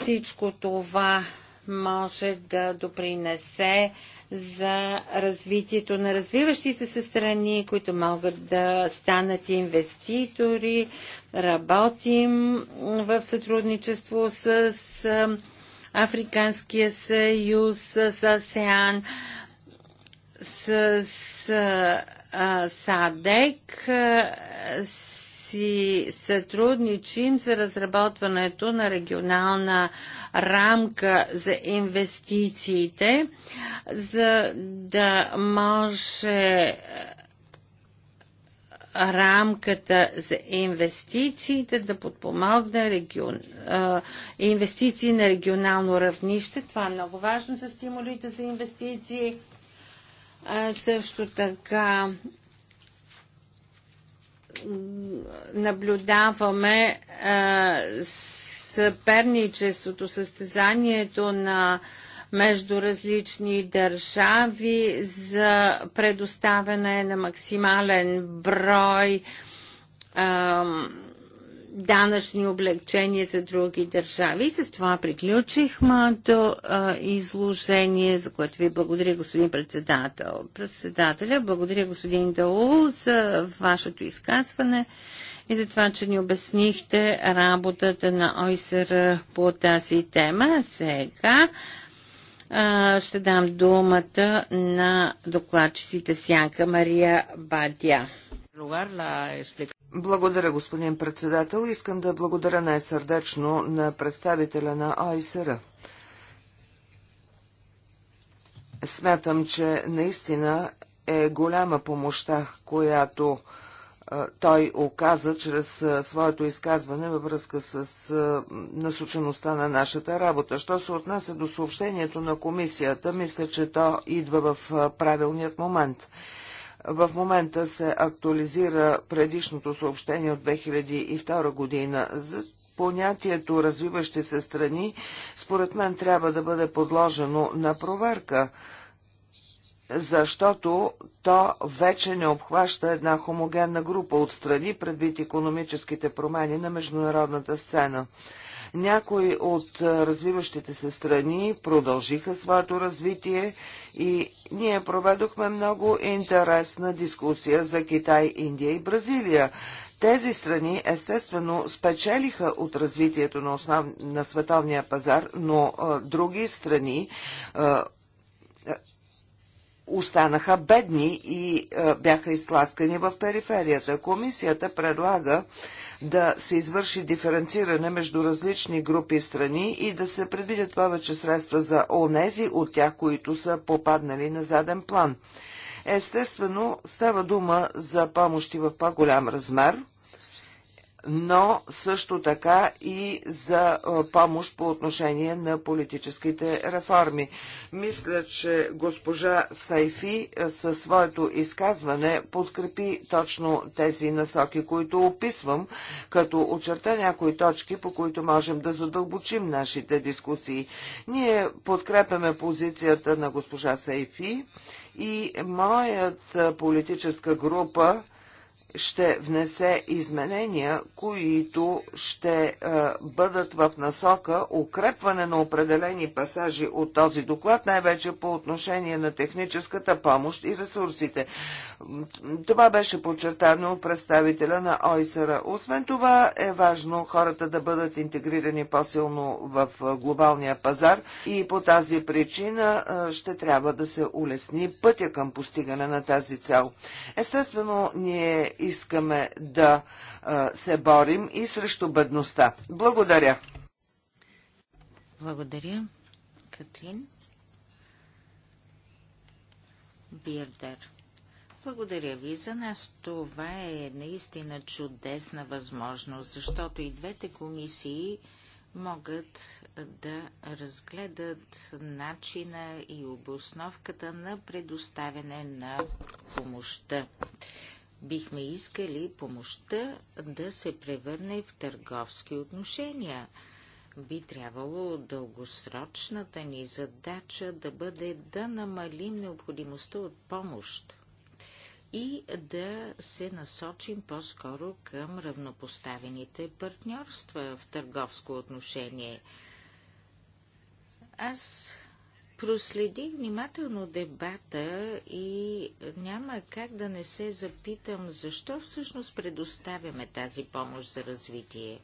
Всичко това може да допринесе за развитието на развиващите се страни, които могат да станат инвеститори. Работим в сътрудничество с Африканския съюз, с АСЕАН, с САДЕК, с си сътрудничим за разработването на регионална рамка за инвестициите, за да може рамката за инвестициите да подпомогне регион, а, инвестиции на регионално равнище. Това е много важно за стимулите за инвестиции. А, също така наблюдаваме е, съперничеството, състезанието на между различни държави за предоставяне на максимален брой ам, данъчни облегчения за други държави. И с това приключих моето изложение, за което ви благодаря, господин председател. Председателя, благодаря, господин Дау, за вашето изказване и за това, че ни обяснихте работата на ОИСР по тази тема. Сега а, ще дам думата на докладчиците Сянка Мария Бадя. Благодаря, господин председател. Искам да благодаря най-сърдечно на представителя на АИСР. Смятам, че наистина е голяма помощта, която той оказа чрез своето изказване във връзка с насочеността на нашата работа. Що се отнася до съобщението на комисията, мисля, че то идва в правилният момент – в момента се актуализира предишното съобщение от 2002 година. За понятието развиващи се страни, според мен трябва да бъде подложено на проверка, защото то вече не обхваща една хомогенна група от страни, предвид економическите промени на международната сцена. Някои от развиващите се страни продължиха своето развитие и ние проведохме много интересна дискусия за Китай, Индия и Бразилия. Тези страни естествено спечелиха от развитието на, основ... на световния пазар, но а, други страни а, останаха бедни и а, бяха изтласкани в периферията. Комисията предлага да се извърши диференциране между различни групи страни и да се предвидят повече средства за онези от тях, които са попаднали на заден план. Естествено, става дума за помощи в по-голям размер – но също така и за помощ по отношение на политическите реформи. Мисля, че госпожа Сайфи със своето изказване подкрепи точно тези насоки, които описвам, като очерта някои точки, по които можем да задълбочим нашите дискусии. Ние подкрепяме позицията на госпожа Сайфи и моят политическа група ще внесе изменения, които ще е, бъдат в насока укрепване на определени пасажи от този доклад, най-вече по отношение на техническата помощ и ресурсите. Това беше подчертано от представителя на ОИСР. Освен това е важно хората да бъдат интегрирани по-силно в е, глобалния пазар и по тази причина е, ще трябва да се улесни пътя към постигане на тази цел. Естествено, ние искаме да се борим и срещу бедността. Благодаря. Благодаря, Катрин. Бирдер. Благодаря ви. За нас това е наистина чудесна възможност, защото и двете комисии могат да разгледат начина и обосновката на предоставяне на помощта бихме искали помощта да се превърне в търговски отношения. Би трябвало дългосрочната ни задача да бъде да намалим необходимостта от помощ и да се насочим по-скоро към равнопоставените партньорства в търговско отношение. Аз проследих внимателно дебата и няма как да не се запитам, защо всъщност предоставяме тази помощ за развитие.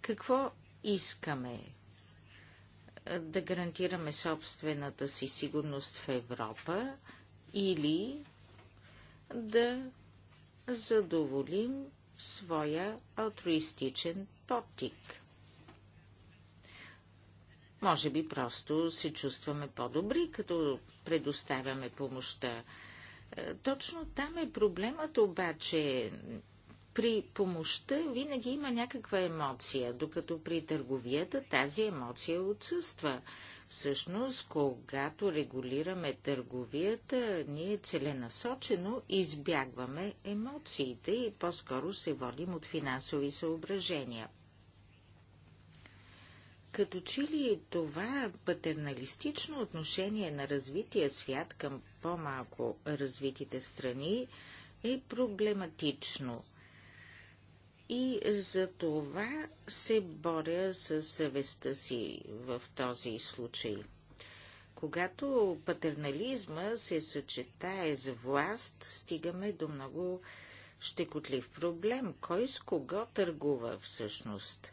Какво искаме? Да гарантираме собствената си сигурност в Европа или да задоволим своя алтруистичен потик – може би просто се чувстваме по-добри, като предоставяме помощта. Е, точно там е проблемът обаче. При помощта винаги има някаква емоция, докато при търговията тази емоция отсъства. Всъщност, когато регулираме търговията, ние целенасочено избягваме емоциите и по-скоро се водим от финансови съображения. Като че ли това патерналистично отношение на развития свят към по-малко развитите страни е проблематично. И за това се боря с съвестта си в този случай. Когато патернализма се съчетае с власт, стигаме до много щекотлив проблем. Кой с кого търгува всъщност?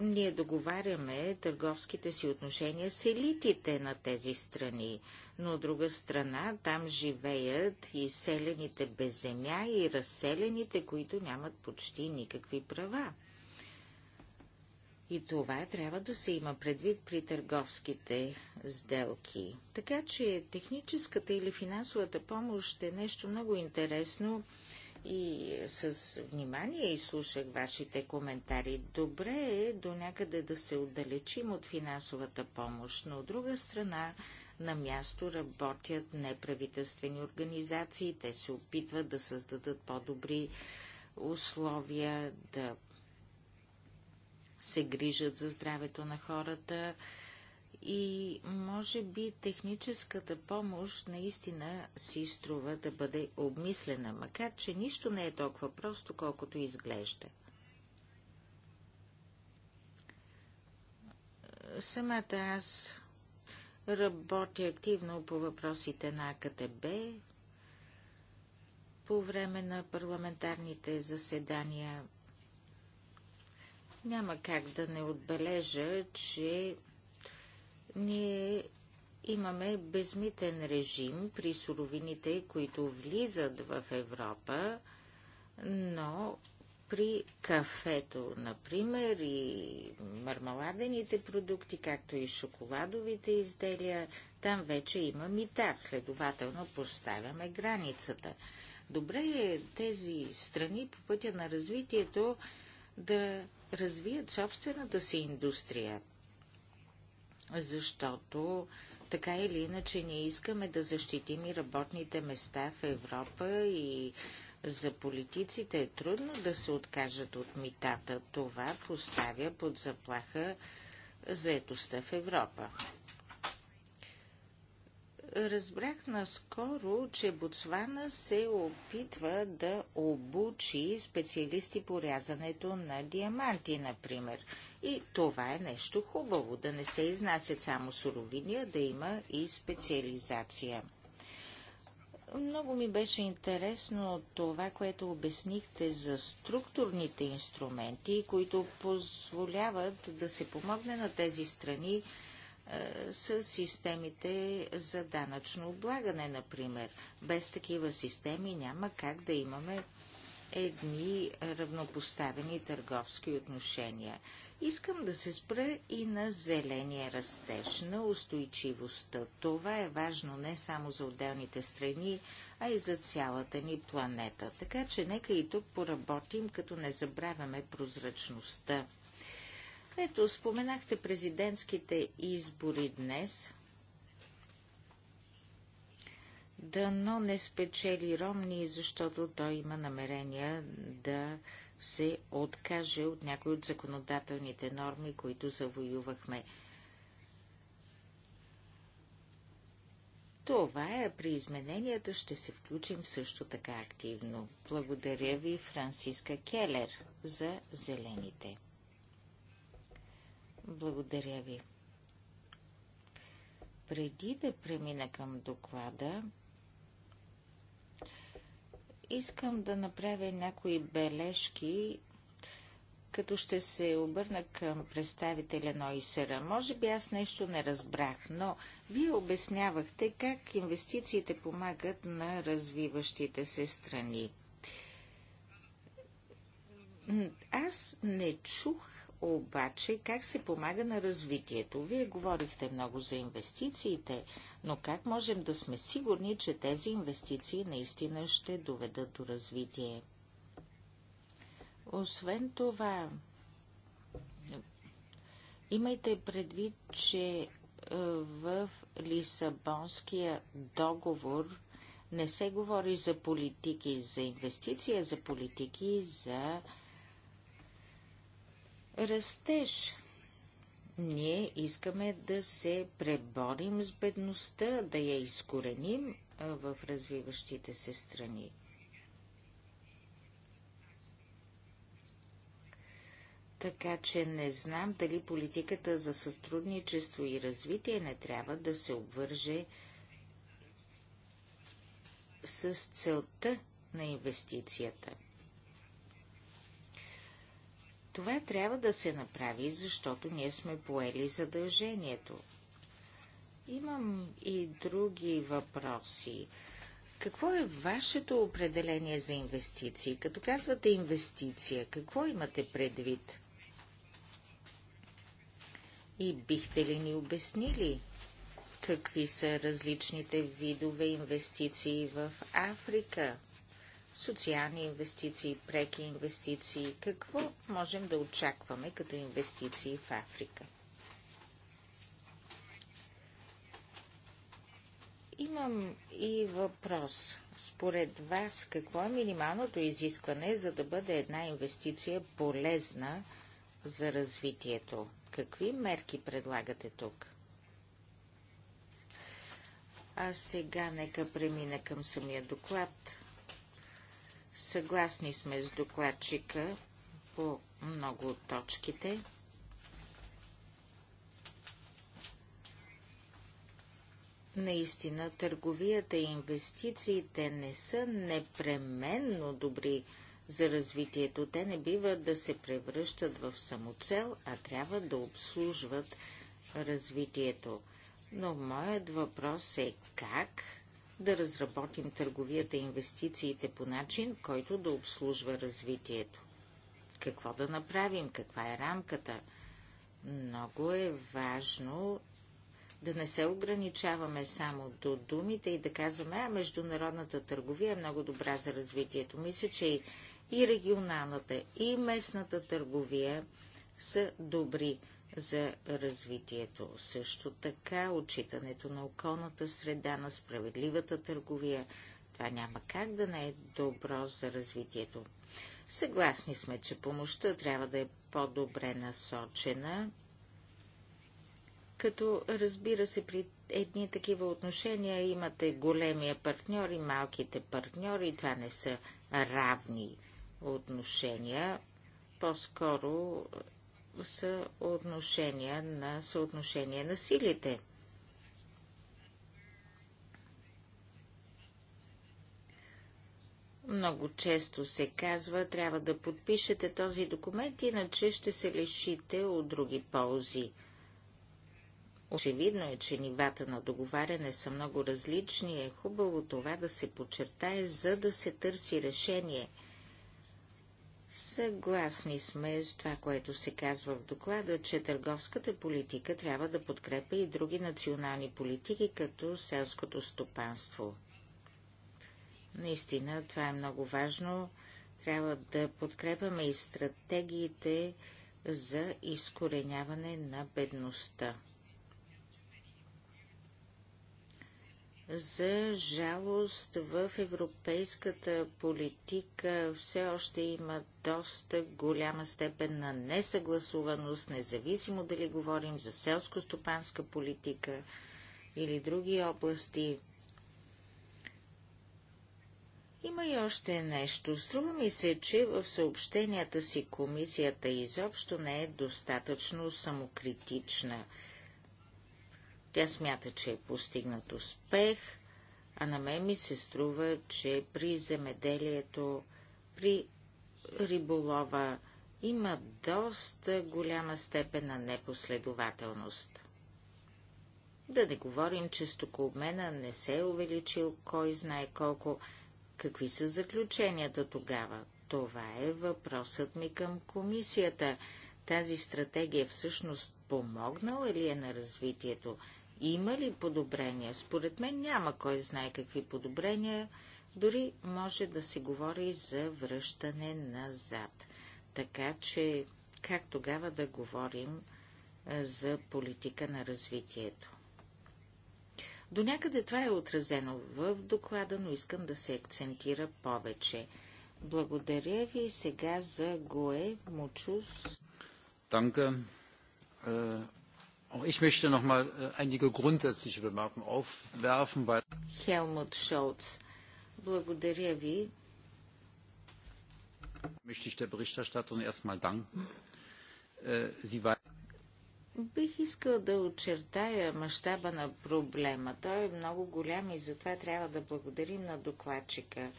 ние договаряме търговските си отношения с елитите на тези страни, но от друга страна там живеят и селените без земя и разселените, които нямат почти никакви права. И това трябва да се има предвид при търговските сделки. Така че техническата или финансовата помощ е нещо много интересно – и с внимание слушах вашите коментари. Добре е до някъде да се отдалечим от финансовата помощ, но от друга страна на място работят неправителствени организации. Те се опитват да създадат по-добри условия, да се грижат за здравето на хората и може би техническата помощ наистина си струва да бъде обмислена, макар че нищо не е толкова просто, колкото изглежда. Самата аз работя активно по въпросите на АКТБ, по време на парламентарните заседания няма как да не отбележа, че ние имаме безмитен режим при суровините, които влизат в Европа, но при кафето, например, и мармаладените продукти, както и шоколадовите изделия, там вече има мита, следователно поставяме границата. Добре е тези страни по пътя на развитието да развият собствената си индустрия защото така или иначе ние искаме да защитим и работните места в Европа и за политиците е трудно да се откажат от митата. Това поставя под заплаха заедостта в Европа. Разбрах наскоро, че Ботсвана се опитва да обучи специалисти по рязането на диаманти, например. И това е нещо хубаво, да не се изнасят само суровини, а да има и специализация. Много ми беше интересно това, което обяснихте за структурните инструменти, които позволяват да се помогне на тези страни е, с системите за данъчно облагане, например. Без такива системи няма как да имаме едни равнопоставени търговски отношения. Искам да се спра и на зеления растеж, на устойчивостта. Това е важно не само за отделните страни, а и за цялата ни планета. Така че нека и тук поработим, като не забравяме прозрачността. Ето, споменахте президентските избори днес. Дано не спечели Ромни, защото той има намерение да се откаже от някои от законодателните норми, които завоювахме. Това е при измененията ще се включим също така активно. Благодаря ви, Франциска Келер, за зелените. Благодаря ви. Преди да премина към доклада, искам да направя някои бележки, като ще се обърна към представителя на Може би аз нещо не разбрах, но вие обяснявахте как инвестициите помагат на развиващите се страни. Аз не чух обаче как се помага на развитието. Вие говорихте много за инвестициите, но как можем да сме сигурни, че тези инвестиции наистина ще доведат до развитие? Освен това, имайте предвид, че е, в Лисабонския договор не се говори за политики за инвестиция, за политики за растеж. Ние искаме да се преборим с бедността, да я изкореним в развиващите се страни. Така че не знам дали политиката за сътрудничество и развитие не трябва да се обвърже с целта на инвестицията. Това трябва да се направи, защото ние сме поели задължението. Имам и други въпроси. Какво е вашето определение за инвестиции? Като казвате инвестиция, какво имате предвид? И бихте ли ни обяснили какви са различните видове инвестиции в Африка? социални инвестиции, преки инвестиции. Какво можем да очакваме като инвестиции в Африка? Имам и въпрос. Според вас, какво е минималното изискване, за да бъде една инвестиция полезна за развитието? Какви мерки предлагате тук? А сега нека премина към самия доклад. Съгласни сме с докладчика по много от точките. Наистина, търговията и инвестициите не са непременно добри за развитието. Те не бива да се превръщат в самоцел, а трябва да обслужват развитието. Но моят въпрос е как да разработим търговията и инвестициите по начин, който да обслужва развитието. Какво да направим? Каква е рамката? Много е важно да не се ограничаваме само до думите и да казваме, а международната търговия е много добра за развитието. Мисля, че и регионалната, и местната търговия са добри за развитието. Също така отчитането на околната среда, на справедливата търговия. Това няма как да не е добро за развитието. Съгласни сме, че помощта трябва да е по-добре насочена, като разбира се при едни такива отношения имате големия партньор и малките партньори. Това не са равни отношения. По-скоро съотношение на съотношение на силите. Много често се казва, трябва да подпишете този документ, иначе ще се лишите от други ползи. Очевидно е, че нивата на договаряне са много различни и е хубаво това да се подчертае, за да се търси решение – Съгласни сме с това, което се казва в доклада, че търговската политика трябва да подкрепя и други национални политики, като селското стопанство. Наистина, това е много важно. Трябва да подкрепяме и стратегиите за изкореняване на бедността. За жалост в европейската политика все още има доста голяма степен на несъгласуваност, независимо дали говорим за селско-стопанска политика или други области. Има и още нещо. Струва ми се, че в съобщенията си комисията изобщо не е достатъчно самокритична – тя смята, че е постигнат успех, а на мен ми се струва, че при земеделието, при риболова има доста голяма степен на непоследователност. Да не говорим, че стокообмена не се е увеличил кой знае колко. Какви са заключенията тогава? Това е въпросът ми към комисията. Тази стратегия всъщност помогнала ли е на развитието? Има ли подобрения? Според мен няма кой знае какви подобрения. Дори може да се говори за връщане назад. Така че как тогава да говорим за политика на развитието? До някъде това е отразено в доклада, но искам да се акцентира повече. Благодаря ви сега за Гое Мучус. Танка. Auch ich möchte noch mal äh, einige grundsätzliche Bemerkungen aufwerfen, weil Helmut Scholz, благодаря ви. Möchte ich der Berichterstatterin erstmal danken. Äh, sie war Бих искал да очертая мащаба на проблема. Той е много голям и затова трябва да благодарим на докладчика.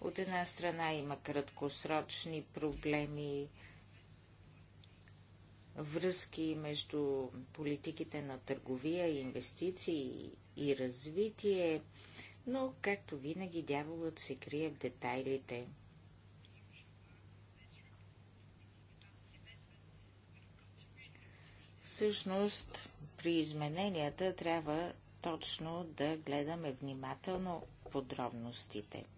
От една страна има краткосрочни проблеми, връзки между политиките на търговия, инвестиции и развитие, но, както винаги, дяволът се крие в детайлите. Всъщност, при измененията трябва точно да гледаме внимателно подробностите –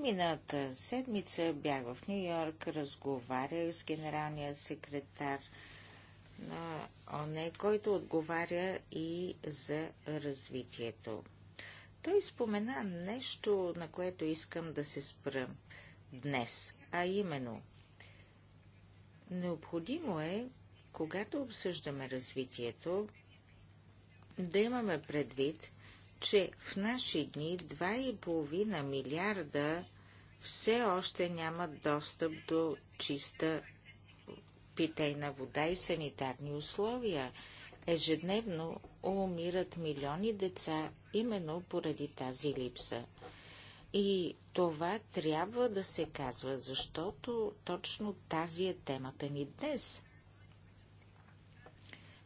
Миналата седмица бях в Нью Йорк, разговарях с генералния секретар на ОНЕ, който отговаря и за развитието. Той спомена нещо, на което искам да се спра днес, а именно необходимо е, когато обсъждаме развитието, да имаме предвид, че в наши дни 2,5 милиарда все още нямат достъп до чиста питейна вода и санитарни условия. Ежедневно умират милиони деца именно поради тази липса. И това трябва да се казва, защото точно тази е темата ни днес.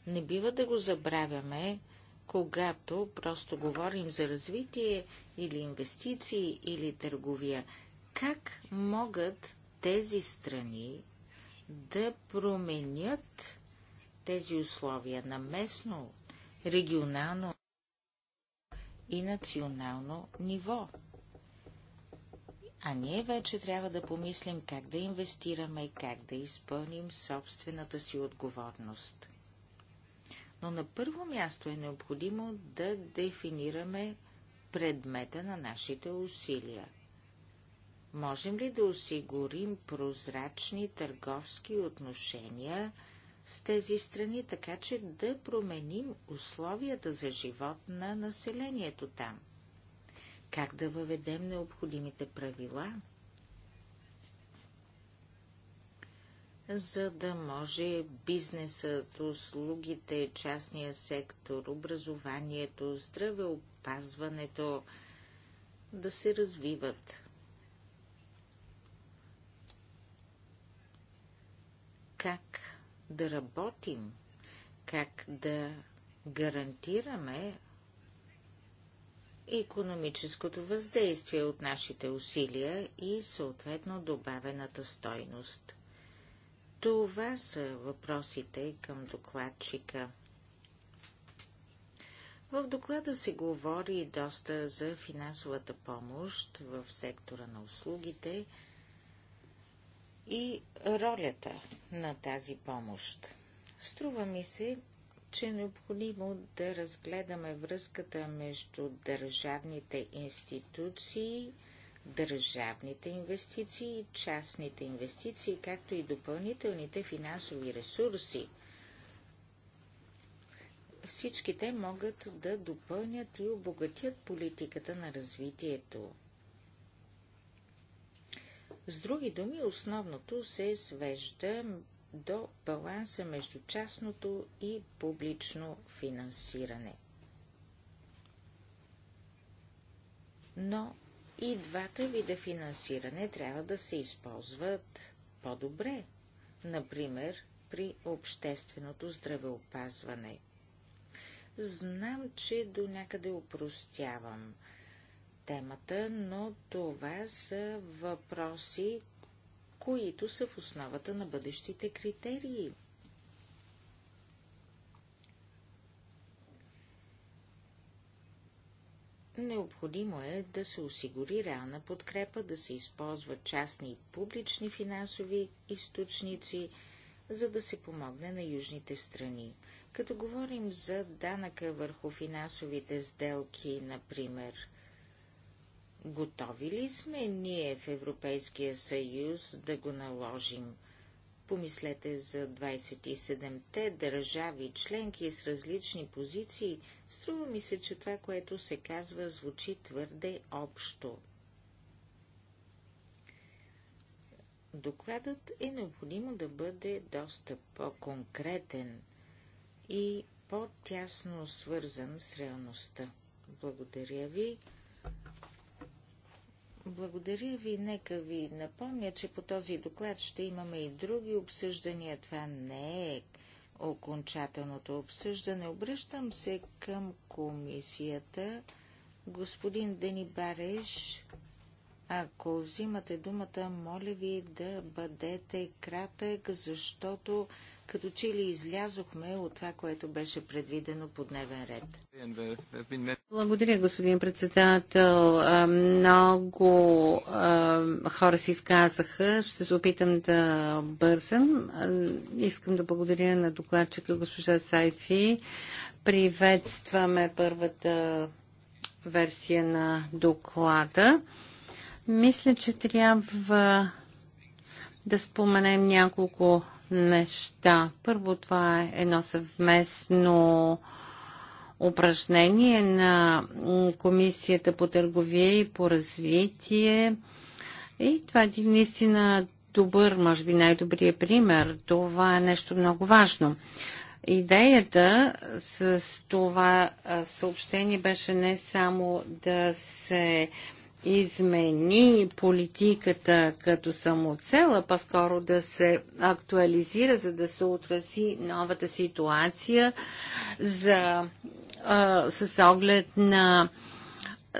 Не бива да го забравяме, когато просто говорим за развитие или инвестиции или търговия. Как могат тези страни да променят тези условия на местно, регионално и национално ниво? А ние вече трябва да помислим как да инвестираме, как да изпълним собствената си отговорност. Но на първо място е необходимо да дефинираме предмета на нашите усилия. Можем ли да осигурим прозрачни търговски отношения с тези страни, така че да променим условията за живот на населението там? Как да въведем необходимите правила? за да може бизнесът, услугите, частния сектор, образованието, здравеопазването да се развиват. Как да работим? Как да гарантираме економическото въздействие от нашите усилия и съответно добавената стойност? Това са въпросите към докладчика. В доклада се говори доста за финансовата помощ в сектора на услугите и ролята на тази помощ. Струва ми се, че е необходимо да разгледаме връзката между държавните институции – държавните инвестиции и частните инвестиции, както и допълнителните финансови ресурси. Всички те могат да допълнят и обогатят политиката на развитието. С други думи, основното се свежда до баланса между частното и публично финансиране. Но и двата вида финансиране трябва да се използват по-добре, например при общественото здравеопазване. Знам, че до някъде упростявам темата, но това са въпроси, които са в основата на бъдещите критерии. Необходимо е да се осигури реална подкрепа, да се използват частни и публични финансови източници, за да се помогне на южните страни. Като говорим за данъка върху финансовите сделки, например, готови ли сме ние в Европейския съюз да го наложим? Помислете за 27-те държави членки с различни позиции. Струва ми се, че това, което се казва, звучи твърде общо. Докладът е необходимо да бъде доста по-конкретен и по-тясно свързан с реалността. Благодаря ви. Благодаря ви. Нека ви напомня, че по този доклад ще имаме и други обсъждания. Това не е окончателното обсъждане. Обръщам се към комисията. Господин Дени Бареш, ако взимате думата, моля ви да бъдете кратък, защото като че ли излязохме от това, което беше предвидено по дневен ред. Благодаря, господин председател. Много хора се изказаха. Ще се опитам да бързам. Искам да благодаря на докладчика госпожа Сайфи. Приветстваме първата версия на доклада. Мисля, че трябва да споменем няколко неща. Първо това е едно съвместно упражнение на Комисията по търговия и по развитие. И това е наистина добър, може би най-добрият пример. Това е нещо много важно. Идеята с това съобщение беше не само да се измени политиката като самоцела, по-скоро да се актуализира, за да се отрази новата ситуация за, а, с оглед на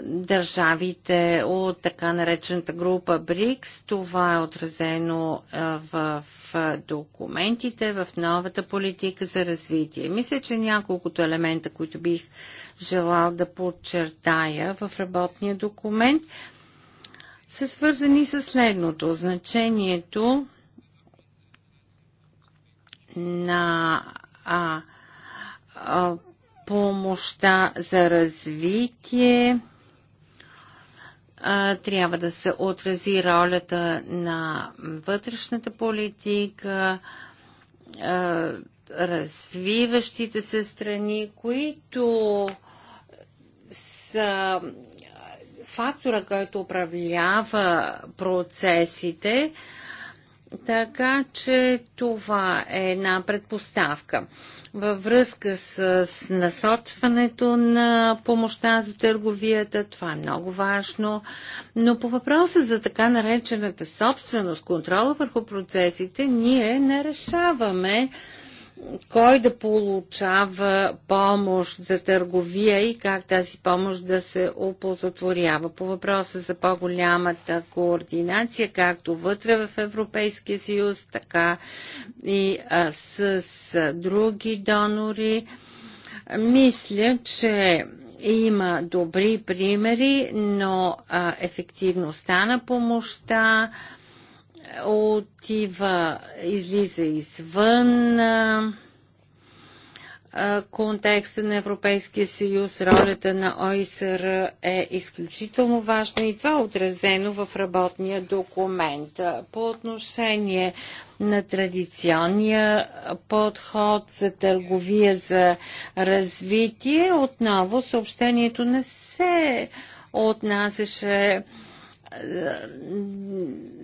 държавите от така наречената група БРИКС. Това е отразено в документите, в новата политика за развитие. Мисля, че няколкото елемента, които бих желал да подчертая в работния документ, са свързани с следното. Значението на а, а, помощта за развитие, трябва да се отрази ролята на вътрешната политика, развиващите се страни, които са фактора, който управлява процесите, така че това е една предпоставка. Във връзка с насочването на помощта за търговията, това е много важно. Но по въпроса за така наречената собственост, контрола върху процесите, ние не решаваме кой да получава помощ за търговия и как тази помощ да се оползотворява. По въпроса за по-голямата координация, както вътре в Европейския съюз, така и а, с, а, други донори, мисля, че има добри примери, но а, ефективността на помощта, а, отива, излиза извън а, контекста на Европейския съюз, ролята на ОИСР е изключително важна и това е отразено в работния документ. По отношение на традиционния подход за търговия за развитие, отново съобщението не се отнасяше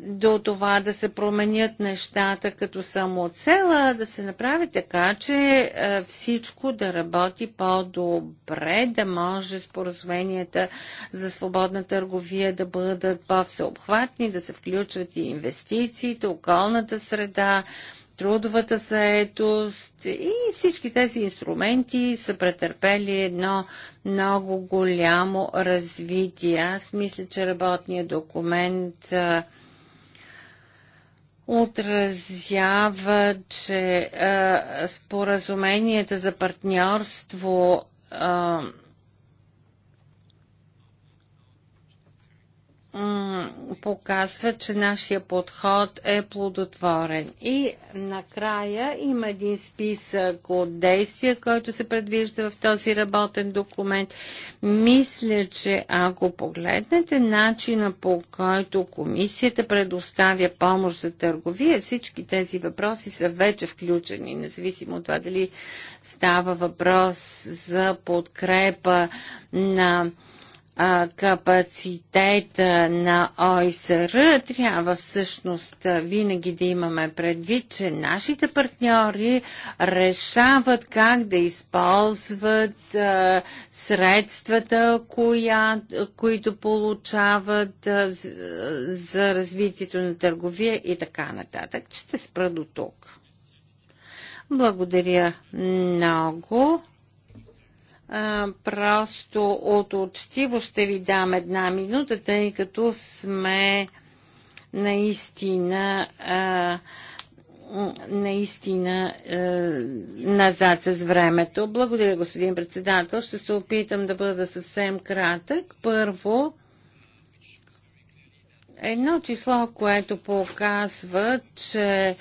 до това да се променят нещата като самоцела, да се направи така, че е, всичко да работи по-добре, да може споразуменията за свободна търговия да бъдат по-всеобхватни, да се включват и инвестициите, околната среда, трудовата заетост и всички тези инструменти са претърпели едно много голямо развитие. Аз мисля, че работният документ отразява, че споразуменията за партньорство а, показва, че нашия подход е плодотворен. И накрая има един списък от действия, който се предвижда в този работен документ. Мисля, че ако погледнете начина по който комисията предоставя помощ за търговия, всички тези въпроси са вече включени, независимо от това дали става въпрос за подкрепа на а, капацитета на ОИСР, трябва всъщност винаги да имаме предвид, че нашите партньори решават как да използват а, средствата, коя, които получават а, за развитието на търговия и така нататък. Ще спра до тук. Благодаря много просто от учтиво ще ви дам една минута, тъй като сме наистина а, наистина назад с времето. Благодаря, господин председател. Ще се опитам да бъда съвсем кратък. Първо, едно число, което показва, че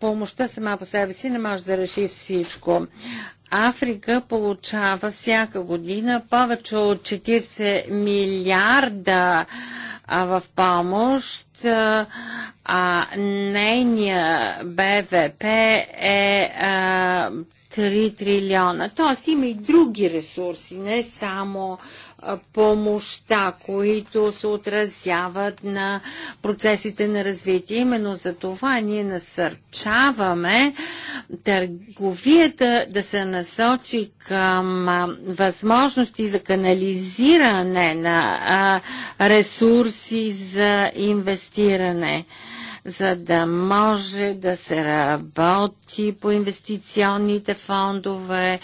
помощта сама по себе си не може да реши всичко. Африка получава всяка година повече от 40 милиарда в помощ, а нейния БВП е 3 трилиона. Тоест има и други ресурси, не само помощта, които се отразяват на процесите на развитие. Именно за това ние насърчаваме търговията да се насочи към възможности за канализиране на ресурси за инвестиране за да може да се работи по инвестиционните фондове,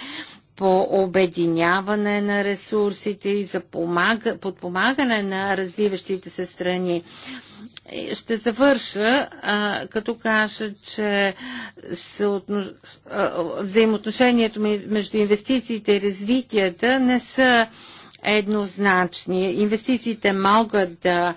по обединяване на ресурсите и за помага, подпомагане на развиващите се страни. Е, ще завърша, а, като кажа, че съотно... а, взаимоотношението между инвестициите и развитията не са еднозначни. Инвестициите могат да а,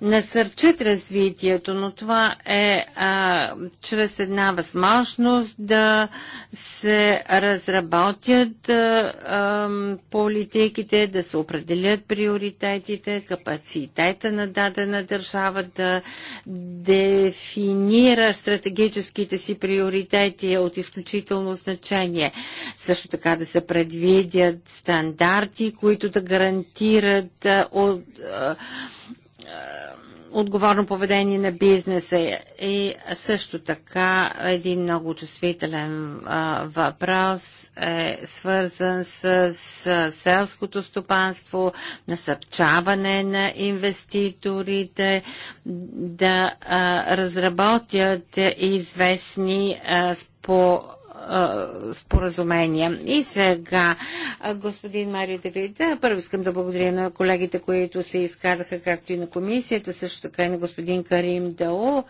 насърчат развитието, но това е а, чрез една възможност да се разработят а, а, политиките, да се определят приоритетите, капацитета на дадена държава да дефинира стратегическите си приоритети е от изключително значение. Също така да се предвидят стандарти, които да гарантират а, от, а, отговорно поведение на бизнеса и също така един много чувствителен въпрос е свързан с, селското стопанство, насърчаване на инвеститорите да разработят известни по споразумения. И сега, господин Марио Давид, първо искам да благодаря на колегите, които се изказаха, както и на комисията, също така и на господин Карим Дао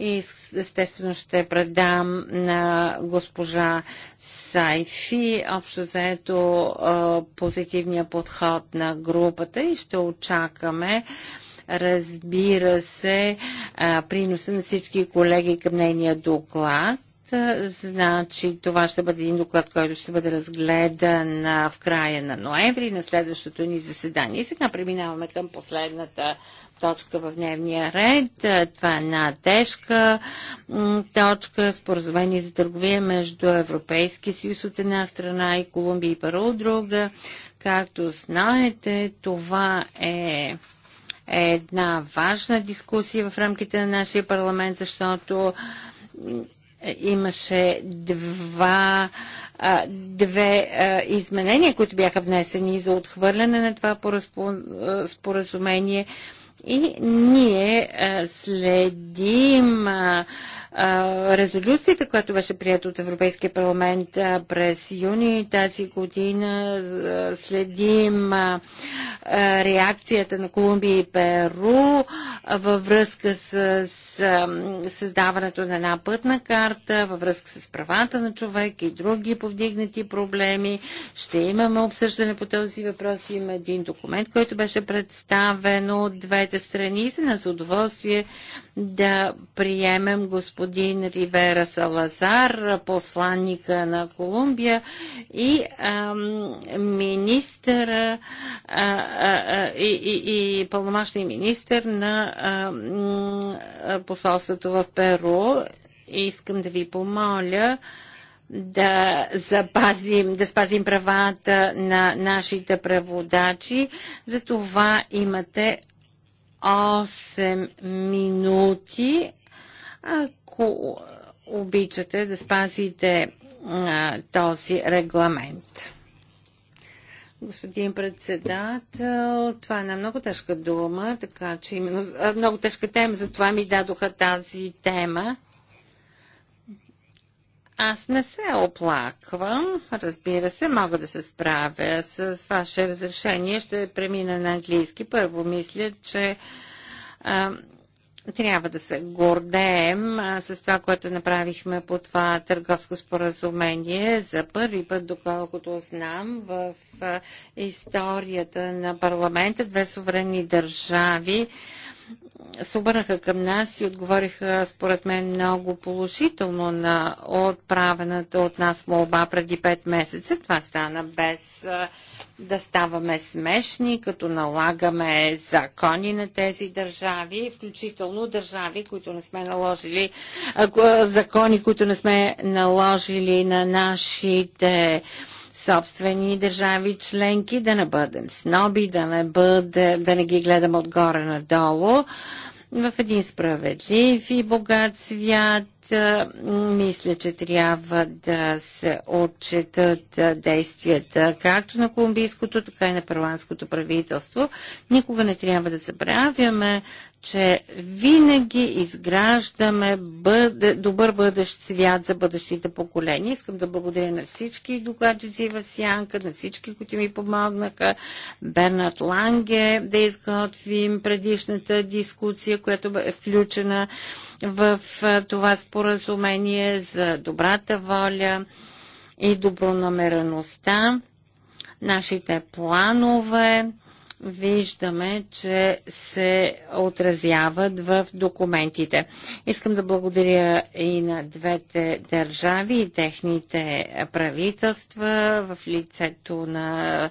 и естествено ще предам на госпожа Сайфи общо заето позитивния подход на групата и ще очакаме разбира се, приноса на всички колеги към нейния доклад е, значи това ще бъде един доклад, който ще бъде разгледан в края на ноември на следващото ни заседание. И сега преминаваме към последната точка в дневния ред. Е, това е една тежка точка, споразумение за търговия между Европейския съюз от една страна и Колумбия и Пару от друга. Както знаете, това е една важна дискусия в рамките на нашия парламент, защото е, имаше два, две изменения, които бяха внесени за отхвърляне на това споразумение. И ние следим резолюцията, която беше прията от Европейския парламент през юни тази година, следим реакцията на Колумбия и Перу във връзка с създаването на една пътна карта, във връзка с правата на човек и други повдигнати проблеми. Ще имаме обсъждане по този въпрос. Има един документ, който беше представен от двете страни За нас е удоволствие да приемем господин господин Ривера Салазар, посланника на Колумбия и министър, и, и, и пълномащен министър на посолството в Перу. Искам да ви помоля да запазим, да спазим правата на нашите преводачи. За това имате 8 минути. А ако обичате да спазите а, този регламент. Господин председател, това е една много тежка дума, така че именно много тежка тема, затова ми дадоха тази тема. Аз не се оплаквам, разбира се, мога да се справя. С ваше разрешение ще премина на английски. Първо мисля, че а, трябва да се гордеем а, с това, което направихме по това търговско споразумение. За първи път, доколкото знам, в а, историята на парламента две суверенни държави се обърнаха към нас и отговориха, според мен, много положително на отправената от нас молба преди 5 месеца. Това стана без да ставаме смешни, като налагаме закони на тези държави, включително държави, които не сме наложили, закони, които не сме наложили на нашите собствени държави членки, да не бъдем сноби, да не, бъде, да не ги гледаме отгоре надолу. В един справедлив и богат свят мисля, че трябва да се отчетат действията както на колумбийското, така и на перуанското правителство. Никога не трябва да забравяме че винаги изграждаме бъде, добър бъдещ свят за бъдещите поколения. Искам да благодаря на всички докладчици в Сянка, на всички, които ми помогнаха, Бернат Ланге да изготвим предишната дискусия, която е включена в това споразумение за добрата воля и добронамереността, нашите планове виждаме, че се отразяват в документите. Искам да благодаря и на двете държави и техните правителства в лицето на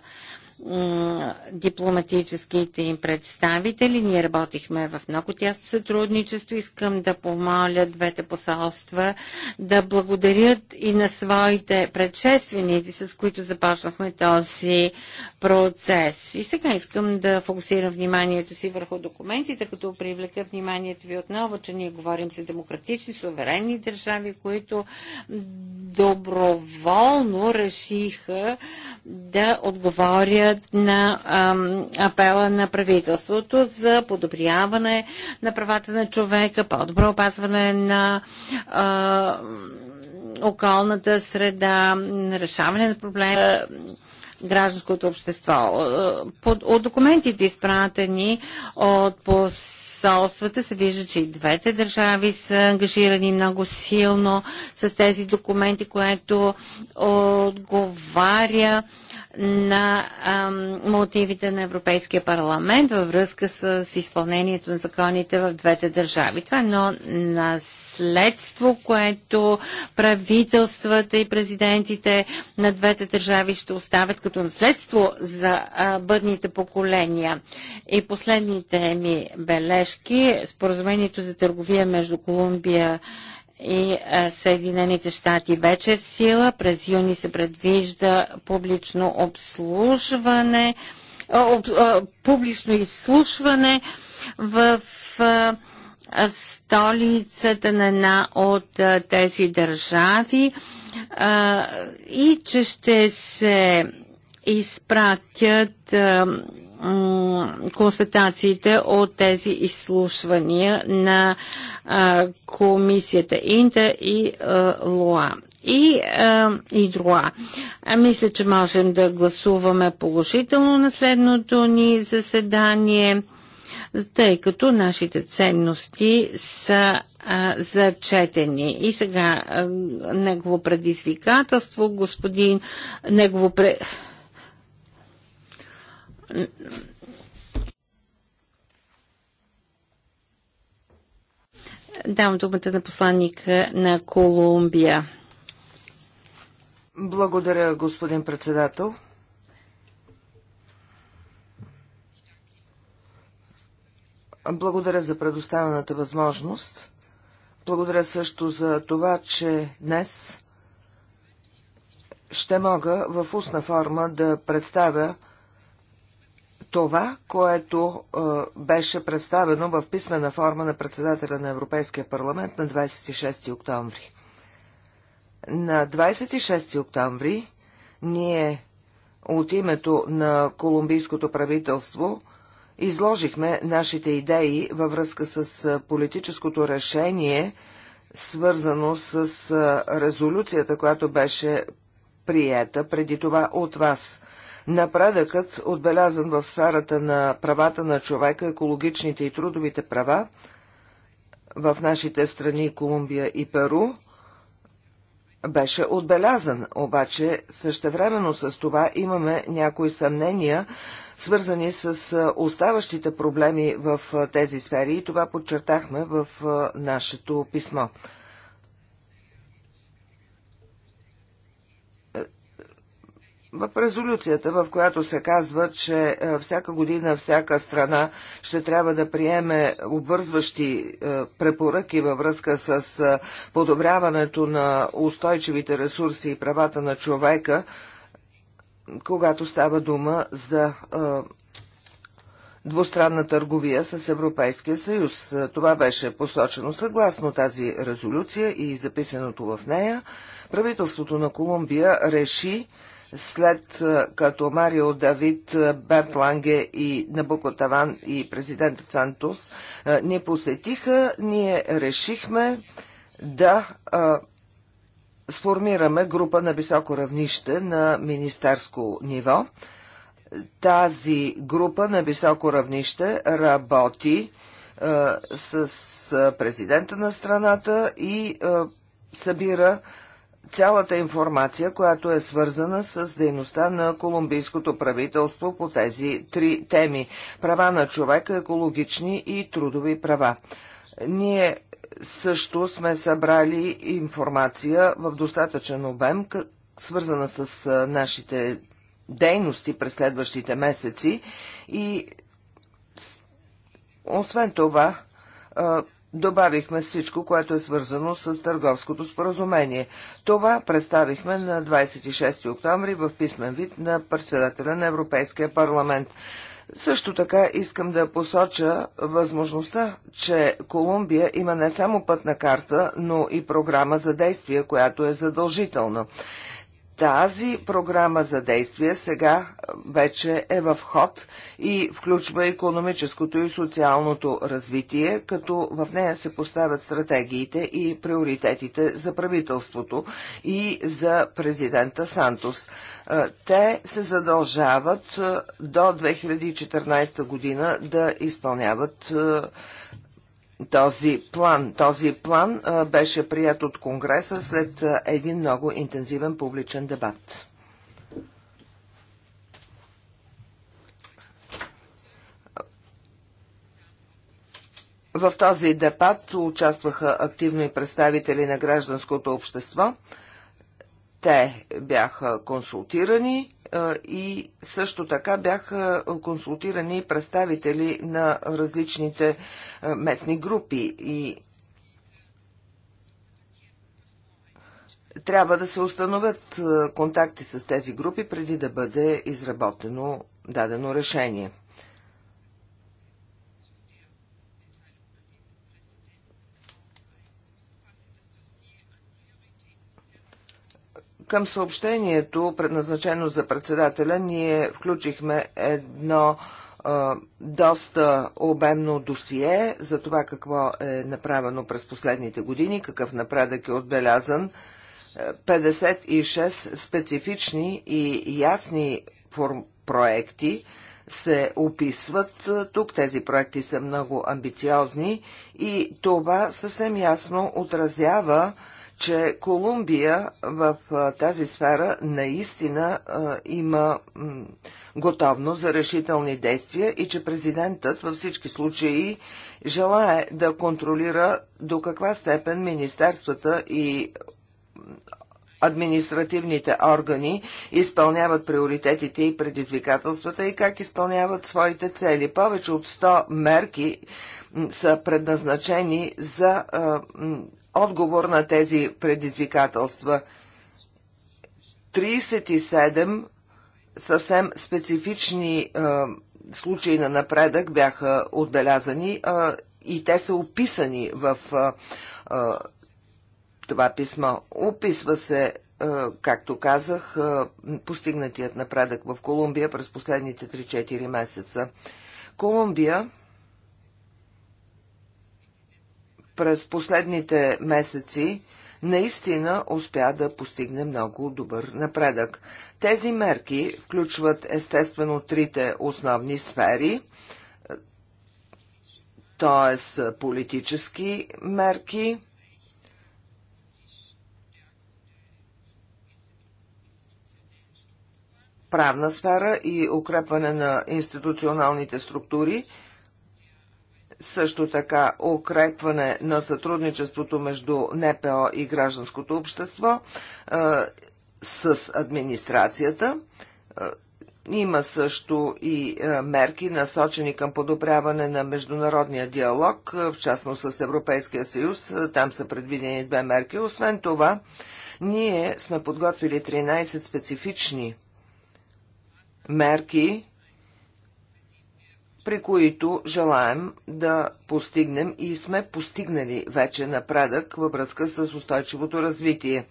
дипломатическите им представители. Ние работихме в много тясно сътрудничество. Искам да помоля двете посолства да благодарят и на своите предшественици, с които започнахме този процес. И сега искам да фокусирам вниманието си върху документите, като привлека вниманието ви отново, че ние говорим за демократични, суверенни държави, които доброволно решиха да отговорят отговарят на апела на правителството за подобряване на правата на човека, по-добро опазване на а, околната среда, решаване на проблема гражданското общество. Под, от документите, изпратени от посолствата, се вижда, че и двете държави са ангажирани много силно с тези документи, което отговаря на ам, мотивите на Европейския парламент във връзка с, изпълнението на законите в двете държави. Това е едно наследство, което правителствата и президентите на двете държави ще оставят като наследство за а, бъдните поколения. И последните ми бележки, споразумението за търговия между Колумбия и и е, Съединените щати вече в сила. През юни се предвижда публично обслужване, об, публично изслушване в е, столицата на една от е, тези държави и че ще се изпратят констатациите от тези изслушвания на а, комисията Инта и а, ЛОА и, а, и друга. А мисля, че можем да гласуваме положително на следното ни заседание, тъй като нашите ценности са а, зачетени. И сега а, негово предизвикателство, господин, негово пред. Давам думата на посланника на Колумбия. Благодаря, господин председател. Благодаря за предоставената възможност. Благодаря също за това, че днес ще мога в устна форма да представя това, което е, беше представено в писмена форма на председателя на Европейския парламент на 26 октомври. На 26 октомври ние от името на колумбийското правителство изложихме нашите идеи във връзка с е, политическото решение, свързано с е, резолюцията, която беше приета преди това от вас – Напредъкът, отбелязан в сферата на правата на човека, екологичните и трудовите права в нашите страни Колумбия и Перу, беше отбелязан, обаче същевременно с това имаме някои съмнения, свързани с оставащите проблеми в тези сфери и това подчертахме в нашето писмо. в резолюцията, в която се казва, че е, всяка година всяка страна ще трябва да приеме обвързващи е, препоръки във връзка с е, подобряването на устойчивите ресурси и правата на човека, когато става дума за двустранна търговия с Европейския съюз. Това беше посочено съгласно тази резолюция и записаното в нея. Правителството на Колумбия реши след е, като Марио Давид, е, Берт Ланге и Набуко Таван и президент Сантос е, ни посетиха, ние решихме да а, сформираме група на високо равнище на министерско ниво. Тази група на високо равнище работи а, с президента на страната и а, събира цялата информация, която е свързана с дейността на колумбийското правителство по тези три теми – права на човека, екологични и трудови права. Ние също сме събрали информация в достатъчен обем, свързана с нашите дейности през следващите месеци и освен това добавихме всичко, което е свързано с търговското споразумение. Това представихме на 26 октомври в писмен вид на председателя на Европейския парламент. Също така искам да посоча възможността, че Колумбия има не само пътна карта, но и програма за действие, която е задължителна. Тази програма за действие сега вече е в ход и включва економическото и социалното развитие, като в нея се поставят стратегиите и приоритетите за правителството и за президента Сантос. Те се задължават до 2014 година да изпълняват този план. Този план беше прият от Конгреса след един много интензивен публичен дебат. В този дебат участваха активно и представители на гражданското общество. Те бяха консултирани и също така бяха консултирани представители на различните местни групи и трябва да се установят контакти с тези групи преди да бъде изработено дадено решение. Към съобщението, предназначено за председателя, ние включихме едно доста обемно досие за това какво е направено през последните години, какъв напредък е отбелязан. 56 е, специфични и ясни проекти се описват тук. Тези проекти са много амбициозни и това съвсем ясно отразява че Колумбия в тази сфера наистина има готовност за решителни действия и че президентът във всички случаи желае да контролира до каква степен министерствата и административните органи изпълняват приоритетите и предизвикателствата и как изпълняват своите цели. Повече от 100 мерки са предназначени за а, отговор на тези предизвикателства. 37 съвсем специфични е, случаи на напредък бяха отбелязани е, и те са описани в е, е, това писмо. Описва се както казах, постигнатият напредък в Колумбия през последните 3-4 месеца. Колумбия през последните месеци наистина успя да постигне много добър напредък. Тези мерки включват естествено трите основни сфери, т.е. политически мерки, правна сфера и укрепване на институционалните структури – също така укрепване на сътрудничеството между НПО и гражданското общество а, с администрацията. има също и мерки насочени към подобряване на международния диалог, в частност с Европейския съюз. Там са предвидени две мерки. Освен това, ние сме подготвили 13 специфични мерки, при които желаем да постигнем и сме постигнали вече напредък във връзка с устойчивото развитие.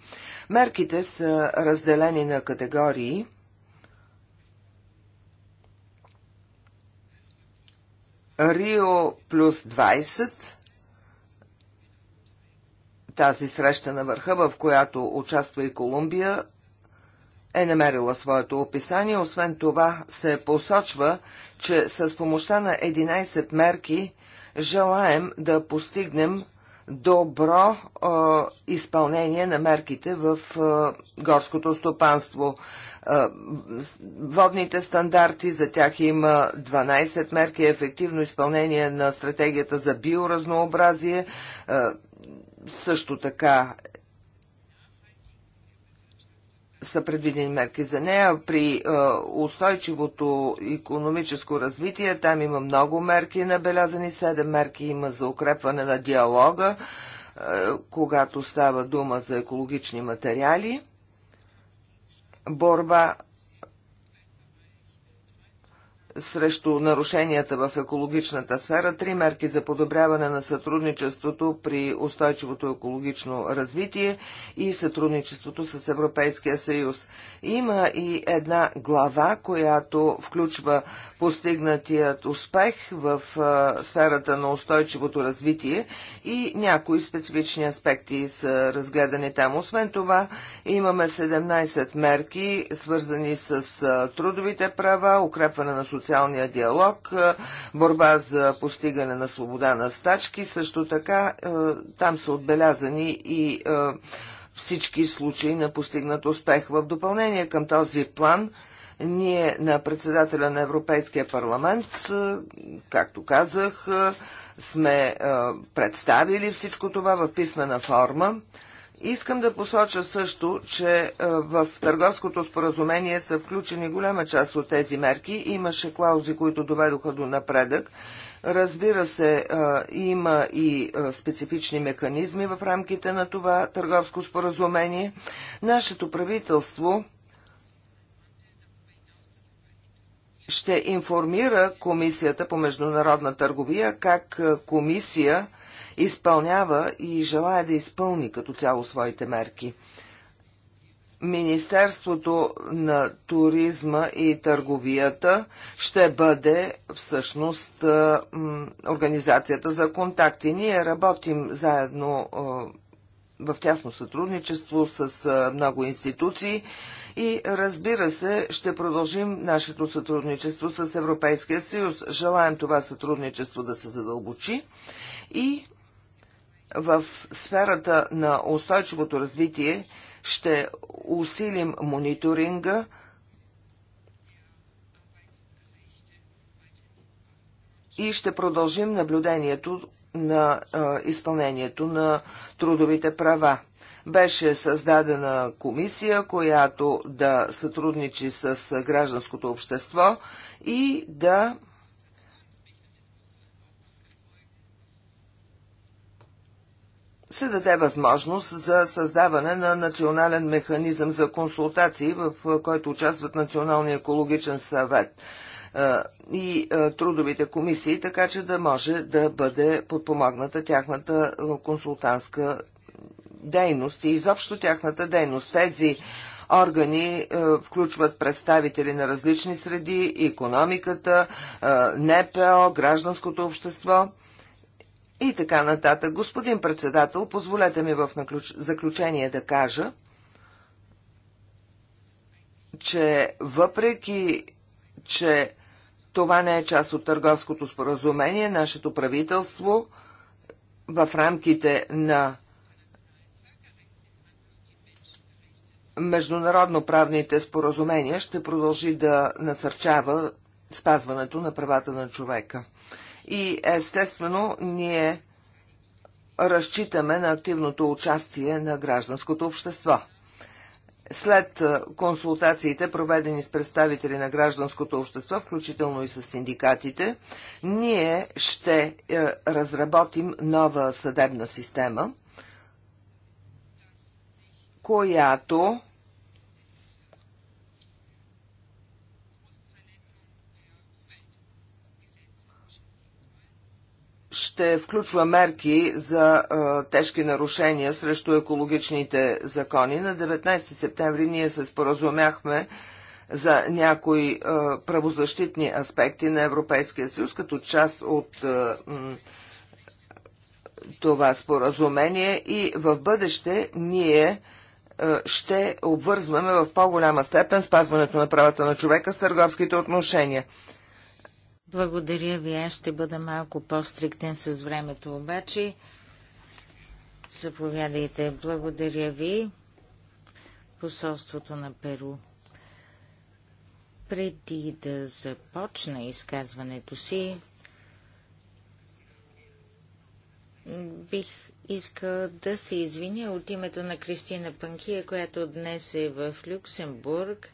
Мерките са разделени на категории. Рио плюс 20 тази среща на върха, в която участва и Колумбия, е намерила своето описание. Освен това се посочва, че с помощта на 11 мерки желаем да постигнем добро е, изпълнение на мерките в е, горското стопанство. Е, водните стандарти, за тях има 12 мерки, ефективно изпълнение на стратегията за биоразнообразие, също така са предвидени мерки за нея. При е, устойчивото економическо развитие там има много мерки набелязани. Седем мерки има за укрепване на диалога, е, когато става дума за екологични материали борба срещу нарушенията в екологичната сфера, три мерки за подобряване на сътрудничеството при устойчивото екологично развитие и сътрудничеството с Европейския съюз. Има и една глава, която включва постигнатият успех в сферата на устойчивото развитие и някои специфични аспекти са разгледани там. Освен това, имаме 17 мерки, свързани с трудовите права, укрепване на социалните социалния диалог, е, борба за постигане на свобода на стачки. Също така е, там са отбелязани и е, всички случаи на постигнат успех. В допълнение към този план, ние на председателя на Европейския парламент, както казах, сме представили всичко това в писмена форма. Искам да посоча също, че е, в търговското споразумение са включени голяма част от тези мерки. Имаше клаузи, които доведоха до напредък. Разбира се, е, има и е, специфични механизми в рамките на това търговско споразумение. Нашето правителство ще информира Комисията по международна търговия как комисия изпълнява и желая да изпълни като цяло своите мерки. Министерството на туризма и търговията ще бъде всъщност организацията за контакти. Ние работим заедно в тясно сътрудничество с много институции и разбира се ще продължим нашето сътрудничество с Европейския съюз. Желаем това сътрудничество да се задълбочи и в сферата на устойчивото развитие ще усилим мониторинга, и ще продължим наблюдението на а, изпълнението на трудовите права. Беше създадена комисия, която да сътрудничи с гражданското общество и да се даде възможност за създаване на национален механизъм за консултации, в който участват Националния екологичен съвет и трудовите комисии, така че да може да бъде подпомогната тяхната консултантска дейност и изобщо тяхната дейност. Тези органи включват представители на различни среди, економиката, НПО, гражданското общество – и така нататък. Господин председател, позволете ми в заключение да кажа, че въпреки, че това не е част от търговското споразумение, нашето правителство в рамките на международно-правните споразумения ще продължи да насърчава спазването на правата на човека и естествено ние разчитаме на активното участие на гражданското общество. След консултациите, проведени с представители на гражданското общество, включително и с синдикатите, ние ще е, разработим нова съдебна система, която ще включва мерки за а, тежки нарушения срещу екологичните закони. На 19 септември ние се споразумяхме за някои а, правозащитни аспекти на Европейския съюз, като част от а, това споразумение и в бъдеще ние ще обвързваме в по-голяма степен спазването на правата на човека с търговските отношения. Благодаря ви. Аз ще бъда малко по-стриктен с времето, обаче. Заповядайте. Благодаря ви. Посолството на Перу. Преди да започна изказването си, бих искал да се извиня от името на Кристина Панкия, която днес е в Люксембург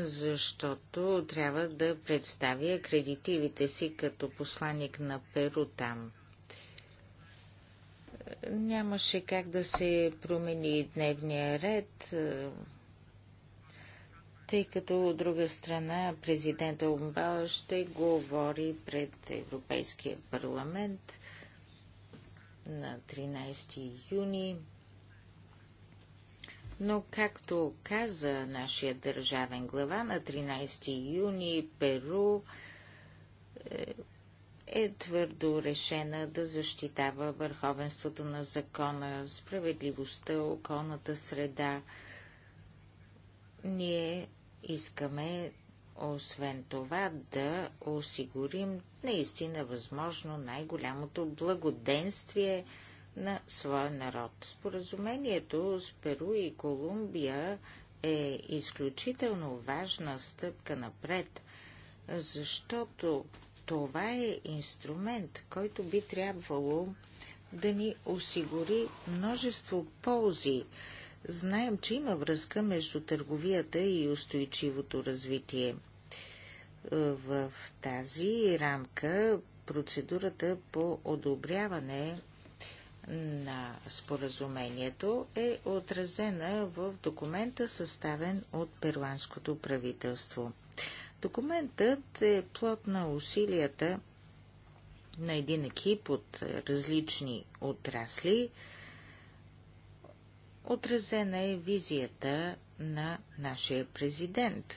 защото трябва да представя кредитивите си като посланник на Перу там. Нямаше как да се промени дневния ред, е, тъй като от друга страна президента Умбала ще говори пред Европейския парламент на 13 юни. Но, както каза нашия държавен глава на 13 юни, Перу е, е твърдо решена да защитава върховенството на закона, справедливостта, околната среда. Ние искаме, освен това, да осигурим наистина възможно най-голямото благоденствие – на своя народ. Споразумението с Перу и Колумбия е изключително важна стъпка напред, защото това е инструмент, който би трябвало да ни осигури множество ползи. Знаем, че има връзка между търговията и устойчивото развитие. В тази рамка процедурата по одобряване на споразумението е отразена в документа, съставен от перуанското правителство. Документът е плод на усилията на един екип от различни отрасли. Отразена е визията на нашия президент.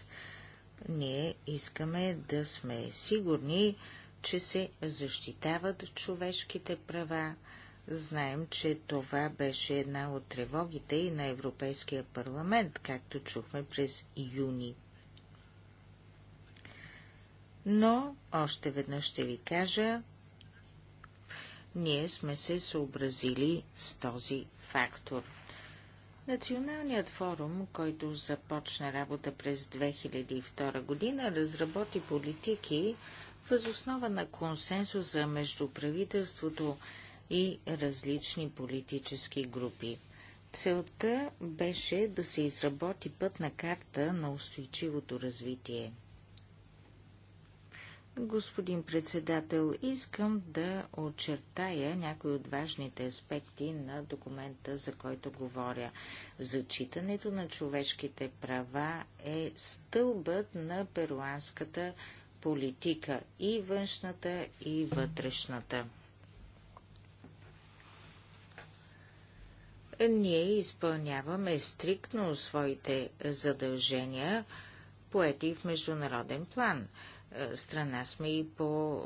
Ние искаме да сме сигурни, че се защитават човешките права, Знаем, че това беше една от тревогите и на Европейския парламент, както чухме през юни. Но, още веднъж ще ви кажа, ние сме се съобразили с този фактор. Националният форум, който започна работа през 2002 година, разработи политики въз основа на консенсуса между правителството, и различни политически групи. Целта беше да се изработи пътна карта на устойчивото развитие. Господин председател, искам да очертая някои от важните аспекти на документа, за който говоря. Зачитането на човешките права е стълбът на перуанската политика и външната, и вътрешната. ние изпълняваме стриктно своите задължения, поети в международен план. Е, страна сме и по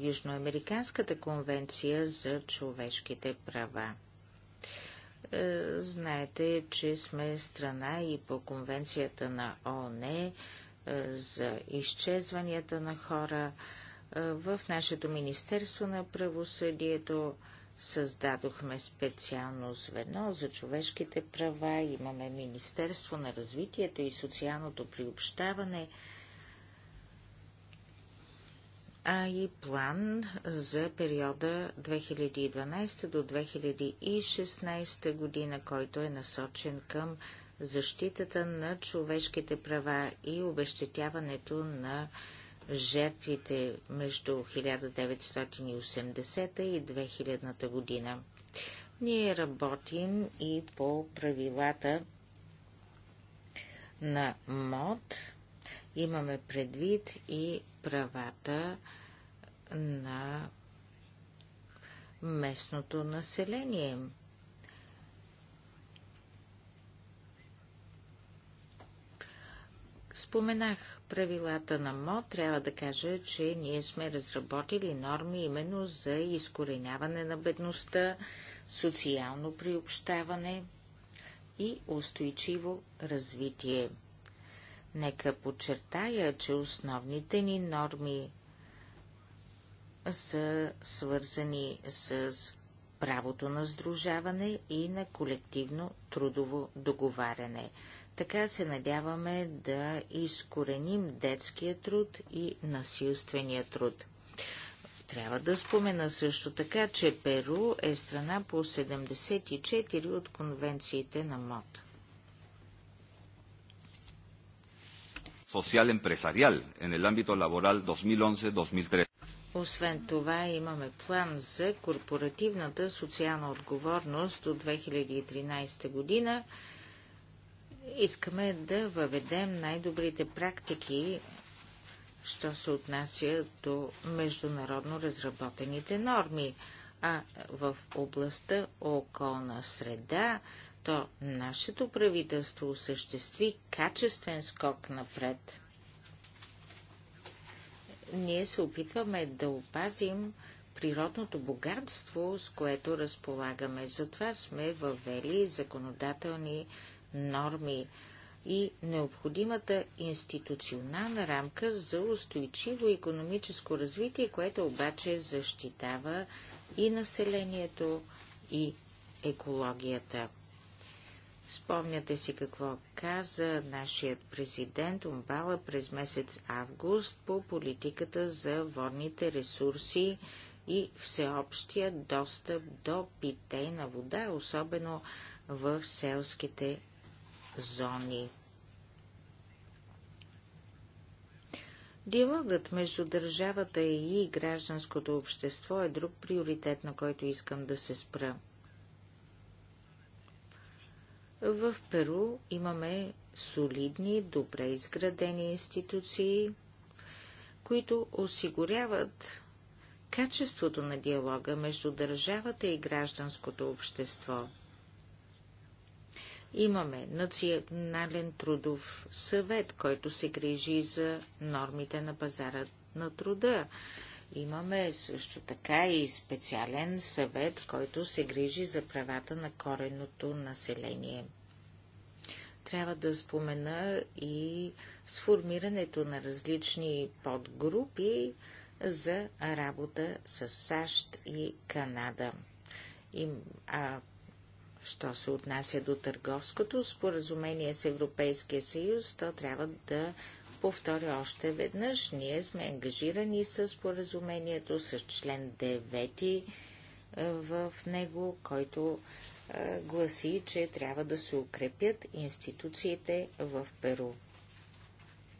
е, Южноамериканската конвенция за човешките права. Е, знаете, че сме страна и по конвенцията на ООН за изчезванията на хора. В нашето Министерство на правосъдието Създадохме специално звено за човешките права, имаме Министерство на развитието и социалното приобщаване, а и план за периода 2012 до 2016 година, който е насочен към защитата на човешките права и обещетяването на жертвите между 1980 и 2000 година. Ние работим и по правилата на МОД. Имаме предвид и правата на местното население. Споменах правилата на МО, трябва да кажа, че ние сме разработили норми именно за изкореняване на бедността, социално приобщаване и устойчиво развитие. Нека подчертая, че основните ни норми са свързани с правото на сдружаване и на колективно трудово договаряне. Така се надяваме да изкореним детския труд и насилствения труд. Трябва да спомена също така, че Перу е страна по 74 от конвенциите на МОД. Социал Empresarial en el ámbito laboral 2011-2013. Освен това имаме план за корпоративната социална отговорност от 2013 година Искаме да въведем най-добрите практики, що се отнася до международно разработените норми, а в областта околна среда, то нашето правителство осъществи качествен скок напред. Ние се опитваме да опазим природното богатство, с което разполагаме. Затова сме въвели законодателни норми и необходимата институционална рамка за устойчиво економическо развитие, което обаче защитава и населението, и екологията. Спомняте си какво каза нашият президент Умбала през месец август по политиката за водните ресурси и всеобщия достъп до питейна вода, особено в селските зони. Диалогът между държавата и гражданското общество е друг приоритет, на който искам да се спра. В Перу имаме солидни, добре изградени институции, които осигуряват качеството на диалога между държавата и гражданското общество – Имаме национален трудов съвет, който се грижи за нормите на пазара на труда. Имаме също така и специален съвет, който се грижи за правата на коренното население. Трябва да спомена и сформирането на различни подгрупи за работа с САЩ и Канада. И, а Що се отнася до търговското споразумение с Европейския съюз, то трябва да повторя още веднъж. Ние сме ангажирани с споразумението с член 9 е, в него, който е, гласи, че трябва да се укрепят институциите в Перу.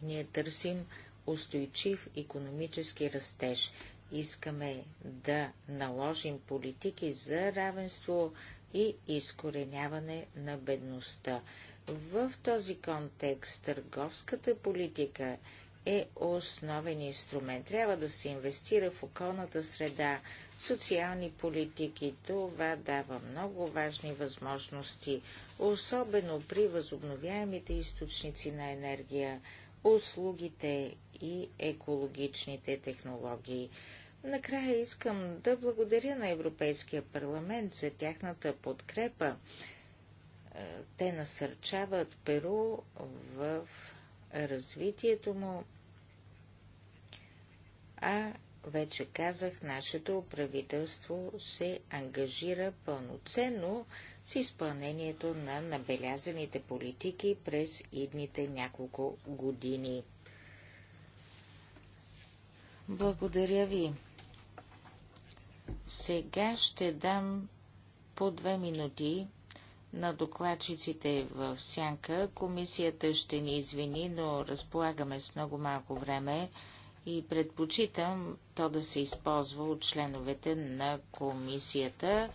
Ние търсим устойчив економически растеж. Искаме да наложим политики за равенство, и изкореняване на бедността. В този контекст търговската политика е основен инструмент. Трябва да се инвестира в околната среда, социални политики. Това дава много важни възможности, особено при възобновяемите източници на енергия, услугите и екологичните технологии. Накрая искам да благодаря на Европейския парламент за тяхната подкрепа. Е, те насърчават Перу в развитието му, а вече казах, нашето правителство се ангажира пълноценно с изпълнението на набелязаните политики през идните няколко години. Благодаря ви. Сега ще дам по две минути на докладчиците в сянка. Комисията ще ни извини, но разполагаме с много малко време и предпочитам то да се използва от членовете на комисията.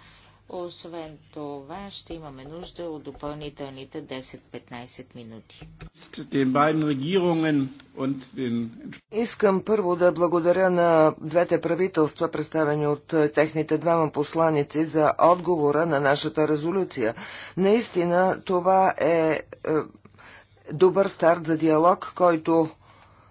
Освен това, ще имаме нужда от допълнителните 10-15 минути. Искам първо да благодаря на двете правителства, представени от техните двама посланици, за отговора на нашата резолюция. Наистина, това е, е добър старт за диалог, който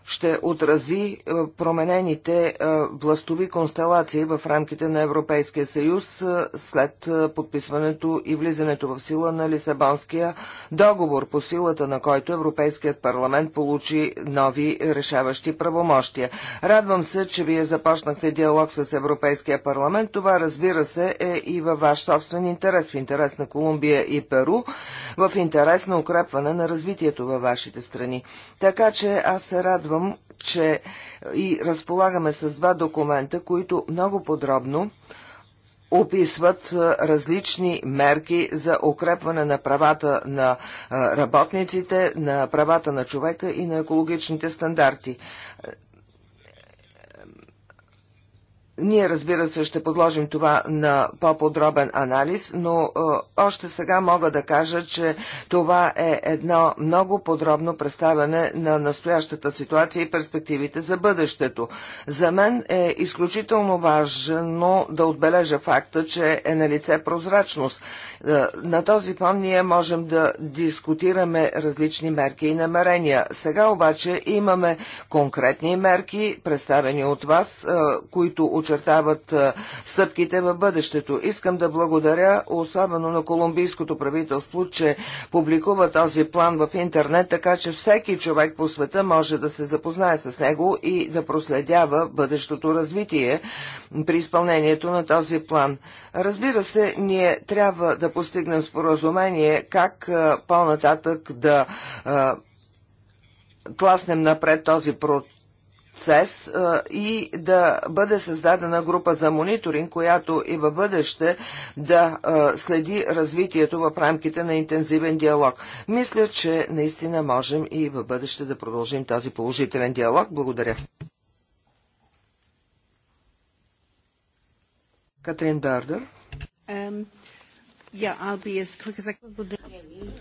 ще отрази е, променените властови е, констелации в рамките на Европейския съюз е, след подписването и влизането в сила на Лисабонския договор, по силата на който Европейският парламент получи нови решаващи правомощия. Радвам се, че вие започнахте диалог с Европейския парламент. Това, разбира се, е и във ваш собствен интерес, в интерес на Колумбия и Перу, в интерес на укрепване на развитието във вашите страни. Така че аз се радвам радвам, че и разполагаме с два документа, които много подробно описват е, различни мерки за укрепване на правата на е, работниците, на правата на човека и на екологичните стандарти. Ние, разбира се, ще подложим това на по-подробен анализ, но е, още сега мога да кажа, че това е едно много подробно представяне на настоящата ситуация и перспективите за бъдещето. За мен е изключително важно да отбележа факта, че е на лице прозрачност. Е, на този фон ние можем да дискутираме различни мерки и намерения. Сега обаче имаме конкретни мерки, представени от вас, е, които очакваме очертават стъпките в бъдещето. Искам да благодаря особено на колумбийското правителство, че публикува този план в интернет, така че всеки човек по света може да се запознае с него и да проследява бъдещото развитие при изпълнението на този план. Разбира се, ние трябва да постигнем споразумение как по-нататък да тласнем напред този процес процес и да бъде създадена група за мониторинг, която и във бъдеще да следи развитието в рамките на интензивен диалог. Мисля, че наистина можем и във бъдеще да продължим този положителен диалог. Благодаря. Катрин Бердер. Um, yeah, as as...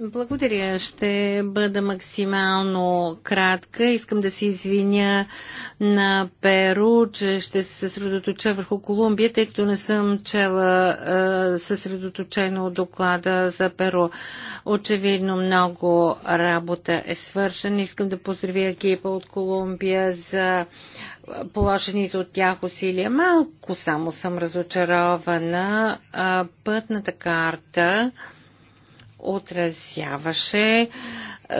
Благодаря. Ще бъда максимално кратка. Искам да се извиня на Перу, че ще се съсредоточа върху Колумбия, тъй като не съм чела е, съсредоточено доклада за Перу. Очевидно много работа е свършена. Искам да поздравя екипа от Колумбия за положените от тях усилия. Малко само съм разочарована. Пътната карта отразяваше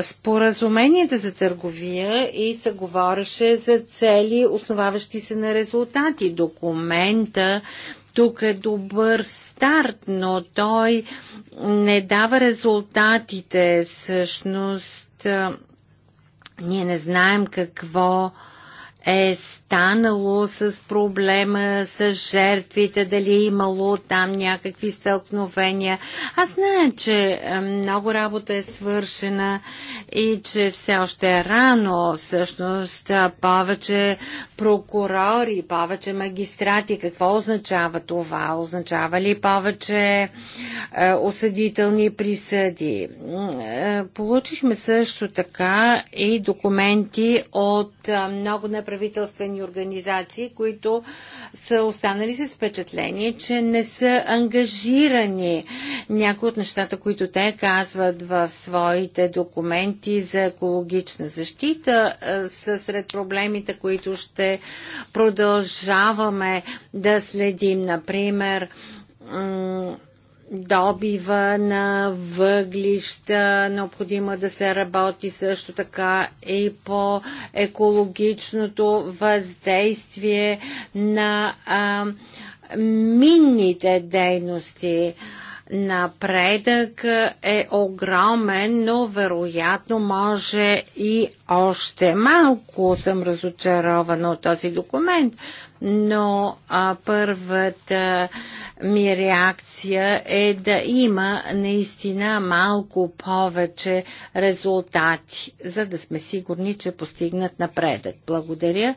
споразуменията за търговия и се говореше за цели, основаващи се на резултати. Документа тук е добър старт, но той не дава резултатите. Всъщност, ние не знаем какво е станало с проблема с жертвите, дали е имало там някакви стълкновения. Аз знае, че е, много работа е свършена и че все още е рано всъщност е, повече прокурори, повече магистрати. Какво означава това? Означава ли повече е, осъдителни присъди? Е, получихме също така и документи от е, много непредставени неправителствени организации, които са останали с впечатление, че не са ангажирани. Някои от нещата, които те казват в своите документи за екологична защита, са сред проблемите, които ще продължаваме да следим. Например, добива на въглища, необходимо е да се работи също така и по екологичното въздействие на а, минните дейности. Напредък е огромен, но вероятно може и още малко съм разочарована от този документ, но а, първата ми реакция е да има наистина малко повече резултати, за да сме сигурни, че постигнат напредък. Благодаря.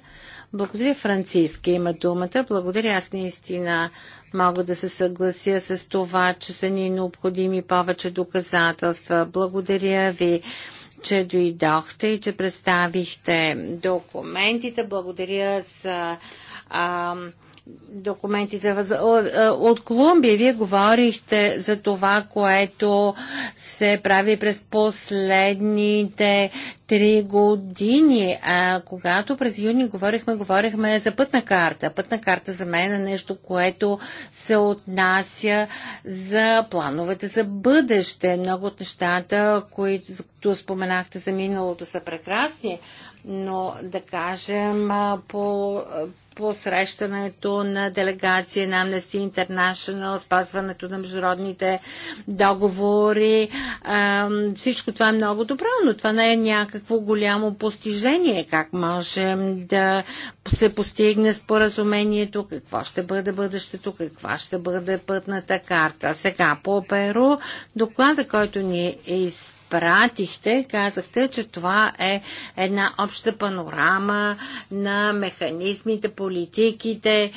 Благодаря, Франциска има думата. Благодаря, аз наистина мога да се съглася с това, че са ни необходими повече доказателства. Благодаря ви че дойдохте и че представихте документите. Благодаря за а, документите е, от Колумбия. Вие говорихте за това, което се прави през последните три години. А когато през юни говорихме, говорихме за пътна карта. Пътна карта за мен е нещо, което се отнася за плановете за бъдеще. Много от нещата, които споменахте за миналото, са прекрасни, но да кажем по посрещането на делегация на Amnesty International, спазването на международните договори. Всичко това е много добро, но това не е някакво голямо постижение. Как можем да се постигне споразумението, какво ще бъде бъдещето, каква ще бъде пътната карта. Сега по Перу, доклада, който ни е изпълнен, Пратихте, казахте, че това е една обща панорама на механизмите, политиките.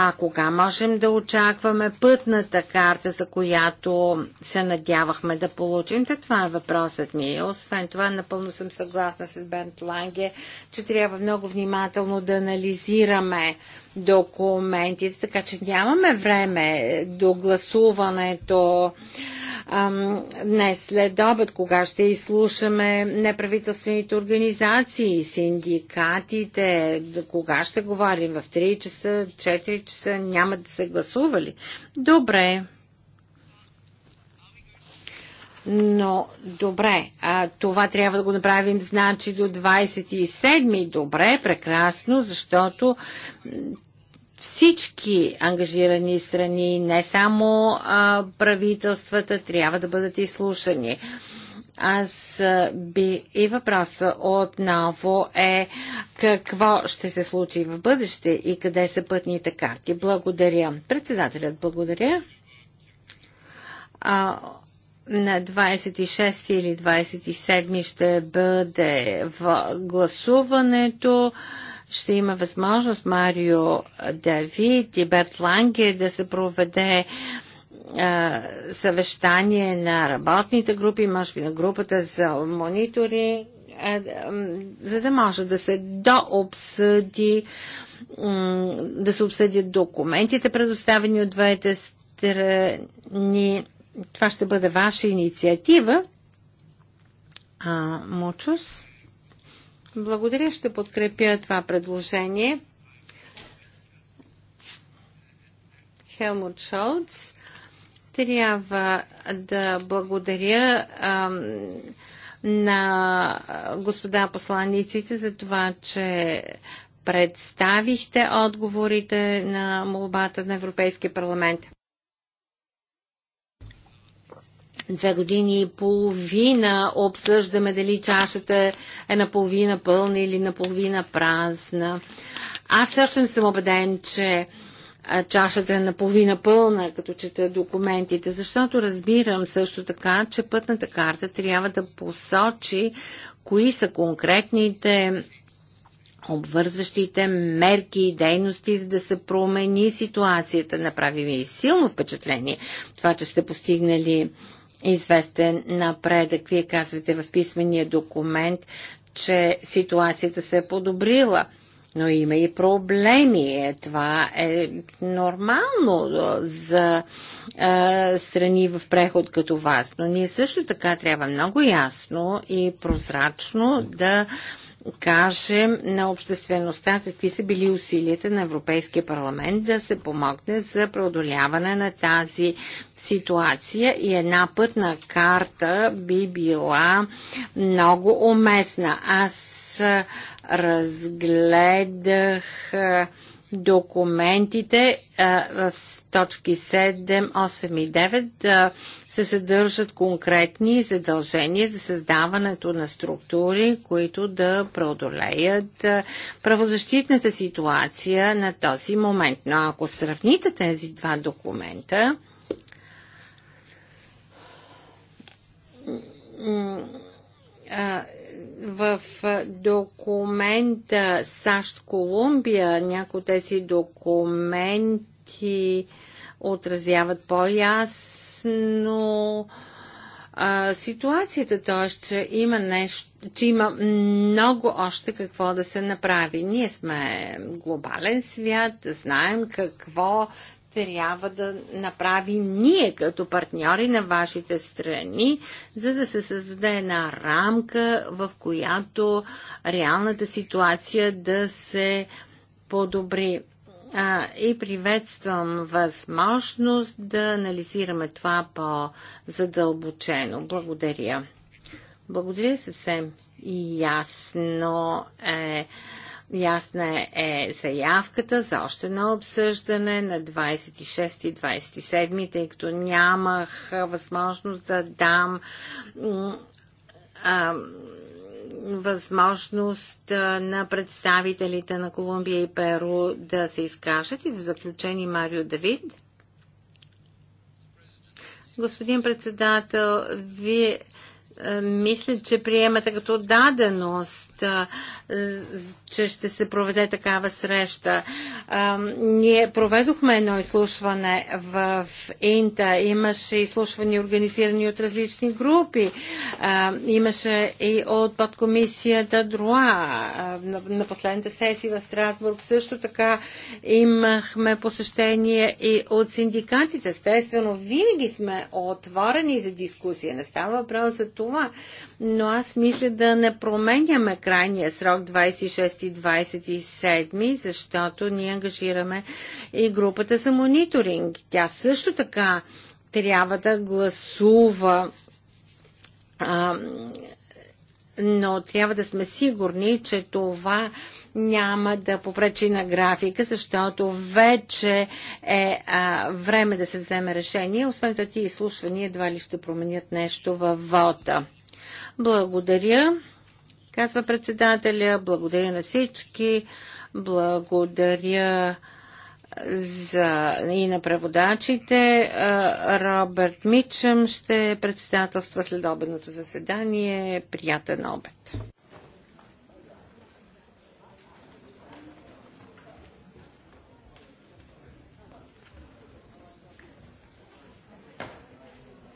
А кога можем да очакваме пътната карта, за която се надявахме да получим? Та това е въпросът ми. Освен това, напълно съм съгласна с Бент Ланге, че трябва много внимателно да анализираме документите, така че нямаме време до гласуването ам, днес след обед, кога ще изслушаме неправителствените организации, синдикатите, кога ще говорим в 3 часа, 4 часа, няма да се гласували. Добре. Но добре, а, това трябва да го направим, значи до 27. Добре, прекрасно, защото всички ангажирани страни, не само а, правителствата, трябва да бъдат изслушани. Аз би и въпроса отново е какво ще се случи в бъдеще и къде са пътните карти. Благодаря. Председателят, благодаря. А, на 26 или 27 ще бъде в гласуването ще има възможност Марио Давид и Берт Ланге да се проведе съвещание на работните групи, може би на групата за монитори, за да може да се дообсъди, да се обсъдят документите, предоставени от двете страни. Това ще бъде ваша инициатива. А, Мочус? Благодаря, ще подкрепя това предложение. Хелмут Шолц. Трябва да благодаря а, на господа посланниците за това, че представихте отговорите на молбата на Европейския парламент. Две години и половина обсъждаме дали чашата е наполовина пълна или наполовина празна. Аз също не съм убеден, че чашата е наполовина пълна, като чета документите, защото разбирам също така, че пътната карта трябва да посочи кои са конкретните обвързващите мерки и дейности, за да се промени ситуацията. Направи ми силно впечатление това, че сте постигнали известен напредък. Вие казвате в писмения документ, че ситуацията се е подобрила. Но има и проблеми. Е, това е нормално за е, страни в преход като вас. Но ние също така трябва много ясно и прозрачно да кажем на обществеността какви са били усилията на Европейския парламент да се помогне за преодоляване на тази ситуация и една пътна карта би била много уместна. Аз разгледах документите в точки 7, 8 и 9 се съдържат конкретни задължения за създаването на структури, които да преодолеят правозащитната ситуация на този момент. Но ако сравните тези два документа, в документа САЩ-Колумбия някои от тези документи отразяват по-ясно ситуацията, т.е. че има нещо, че има много още какво да се направи. Ние сме глобален свят, знаем какво трябва да направим ние като партньори на вашите страни, за да се създаде една рамка, в която реалната ситуация да се подобри. А, и приветствам възможност да анализираме това по-задълбочено. Благодаря. Благодаря съвсем ясно е Ясна е заявката за още едно обсъждане на 26 и 27, тъй като нямах възможност да дам възможност на представителите на Колумбия и Перу да се изкажат. И в заключение Марио Давид. Господин председател, вие мисля, че приемате като даденост че ще се проведе такава среща. Ние проведохме едно изслушване в Инта. Имаше изслушвани организирани от различни групи. Имаше и от подкомисията Друа на последната сесия в Страсбург. Също така имахме посещение и от синдикатите. Естествено, винаги сме отворени за дискусия. Не става въпрос за това. Но аз мисля да не променяме крайния срок 26 и 27, защото ние ангажираме и групата за мониторинг. Тя също така трябва да гласува а, но трябва да сме сигурни, че това няма да попречи на графика, защото вече е а, време да се вземе решение. Освен за тия изслушвания, едва ли ще променят нещо във вода. Благодаря казва председателя. Благодаря на всички. Благодаря за, и на преводачите. Робърт Мичъм ще председателства следобедното заседание. Приятен обед!